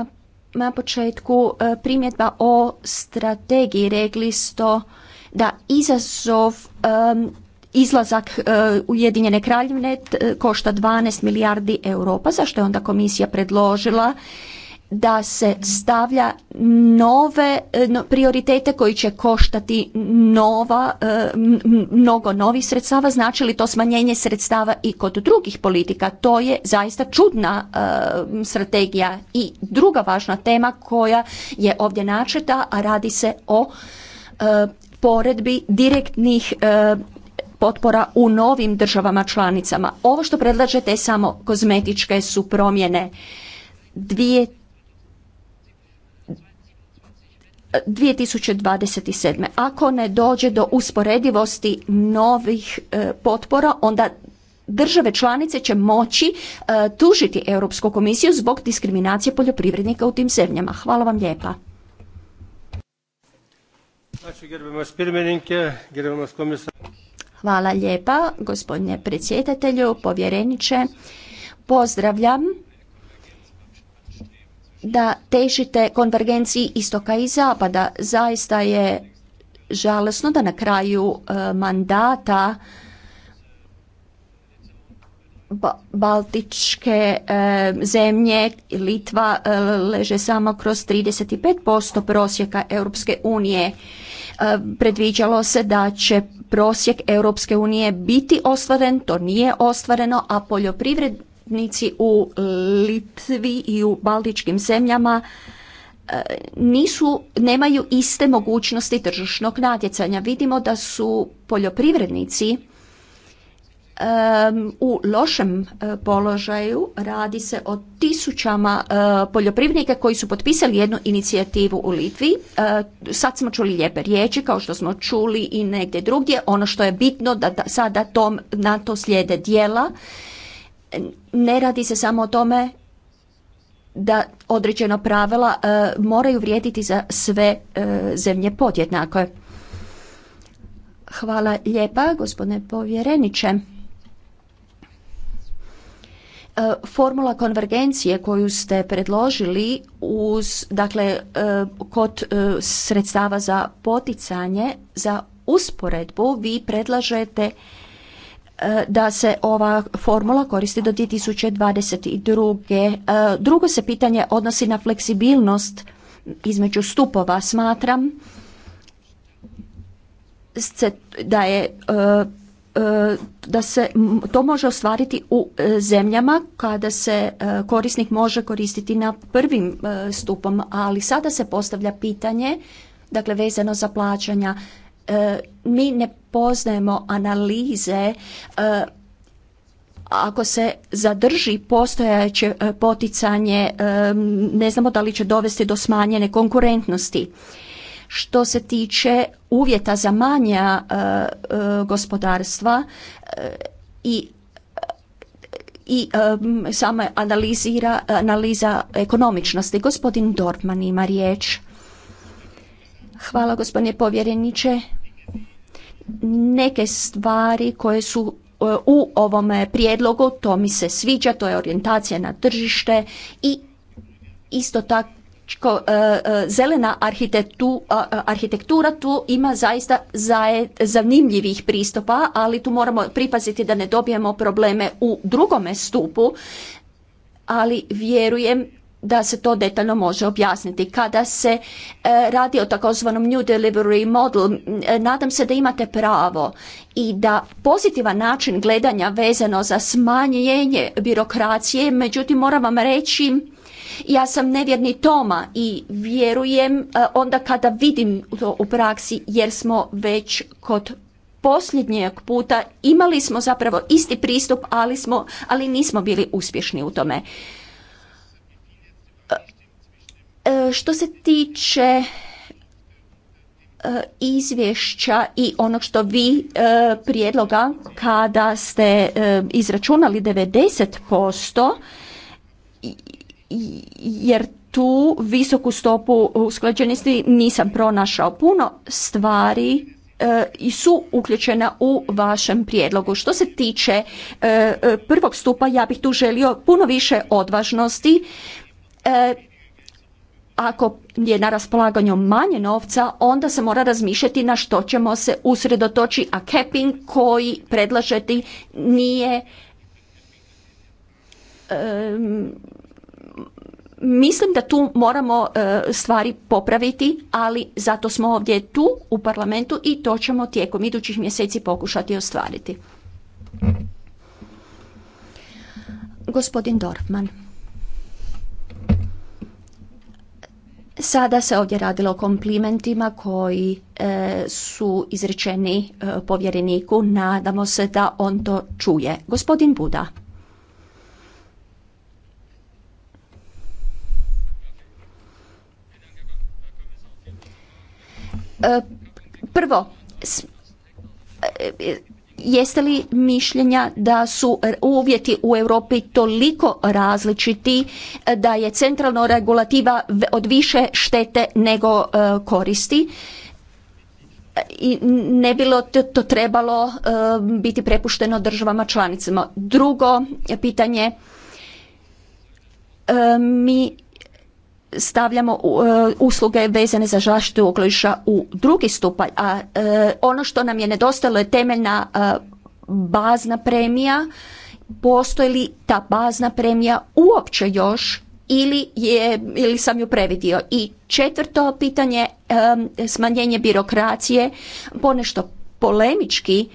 na početku e, primjetba o strategiji rekli ste da izazov um, izlazak e, Ujedinjene kraljevine košta 12 milijardi europa, zašto je onda komisija predložila da se stavlja nove e, prioritete koji će koštati nova, e, mnogo novih sredstava, znači li to smanjenje sredstava i kod drugih politika. To je zaista čudna e, strategija i druga važna tema koja je ovdje načeta, a radi se o poredbi direktnih potpora u novim državama članicama. Ovo što predlažete je samo kozmetičke su promjene. Dvije 2027. Ako ne dođe do usporedivosti novih e, potpora, onda države članice će moći e, tužiti Europsku komisiju zbog diskriminacije poljoprivrednika u tim zemljama. Hvala vam lijepa. Znači, Hvala lijepa, gospodine predsjedatelju, povjereniče. Pozdravljam da težite konvergenciji istoka i zapada. Zaista je žalosno da na kraju e, mandata Baltičke e, zemlje, Litva e, leže samo kroz 35% prosjeka Europske unije. predviđalo se da će prosjek Europske unije biti ostvaren, to nije ostvareno, a poljoprivred zastupnici u e, Litvi i u baltičkim zemljama e, nisu, nemaju iste mogućnosti tržišnog natjecanja. Vidimo da su poljoprivrednici e, u lošem položaju radi se o tisućama poljoprivrednika koji su potpisali jednu inicijativu u Litvi. sad smo čuli lijepe riječi kao što smo čuli i negdje drugdje. Ono što je bitno da, sada tom, na to slijede dijela ne radi se samo o tome da određena pravila e, moraju vrijediti za sve e, zemlje podjednako. Hvala lijepa, gospodine povjereniče. E, formula konvergencije koju ste predložili uz, dakle, e, kod sredstava za poticanje, za usporedbu, vi predlažete E, da se ova formula koristi do 2022. E, drugo se pitanje odnosi na fleksibilnost između stupova. Smatram da je e, da se to može ostvariti u zemljama kada se korisnik može koristiti na prvim stupom, ali sada se postavlja pitanje, dakle vezano za plaćanja, mi ne poznajemo analize e, ako se zadrži postojaće e, poticanje, e, ne znamo da li će dovesti do smanjene konkurentnosti. Što se tiče uvjeta za manja gospodarstva i i sama analizira, analiza ekonomičnosti. Gospodin Dortman ima riječ. Hvala gospodine povjereniče neke stvari koje su e, u ovom prijedlogu, to mi se sviđa, to je orijentacija na tržište i isto tako e, e, zelena arhitektura tu ima zaista zanimljivih pristupa, ali tu moramo pripaziti da ne dobijemo probleme u drugome stupu, ali vjerujem da se to detaljno može objasniti. Kada se e, radi o takozvanom new delivery model, e, nadam se da imate pravo i da pozitivan način gledanja vezano za smanjenje birokracije, međutim moram vam reći ja sam nevjerni Toma i vjerujem e, onda kada vidim to u praksi jer smo već kod posljednjeg puta imali smo zapravo isti pristup, ali, smo, ali nismo bili uspješni u tome. E, što se tiče e, izvješća i onog što vi e, prijedloga kada ste izračunali 90% jer tu visoku stopu usklađenosti nisam pronašao puno stvari i su uključena u vašem prijedlogu. Što se tiče prvog stupa, ja bih tu želio puno više odvažnosti ako je na raspolaganju manje novca, onda se mora razmišljati na što ćemo se usredotočiti, a capping koji predlažete nije mislim da tu moramo e, stvari popraviti, ali zato smo ovdje tu u parlamentu i to ćemo tijekom idućih mjeseci pokušati ostvariti. Gospodin Dorfman. Sada se ovdje radilo o komplimentima koji e, su izrečeni e, povjereniku. Nadamo se da on to čuje. Gospodin Buda. E, prvo, Jeste li mišljenja da su uvjeti u Europi toliko različiti e, da je centralna regulativa od više štete nego e, koristi? E, i ne bilo to trebalo biti prepušteno državama članicama. Drugo pitanje, mi stavljamo e, usluge vezane za zaštitu okoliša u drugi stupanj, a e, ono što nam je nedostalo je temeljna e, bazna premija, postoji li ta bazna premija uopće još ili, je, ili sam ju previdio. I četvrto pitanje, smanjenje birokracije, ponešto polemički,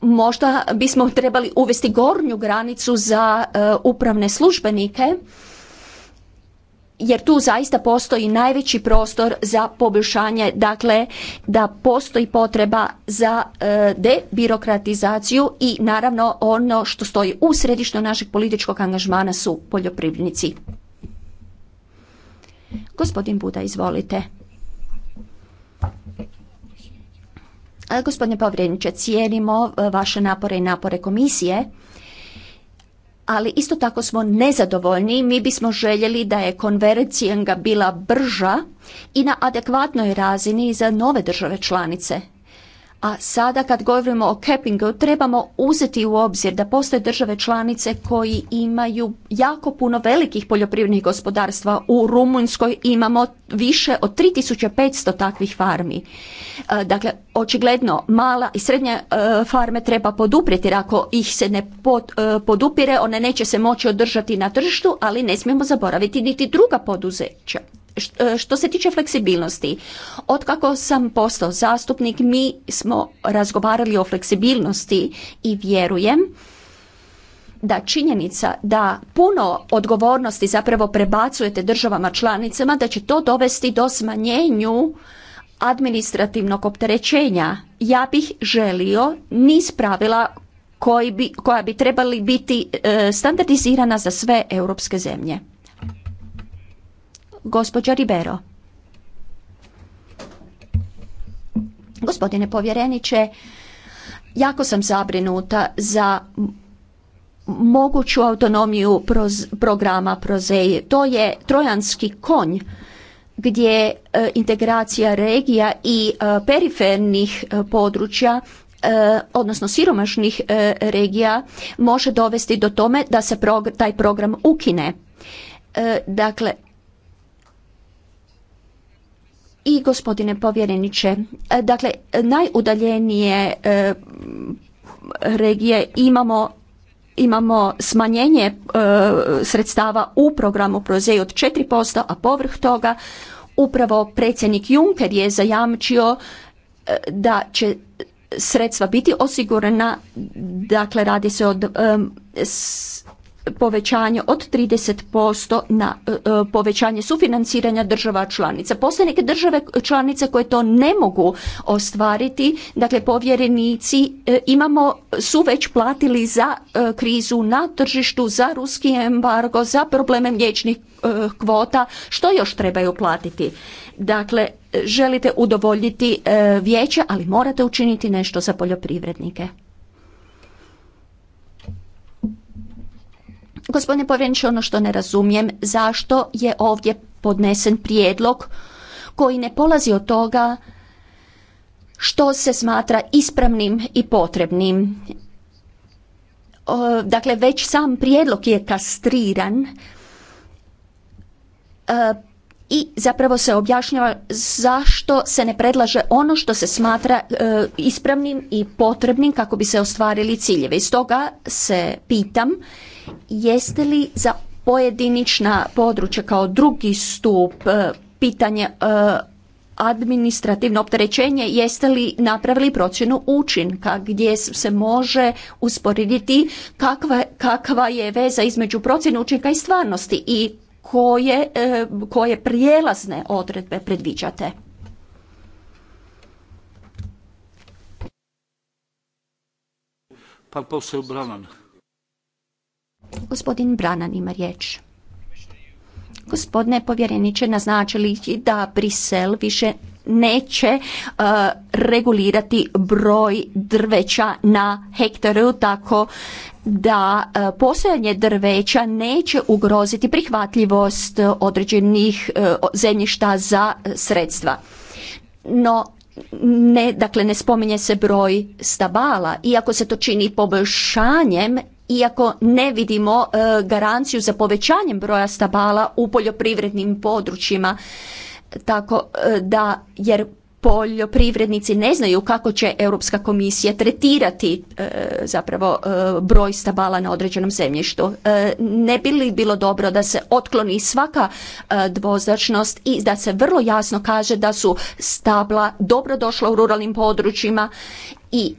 možda bismo trebali uvesti gornju granicu za upravne službenike, jer tu zaista postoji najveći prostor za poboljšanje, dakle da postoji potreba za e, debirokratizaciju i naravno ono što stoji u središtu našeg političkog angažmana su poljoprivrednici. Gospodin Buda, izvolite. E, gospodine povredniče, cijenimo e, vaše napore i napore komisije ali isto tako smo nezadovoljni. Mi bismo željeli da je konvergencija bila brža i na adekvatnoj razini za nove države članice. A sada kad govorimo o cappingu, trebamo uzeti u obzir da postoje države članice koji imaju jako puno velikih poljoprivrednih gospodarstva. U Rumunjskoj imamo više od 3500 takvih farmi. E, dakle, očigledno mala i srednja e, farme treba poduprijeti jer ako ih se ne e, podupire, one neće se moći održati na tržištu, ali ne smijemo zaboraviti niti druga poduzeća. E, što se tiče fleksibilnosti, kako sam postao zastupnik, mi smo razgovarali o fleksibilnosti i vjerujem da činjenica da puno odgovornosti zapravo prebacujete državama članicama, da će to dovesti do smanjenju administrativnog opterećenja. Ja bih želio niz pravila koji bi, koja bi trebali biti e, standardizirana za sve europske zemlje. Gospođa Ribero. Gospodine povjereniče, jako sam zabrinuta za moguću autonomiju programa Prozeje. To je trojanski konj gdje e, integracija regija i e, perifernih e, područja odnosno siromašnih regija može dovesti do tome da se taj program ukine. Dakle, i gospodine povjereniče, e, dakle najudaljenije e, regije imamo imamo smanjenje e, sredstava u programu Prozej od 4%, a povrh toga upravo predsjednik Juncker je zajamčio da će sredstva biti osigurana, dakle radi se od s, povećanje od 30% na e, e, povećanje sufinanciranja država članica. Postoje neke države članice koje to ne mogu ostvariti, dakle povjerenici e, imamo, su već platili za krizu na tržištu, za ruski embargo, za probleme mliječnih kvota, što još trebaju platiti? Dakle, želite udovoljiti vijeće, ali morate učiniti nešto za poljoprivrednike. Gospodine povjereniče, ono što ne razumijem, zašto je ovdje podnesen prijedlog koji ne polazi od toga što se smatra ispravnim i potrebnim. Dakle, već sam prijedlog je kastriran e, i zapravo se objašnjava zašto se ne predlaže ono što se smatra e, ispravnim i potrebnim kako bi se ostvarili ciljeve. stoga se pitam Jeste li za pojedinična područja kao drugi stup e, pitanje e, administrativno opterećenje, jeste li napravili procjenu učinka gdje se može usporediti kakva, kakva je veza između procjene učinka i stvarnosti i koje, e, koje prijelazne odredbe predviđate? Pan Gospodin Branan ima riječ. Gospodine povjereniče, naznačili da Brisel više neće uh, regulirati broj drveća na hektaru tako da uh, drveća neće ugroziti prihvatljivost određenih uh, zemljišta za uh, sredstva. No, ne, dakle ne spominje se broj stabala, iako se to čini poboljšanjem iako ne vidimo e, garanciju za povećanjem broja stabala u poljoprivrednim područjima. Tako e, da, jer poljoprivrednici ne znaju kako će Europska komisija tretirati e, zapravo broj stabala na određenom zemljištu. ne bi li bilo dobro da se otkloni svaka dvoznačnost i da se vrlo jasno kaže da su stabla dobro došla u ruralnim područjima i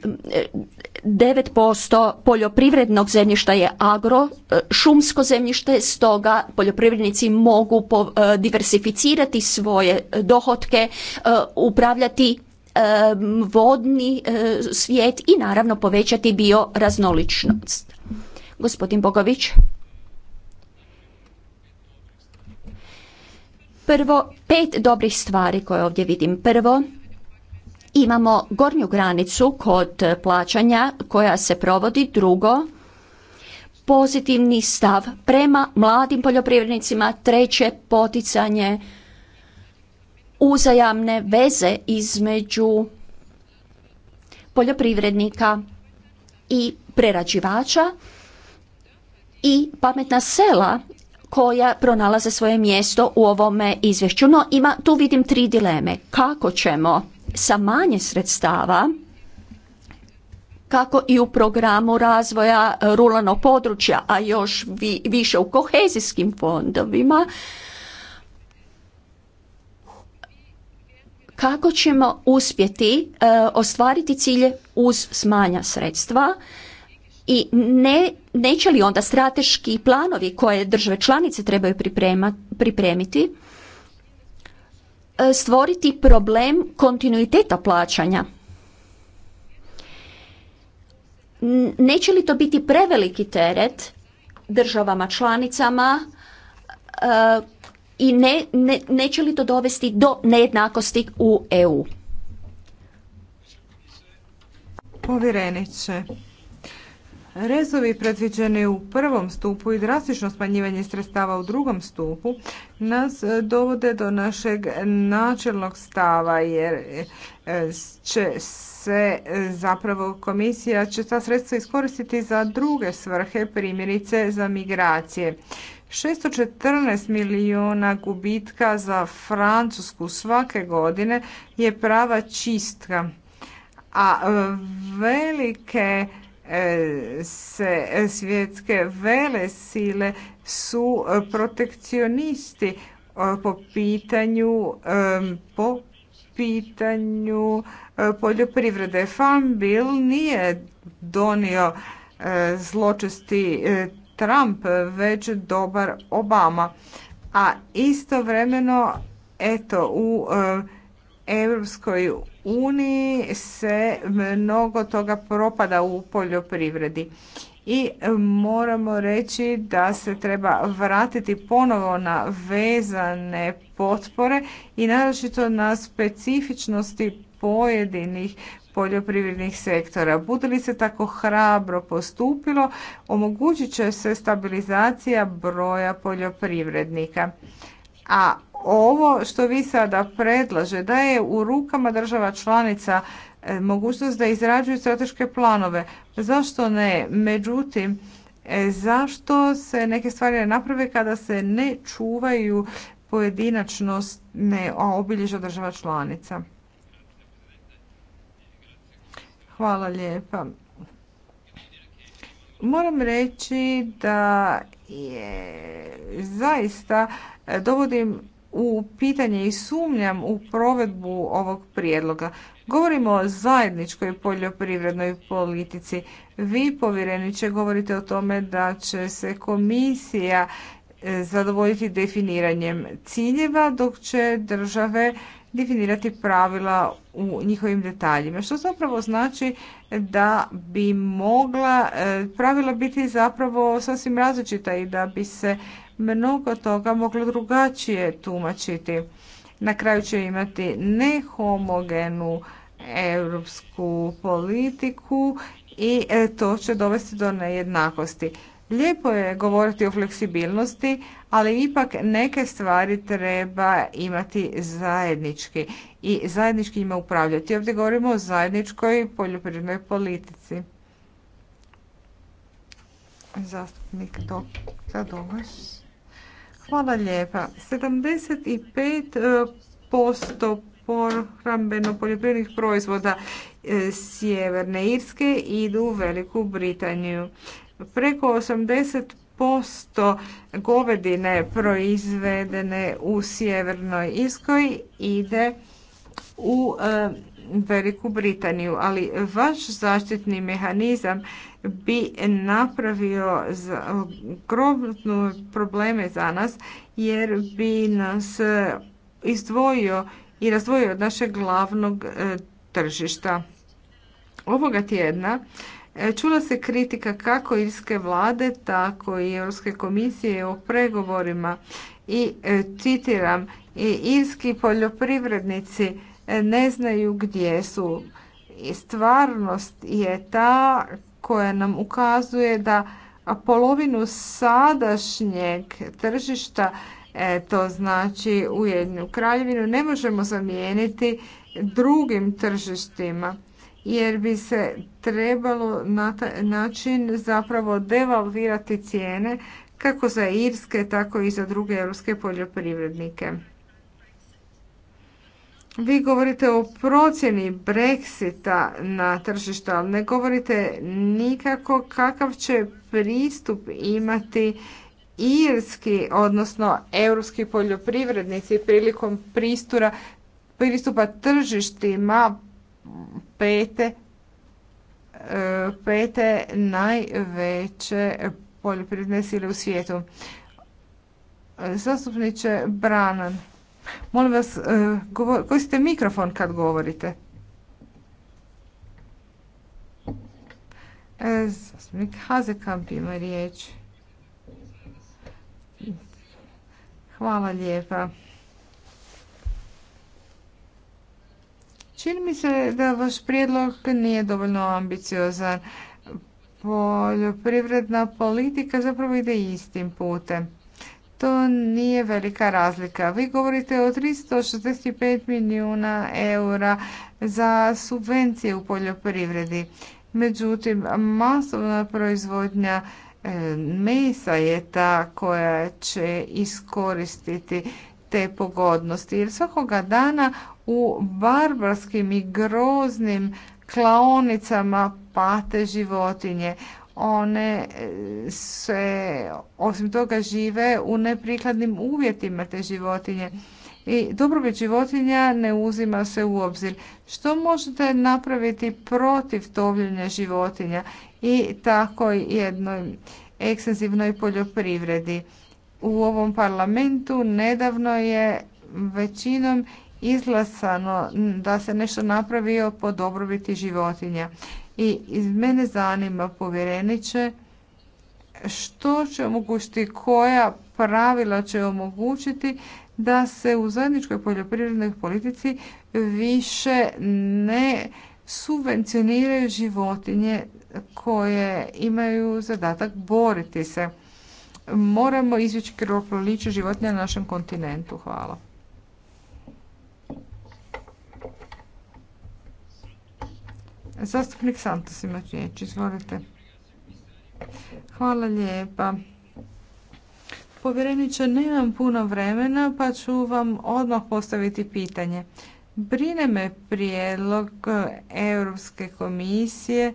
9% e, poljoprivrednog zemljišta je agro, e, šumsko zemljište, stoga poljoprivrednici mogu e, diversificirati svoje dohotke, upravljati vodni svijet i naravno povećati bioraznoličnost. Gospodin Bogović. Prvo, pet dobrih stvari koje ovdje vidim. Prvo, imamo gornju granicu kod plaćanja koja se provodi. Drugo, pozitivni stav prema mladim poljoprivrednicima. Treće, poticanje uzajamne veze između poljoprivrednika i prerađivača i pametna sela koja pronalaze svoje mjesto u ovome izvješću. No, ima, tu vidim tri dileme. Kako ćemo sa manje sredstava kako i u programu razvoja ruralnog područja, a još više u kohezijskim fondovima, kako ćemo uspjeti e, ostvariti cilje uz smanja sredstva i ne, neće li onda strateški planovi koje države članice trebaju priprema, pripremiti E, stvoriti problem kontinuiteta plaćanja. Neće li to biti preveliki teret državama članicama e, i ne, neće li to dovesti do nejednakosti u EU? Povjerenice. Rezovi predviđeni u prvom stupu i drastično smanjivanje sredstava u drugom stupu nas e, dovode do našeg načelnog stava jer e, će se e, zapravo komisija će ta sredstva iskoristiti za druge svrhe, primjerice za migracije. 614 milijuna gubitka za Francusku svake godine je prava čistka, a velike E, se svjetske vele sile su e, protekcionisti e, po pitanju po pitanju poljoprivrede. Farm Bill nije donio zločesti Trump, već dobar Obama. A istovremeno, eto, u Europskoj uniji se mnogo toga propada u poljoprivredi i moramo reći da se treba vratiti ponovo na vezane potpore i naročito na specifičnosti pojedinih poljoprivrednih sektora. Bude li se tako hrabro postupilo, omogućit će se stabilizacija broja poljoprivrednika. A ovo što vi sada predlaže da je u rukama država članica e, mogućnost da izrađuju strateške planove. Zašto ne? Međutim, e, zašto se neke stvari ne naprave kada se ne čuvaju pojedinačnost ne, obilježja država članica? Hvala lijepa. Moram reći da je zaista e, dovodim u pitanje i sumnjam u provedbu ovog prijedloga. Govorimo o zajedničkoj poljoprivrednoj politici. Vi, povjereniče, govorite o tome da će se komisija e, zadovoljiti definiranjem ciljeva, dok će države definirati pravila u njihovim detaljima. Što zapravo znači da bi mogla e, pravila biti zapravo sasvim različita i da bi se mnogo toga moglo drugačije tumačiti. Na kraju će imati nehomogenu europsku politiku i e, to će dovesti do nejednakosti. Lijepo je govoriti o fleksibilnosti, ali ipak neke stvari treba imati zajednički i zajednički ima upravljati. Ovdje govorimo o zajedničkoj poljoprivrednoj politici. Zastupnik to Hvala lijepa. 75% porambeno poljoprivrednih proizvoda e, Sjeverne Irske idu u Veliku Britaniju. Preko 80% govedine proizvedene u Sjevernoj Irskoj ide u e, Veliku Britaniju, ali vaš zaštitni mehanizam bi napravio grobno probleme za nas jer bi nas e, izdvojio i razdvojio od našeg glavnog e, tržišta. Ovoga tjedna e, Čula se kritika kako irske vlade, tako i Europske komisije o pregovorima i citiram, i irski poljoprivrednici ne znaju gdje su. I stvarnost je ta koja nam ukazuje da polovinu sadašnjeg tržišta, e, to znači Ujedinjenu kraljevinu, ne možemo zamijeniti drugim tržištima jer bi se trebalo na taj način zapravo devalvirati cijene kako za irske, tako i za druge europske poljoprivrednike. Vi govorite o procjeni Brexita na tržištu, ali ne govorite nikako kakav će pristup imati irski, odnosno europski poljoprivrednici prilikom pristura, pristupa tržištima pete, e, pete najveće poljoprivredne sile u svijetu. Zastupniče Branan, Molim vas, e, ste mikrofon kad govorite. E, zastupnik Hazekamp ima riječ. Hvala lijepa. Čini mi se da vaš prijedlog nije dovoljno ambiciozan. Poljoprivredna politika zapravo ide istim putem to nije velika razlika. Vi govorite o 365 milijuna eura za subvencije u poljoprivredi. Međutim, masovna proizvodnja e, mesa je ta koja će iskoristiti te pogodnosti. Jer svakoga dana u barbarskim i groznim klaonicama pate životinje one e, se osim toga žive u neprikladnim uvjetima te životinje i dobrobit životinja ne uzima se u obzir. Što možete napraviti protiv tovljenja životinja i tako jednoj ekstenzivnoj poljoprivredi? U ovom parlamentu nedavno je većinom izglasano da se nešto napravio po dobrobiti životinja. I iz mene zanima povjereniče što će omogućiti, koja pravila će omogućiti da se u zajedničkoj poljoprivrednoj politici više ne subvencioniraju životinje koje imaju zadatak boriti se. Moramo izvjeći krvoproliću životinja na našem kontinentu. Hvala. Zastupnik Santos ima riječ, izvolite. Hvala lijepa. Povjereniče, nemam puno vremena pa ću vam odmah postaviti pitanje. Brine me prijedlog Europske komisije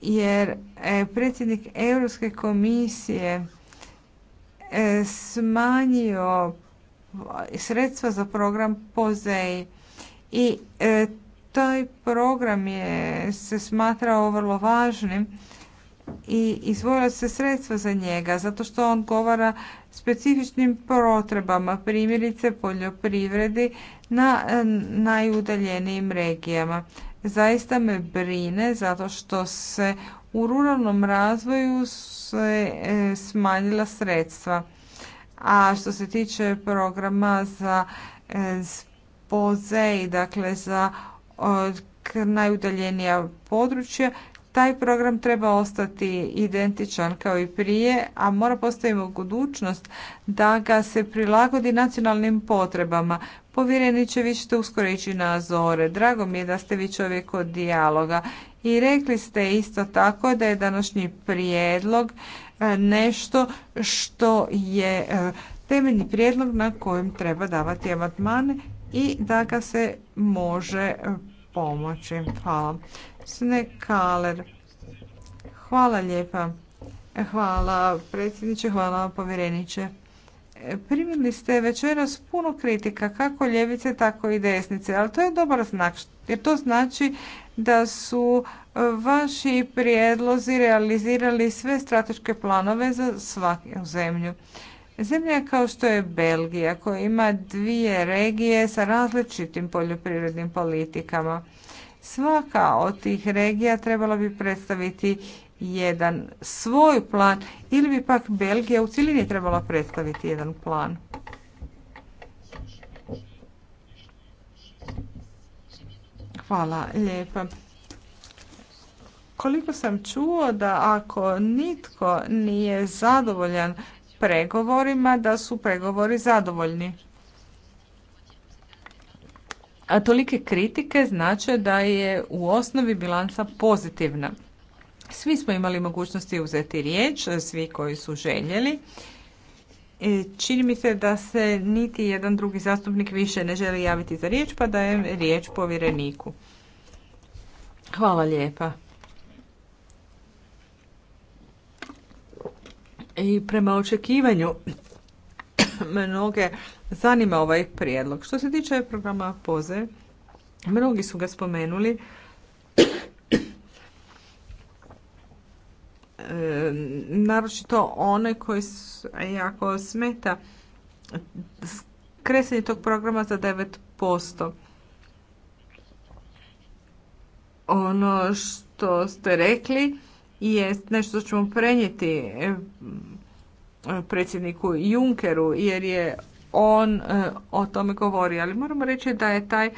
jer e, predsjednik Europske komisije e, smanjio sredstva za program POZEI i e, taj program je se smatrao vrlo važnim i izvojila se sredstva za njega zato što on govara specifičnim potrebama, primjerice poljoprivredi na najudaljenijim regijama. Zaista me brine zato što se u ruralnom razvoju se e, smanjila sredstva. A što se tiče programa za e, spoze i dakle za najudaljenija područja, taj program treba ostati identičan kao i prije, a mora postaviti mogućnost da ga se prilagodi nacionalnim potrebama. će vi ćete uskoro ići na Azore. Drago mi je da ste vi čovjek od dijaloga. I rekli ste isto tako da je današnji prijedlog e, nešto što je e, temeljni prijedlog na kojem treba davati amandmane i da ga se može pomoći. Hvala. Snekaler. Hvala lijepa. Hvala predsjedniče, hvala povjereniče. Primili ste večeras puno kritika, kako ljevice, tako i desnice, ali to je dobar znak, jer to znači da su vaši prijedlozi realizirali sve strateške planove za svaku zemlju. Zemlja kao što je Belgija koja ima dvije regije sa različitim poljoprivrednim politikama. Svaka od tih regija trebala bi predstaviti jedan svoj plan ili bi pak Belgija u cjelini trebala predstaviti jedan plan. Hvala lijepa. Koliko sam čuo da ako nitko nije zadovoljan pregovorima da su pregovori zadovoljni. A tolike kritike znače da je u osnovi bilanca pozitivna. Svi smo imali mogućnosti uzeti riječ, svi koji su željeli. E, čini mi se da se niti jedan drugi zastupnik više ne želi javiti za riječ, pa dajem riječ povjereniku. Hvala lijepa. i prema očekivanju [clears throat] mnoge zanima ovaj prijedlog. Što se tiče programa POZE, mnogi su ga spomenuli. [clears throat] E, naročito one koji su jako smeta kresenje tog programa za 9%. Ono što ste rekli je nešto što ćemo prenijeti e, predsjedniku Junkeru jer je on e, o tome govori, ali moramo reći da je taj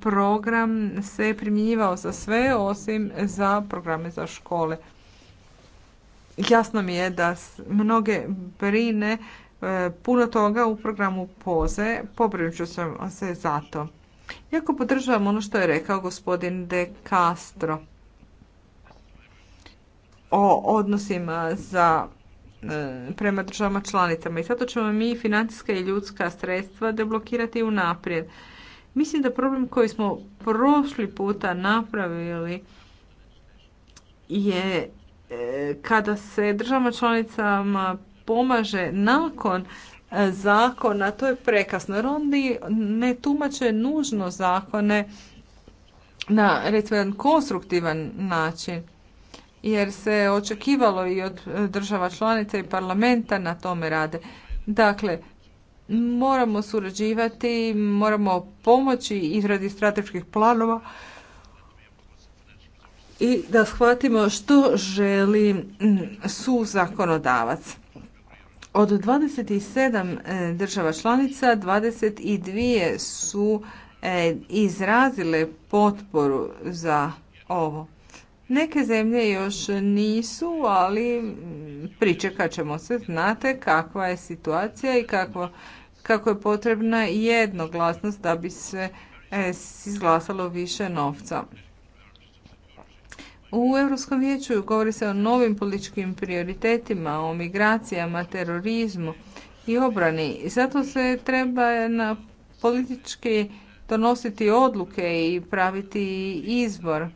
program se primjenjivao za sve osim za programe za škole. Jasno mi je da mnoge brine e, puno toga u programu POZE, pobrinuću se za to. Iako podržavam ono što je rekao gospodin De Castro o odnosima za e, prema državama članicama i zato ćemo mi financijska i ljudska sredstva deblokirati unaprijed. Mislim da problem koji smo prošli puta napravili je e, kada se državama članicama pomaže nakon e, zakona, to je prekasno, jer ne tumače nužno zakone na recimo jedan konstruktivan način jer se očekivalo i od e, država članica i parlamenta na tome rade. Dakle, moramo surađivati, moramo pomoći izradi strateških planova i da shvatimo što želi su zakonodavac. Od 27 e, država članica 22 su e, izrazile potporu za ovo. Neke zemlje još nisu, ali mm, pričekat ćemo se, znate kakva je situacija i kako, kako je potrebna jednoglasnost da bi se e, izglasalo više novca. U Europskom vijeću govori se o novim političkim prioritetima, o migracijama, terorizmu i obrani. Zato se treba na politički donositi odluke i praviti izbor.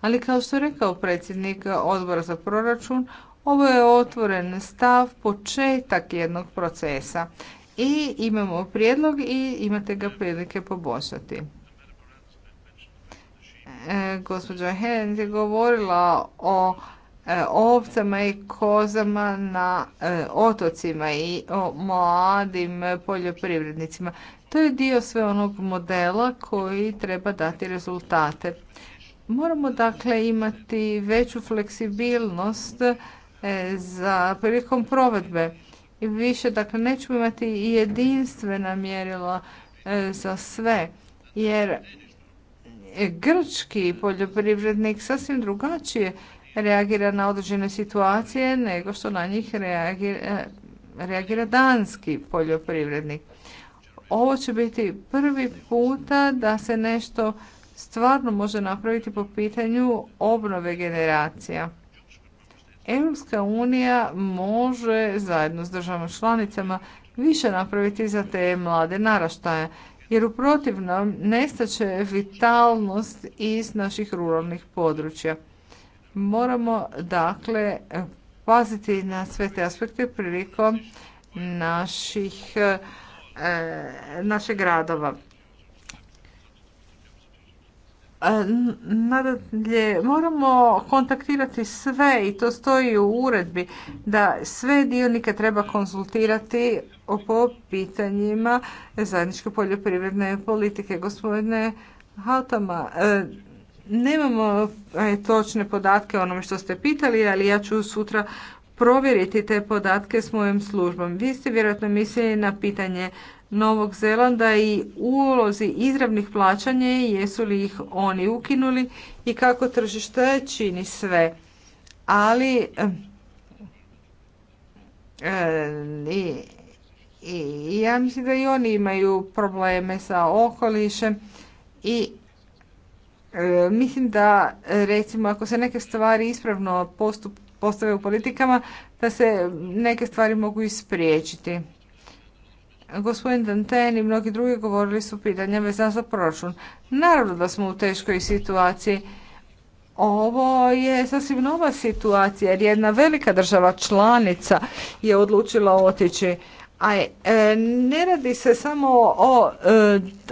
Ali kao što je rekao predsjednik odbora za proračun, ovo je otvoren stav, početak jednog procesa. I imamo prijedlog i imate ga prilike poboljšati. E, gospođa Helen je govorila o e, ovcama i kozama na e, otocima i o mladim poljoprivrednicima. To je dio sve onog modela koji treba dati rezultate. Moramo dakle imati veću fleksibilnost e, za prilikom provedbe. Više dakle nećemo imati jedinstvena mjerila e, za sve jer grčki poljoprivrednik sasvim drugačije reagira na određene situacije nego što na njih reagira, e, reagira danski poljoprivrednik. Ovo će biti prvi puta da se nešto stvarno može napraviti po pitanju obnove generacija. Europska unija može zajedno s državama članicama više napraviti za te mlade naraštaje, jer u protivnom nestaće vitalnost iz naših ruralnih područja. Moramo dakle paziti na sve te aspekte prilikom naših, eh, naših gradova. Nadalje, moramo kontaktirati sve i to stoji u uredbi da sve dionike treba konzultirati po pitanjima zajedničke poljoprivredne politike. Gospodine Hautama, e, nemamo e, točne podatke o onome što ste pitali, ali ja ću sutra provjeriti te podatke s mojim službom. Vi ste vjerojatno mislili na pitanje Novog Zelanda i ulozi izravnih plaćanja jesu li ih oni ukinuli i kako tržište čini sve. Ali e, i, ja mislim da i oni imaju probleme sa okolišem i mislim da recimo ako se neke stvari ispravno postup, postave u politikama da se neke stvari mogu ispriječiti. Gospodin Danten i mnogi drugi govorili su pitanja vezana za proračun. Naravno da smo u teškoj situaciji. Ovo je sasvim nova situacija jer jedna velika država članica je odlučila otići. A e, ne radi se samo o, e,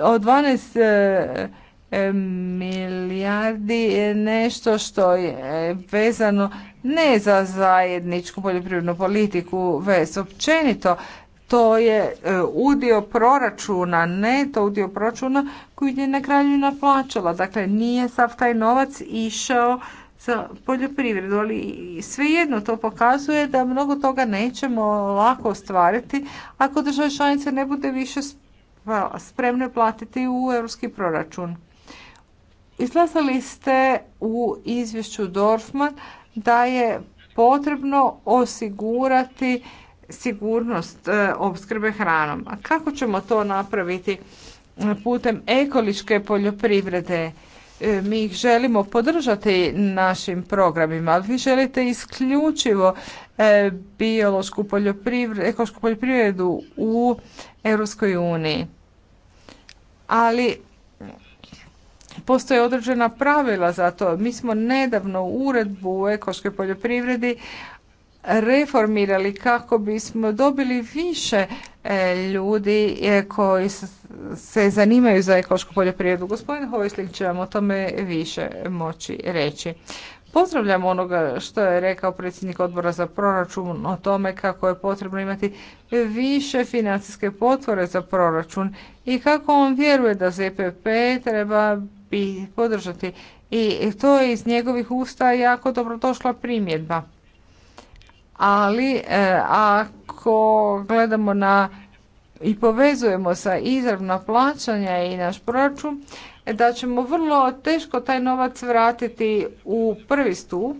o 12 e, milijardi nešto što je vezano ne za zajedničku poljoprivrednu politiku, već općenito to je e, udio proračuna, ne to udio proračuna koji je na kraljevina plaćala. Dakle, nije sav taj novac išao za poljoprivredu, ali svejedno to pokazuje da mnogo toga nećemo lako ostvariti ako države članice ne bude više spremne platiti u europski proračun. Izlazali ste u izvješću Dorfman da je potrebno osigurati sigurnost e, opskrbe hranom. A kako ćemo to napraviti e, putem ekološke poljoprivrede? E, mi ih želimo podržati našim programima, ali vi želite isključivo biološku poljoprivredu, ekološku poljoprivredu u Europskoj uniji. Ali postoje određena pravila za to. Mi smo nedavno uredbu u ekološkoj poljoprivredi reformirali kako bismo dobili više e, ljudi e, koji se zanimaju za ekološku poljoprivredu. Gospodin Hojslik će vam o tome više moći reći. Pozdravljam onoga što je rekao predsjednik odbora za proračun o tome kako je potrebno imati više financijske potvore za proračun i kako on vjeruje da ZPP treba bi podržati. I to je iz njegovih usta jako došla primjedba ali e, ako gledamo na i povezujemo sa izravna plaćanja i naš proračun, e, da ćemo vrlo teško taj novac vratiti u prvi stup,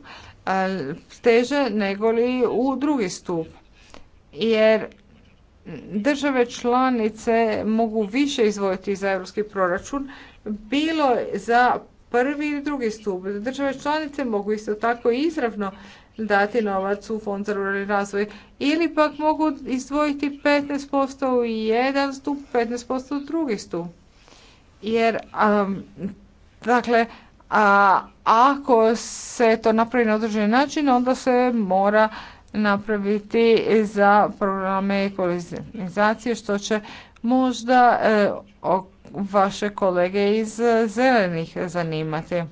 e, teže nego li u drugi stup. Jer države članice mogu više izvojiti za europski proračun, bilo za prvi i drugi stup. Države članice mogu isto tako izravno dati novac u fond za ruralni razvoj. Ili pak mogu izdvojiti 15% u jedan stup, 15% u drugi stup. Jer, dakle, a, ako se to napravi na određeni način, onda se mora napraviti za programe ekolizacije što će možda e, vaše kolege iz zelenih zanimati.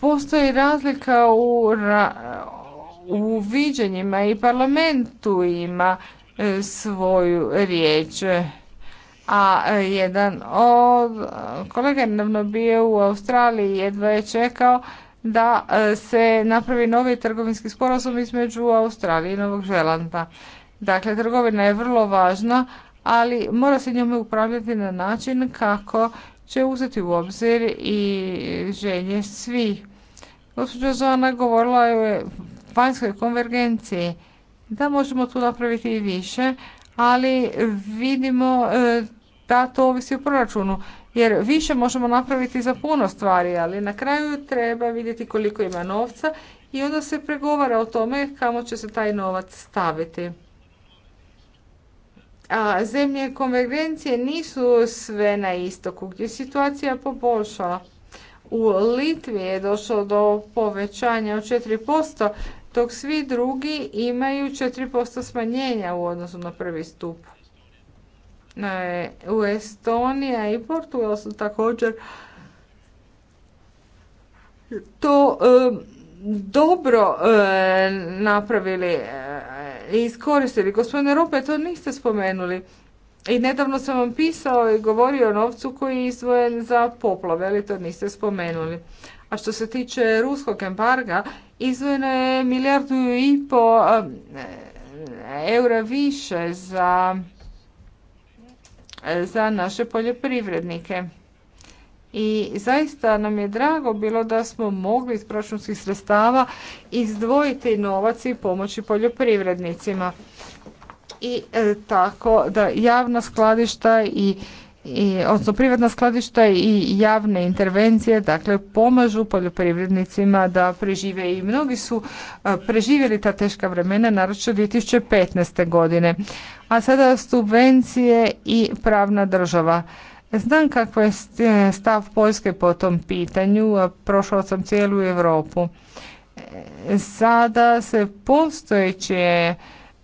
Postoji razlika u, u viđenjima i parlamentu ima e, svoju riječ. A jedan od kolega je nedavno bio u Australiji i jedva je čekao da e, se napravi novi trgovinski sporazum između Australije i Novog Zelanda. Dakle, trgovina je vrlo važna, ali mora se njome upravljati na način kako će uzeti u obzir i želje svih. Gospođa Zona govorila je o vanjskoj konvergenciji. Da, možemo tu napraviti i više, ali vidimo e, da to ovisi o proračunu. Jer više možemo napraviti za puno stvari, ali na kraju treba vidjeti koliko ima novca i onda se pregovara o tome kamo će se taj novac staviti. A zemlje konvergencije nisu sve na istoku gdje je situacija poboljšala. U Litvi je došlo do povećanja od 4%, dok svi drugi imaju 4% smanjenja u odnosu na prvi stup. E, u Estonija i Portugal su također to e, dobro e, napravili iskoristili. Gospodine Rupe, to niste spomenuli. I nedavno sam vam pisao i govorio o novcu koji je izdvojen za poplove, ali to niste spomenuli. A što se tiče ruskog embarga, izdvojeno je milijardu i po eh, eura više za, za naše poljoprivrednike i zaista nam je drago bilo da smo mogli iz proračunskih sredstava izdvojiti novac i pomoći poljoprivrednicima. I e, tako da javna skladišta i i, odnosno privatna skladišta i javne intervencije dakle pomažu poljoprivrednicima da prežive i mnogi su e, preživjeli ta teška vremena naročito 2015. godine. A sada subvencije i pravna država. Znam kakvo je e, stav Poljske po tom pitanju, a prošao sam cijelu Europu. E, sada se postojeće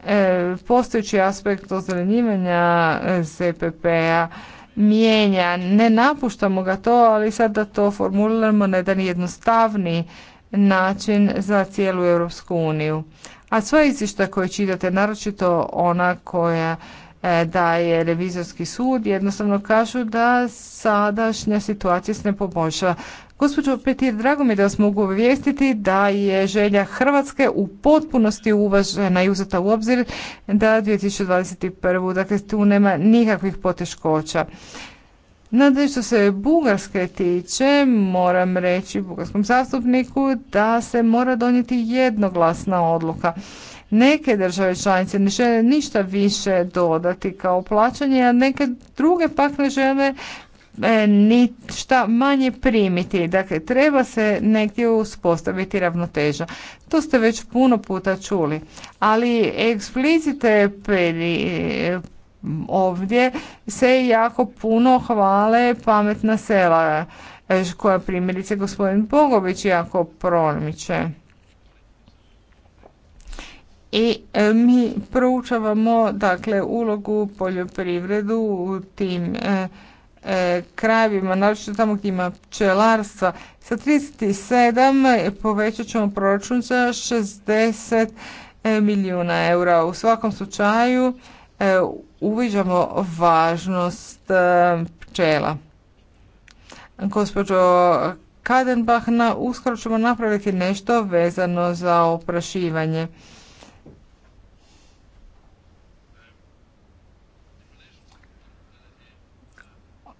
e, postojeći aspekt ozelenjivanja ZPP-a mijenja. Ne napuštamo ga to, ali sada to formuliramo na jedan jednostavni način za cijelu Europsku uniju. A sva izvješća koje čitate, naročito ona koja E, da je revizorski sud jednostavno kažu da sadašnja situacija se ne poboljšava. Gospođo Petir, drago mi je da vas mogu obavijestiti da je želja Hrvatske u potpunosti uvažena i uzeta u obzir da 2021. Dakle, tu nema nikakvih poteškoća. Nadalje što se Bugarske tiče, moram reći bugarskom zastupniku da se mora donijeti jednoglasna odluka. Neke države članice ne žele ništa više dodati kao plaćanje, a neke druge pak ne žele e, ništa manje primiti. Dakle, treba se negdje uspostaviti ravnoteža. To ste već puno puta čuli. Ali eksplicite e, ovdje se jako puno hvale pametna sela e, koja primjerice gospodin Bogović jako promiče i e, mi proučavamo dakle ulogu poljoprivredu u tim e, e, krajevima, naročito tamo gdje ima pčelarstva. Sa 37 povećat ćemo proračun za 60 milijuna eura. U svakom slučaju uviđamo važnost pčela. Gospođo Kadenbach, na, uskoro ćemo napraviti nešto vezano za oprašivanje.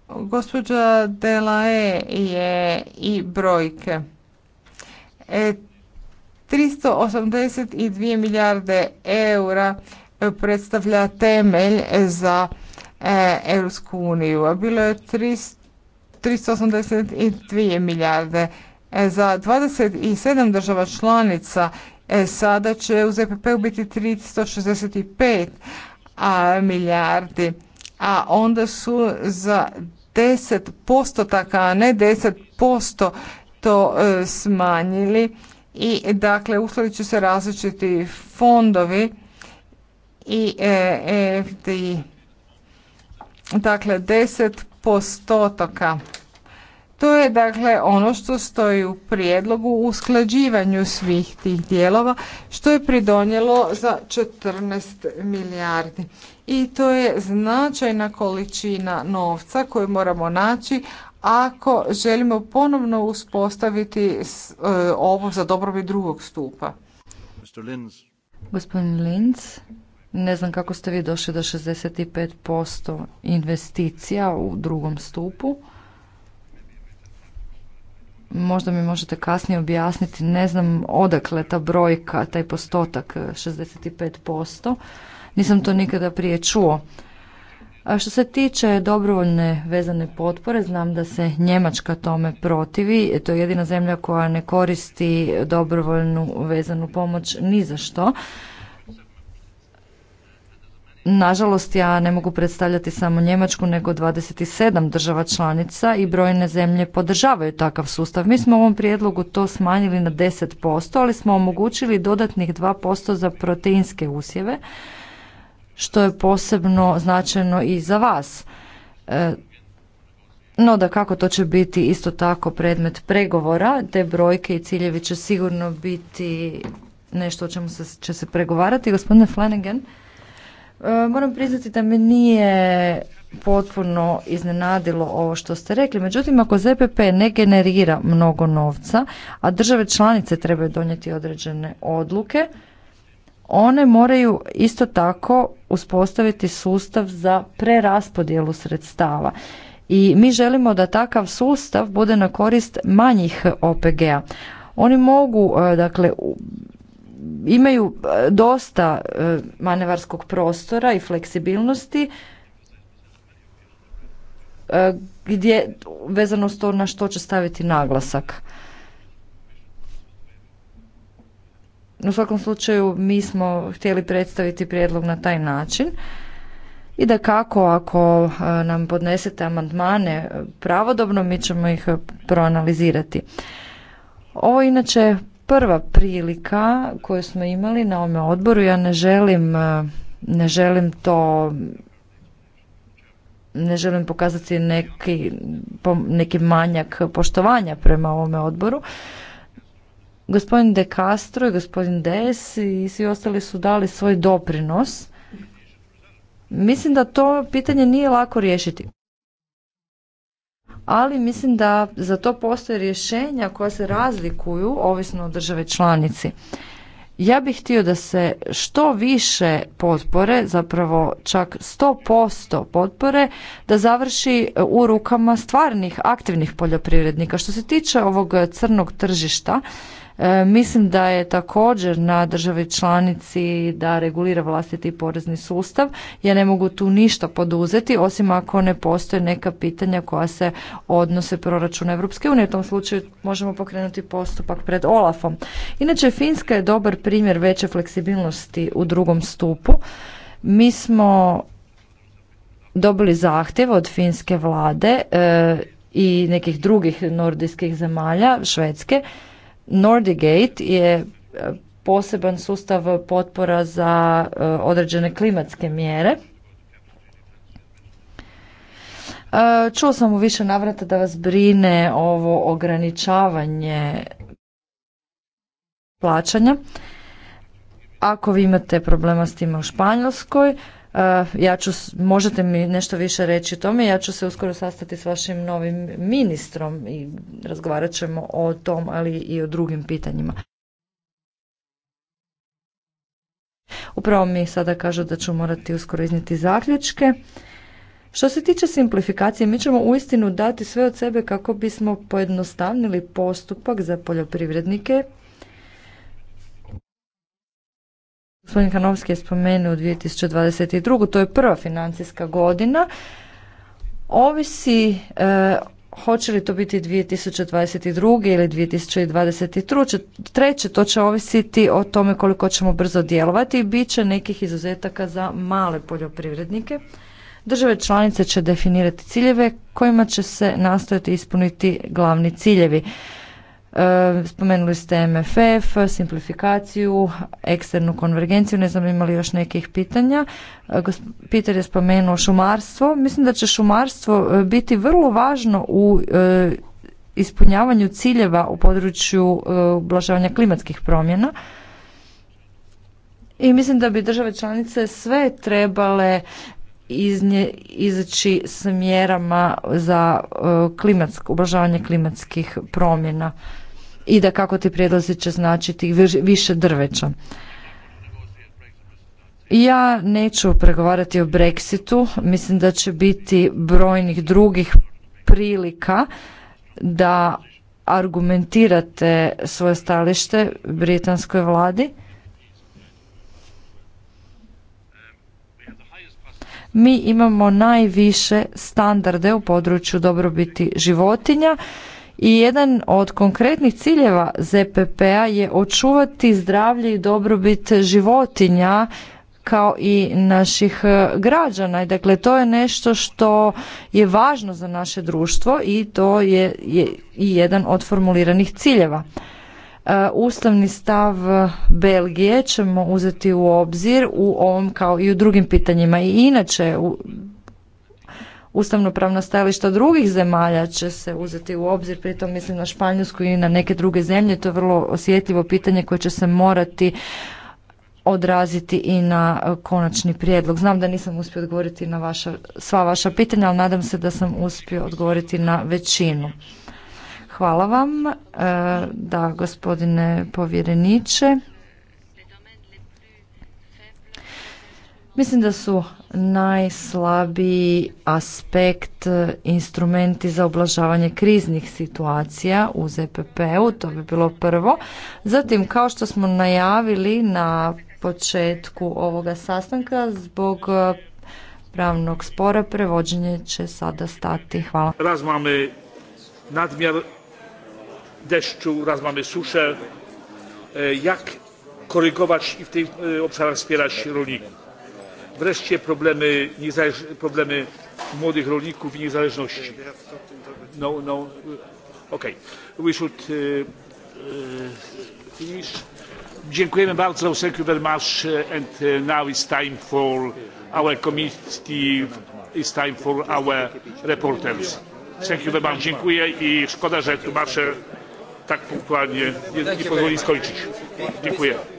Gospođa Delae je i brojke. 382 e, milijarde eura predstavlja temelj za EU. Europsku uniju, a bilo je 382 milijarde. E, za 27 država članica e, sada će u zpp biti 365 a, milijardi, a onda su za 10 postotaka, a ne 10% to e, smanjili i dakle uskladit će se različiti fondovi i EFDI. E dakle, 10 postotaka. To je dakle ono što stoji u prijedlogu u usklađivanju svih tih dijelova što je pridonijelo za 14 milijardi i to je značajna količina novca koju moramo naći ako želimo ponovno uspostaviti e, ovo za dobrobit drugog stupa. Gospodin Linz, ne znam kako ste vi došli do 65% investicija u drugom stupu. Možda mi možete kasnije objasniti, ne znam odakle ta brojka, taj postotak 65%. E, nisam to nikada prije čuo. A što se tiče dobrovoljne vezane potpore, znam da se Njemačka tome protivi. E, to je jedina zemlja koja ne koristi dobrovoljnu vezanu pomoć ni za što. Nažalost, ja ne mogu predstavljati samo Njemačku, nego 27 država članica i brojne zemlje podržavaju takav sustav. Mi smo u ovom prijedlogu to smanjili na 10%, ali smo omogućili dodatnih 2% za proteinske usjeve što je posebno značajno i za vas. E, no da kako to će biti isto tako predmet pregovora, te brojke i ciljevi će sigurno biti nešto o čemu se, će se pregovarati. Gospodine Flanagan, e, moram priznati da me nije potpuno iznenadilo ovo što ste rekli. Međutim, ako ZPP ne generira mnogo novca, a države članice trebaju donijeti određene odluke, one moraju isto tako uspostaviti sustav za preraspodjelu sredstava. I mi želimo da takav sustav bude na korist manjih OPG-a. Oni mogu, e, dakle, imaju e, dosta e, manevarskog prostora i fleksibilnosti gdje vezano s to na što će staviti naglasak. U svakom slučaju mi smo htjeli predstaviti prijedlog na taj način. I da kako, ako e, nam podnesete amandmane e, pravodobno, mi ćemo ih proanalizirati. Ovo je inače prva prilika koju smo imali na ovome odboru. Ja ne želim, e, ne želim to ne želim pokazati neki, neki manjak poštovanja prema ovome odboru. Gospodin De Castro i gospodin Des i svi ostali su dali svoj doprinos. Mislim da to pitanje nije lako riješiti. Ali mislim da za to postoje rješenja koja se razlikuju ovisno o države članici. Ja bih htio da se što više potpore, zapravo čak 100% potpore, da završi u rukama stvarnih aktivnih poljoprivrednika. Što se tiče ovog crnog tržišta, E, mislim da je također na državi članici da regulira vlastiti porezni sustav. Ja ne mogu tu ništa poduzeti, osim ako ne postoje neka pitanja koja se odnose proračuna Europske unije. U tom slučaju možemo pokrenuti postupak pred Olafom. Inače, Finska je dobar primjer veće fleksibilnosti u drugom stupu. Mi smo dobili zahtjev od finske vlade e, i nekih drugih nordijskih zemalja, Švedske, Nordigate je e, poseban sustav potpora za e, određene klimatske mjere. E, čuo sam u više navrata da vas brine ovo ograničavanje plaćanja. Ako vi imate problema s tim u Španjolskoj, Eh, ja ću, možete mi nešto više reći o tome, ja ću se uskoro sastati s vašim novim ministrom i razgovarat ćemo o tom, ali i o drugim pitanjima. Upravo mi sada kažu da ću morati uskoro iznijeti zaključke. Što se tiče simplifikacije, mi ćemo uistinu dati sve od sebe kako bismo pojednostavnili postupak za poljoprivrednike Gospodin Kanovski je spomenuo 2022. To je prva financijska godina. Ovisi e, hoće li to biti 2022. ili 2023. Treće, to će ovisiti o tome koliko ćemo brzo djelovati i bit će nekih izuzetaka za male poljoprivrednike. Države članice će definirati ciljeve kojima će se nastojati ispuniti glavni ciljevi. E, spomenuli ste MFF, simplifikaciju, eksternu konvergenciju, ne znam imali još nekih pitanja. E, Peter je spomenuo šumarstvo. Mislim da će šumarstvo e, biti vrlo važno u ispunjavanju ciljeva u području ublažavanja klimatskih promjena. I mislim da bi države članice sve trebale izaći s mjerama za klimatsko, ublažavanje klimatskih promjena i da kako ti prijedlozi će značiti više drveća. Ja neću pregovarati o Brexitu, mislim da će biti brojnih drugih prilika da argumentirate svoje stalište britanskoj vladi. Mi imamo najviše standarde u području dobrobiti životinja i jedan od konkretnih ciljeva ZPP-a je očuvati zdravlje i dobrobit životinja kao i naših e, građana i dakle to je nešto što je važno za naše društvo i to je, je i jedan od formuliranih ciljeva. E, ustavni stav e, Belgije ćemo uzeti u obzir u ovom kao i u drugim pitanjima i inače u ustavnopravna stajališta drugih zemalja će se uzeti u obzir, pritom mislim na Španjolsku i na neke druge zemlje, to je vrlo osjetljivo pitanje koje će se morati odraziti i na e, konačni prijedlog. Znam da nisam uspio odgovoriti na vaša, sva vaša pitanja, ali nadam se da sam uspio odgovoriti na većinu. Hvala vam, e, da gospodine povjereniče. Mislim da su najslabiji aspekt e, instrumenti za oblažavanje kriznih situacija u ZPP-u, to bi bilo prvo. Zatim, kao što smo najavili na početku ovoga sastanka, zbog e, pravnog spora prevođenje će sada stati. Hvala. nadmjer nadmiar deszczu, suše. E, jak korigovati i u rolniku? wreszcie problemy, młodych rolników i niezależności. No, no, okay. We should e, e, finish. Dziękujemy bardzo. Thank you very much. And uh, now it's time for our committee, it's time for our reporters. Thank you very much. Dziękuję i szkoda, że tłumacze tak punktualnie nie, nie pozwoli skończyć. Dziękuję.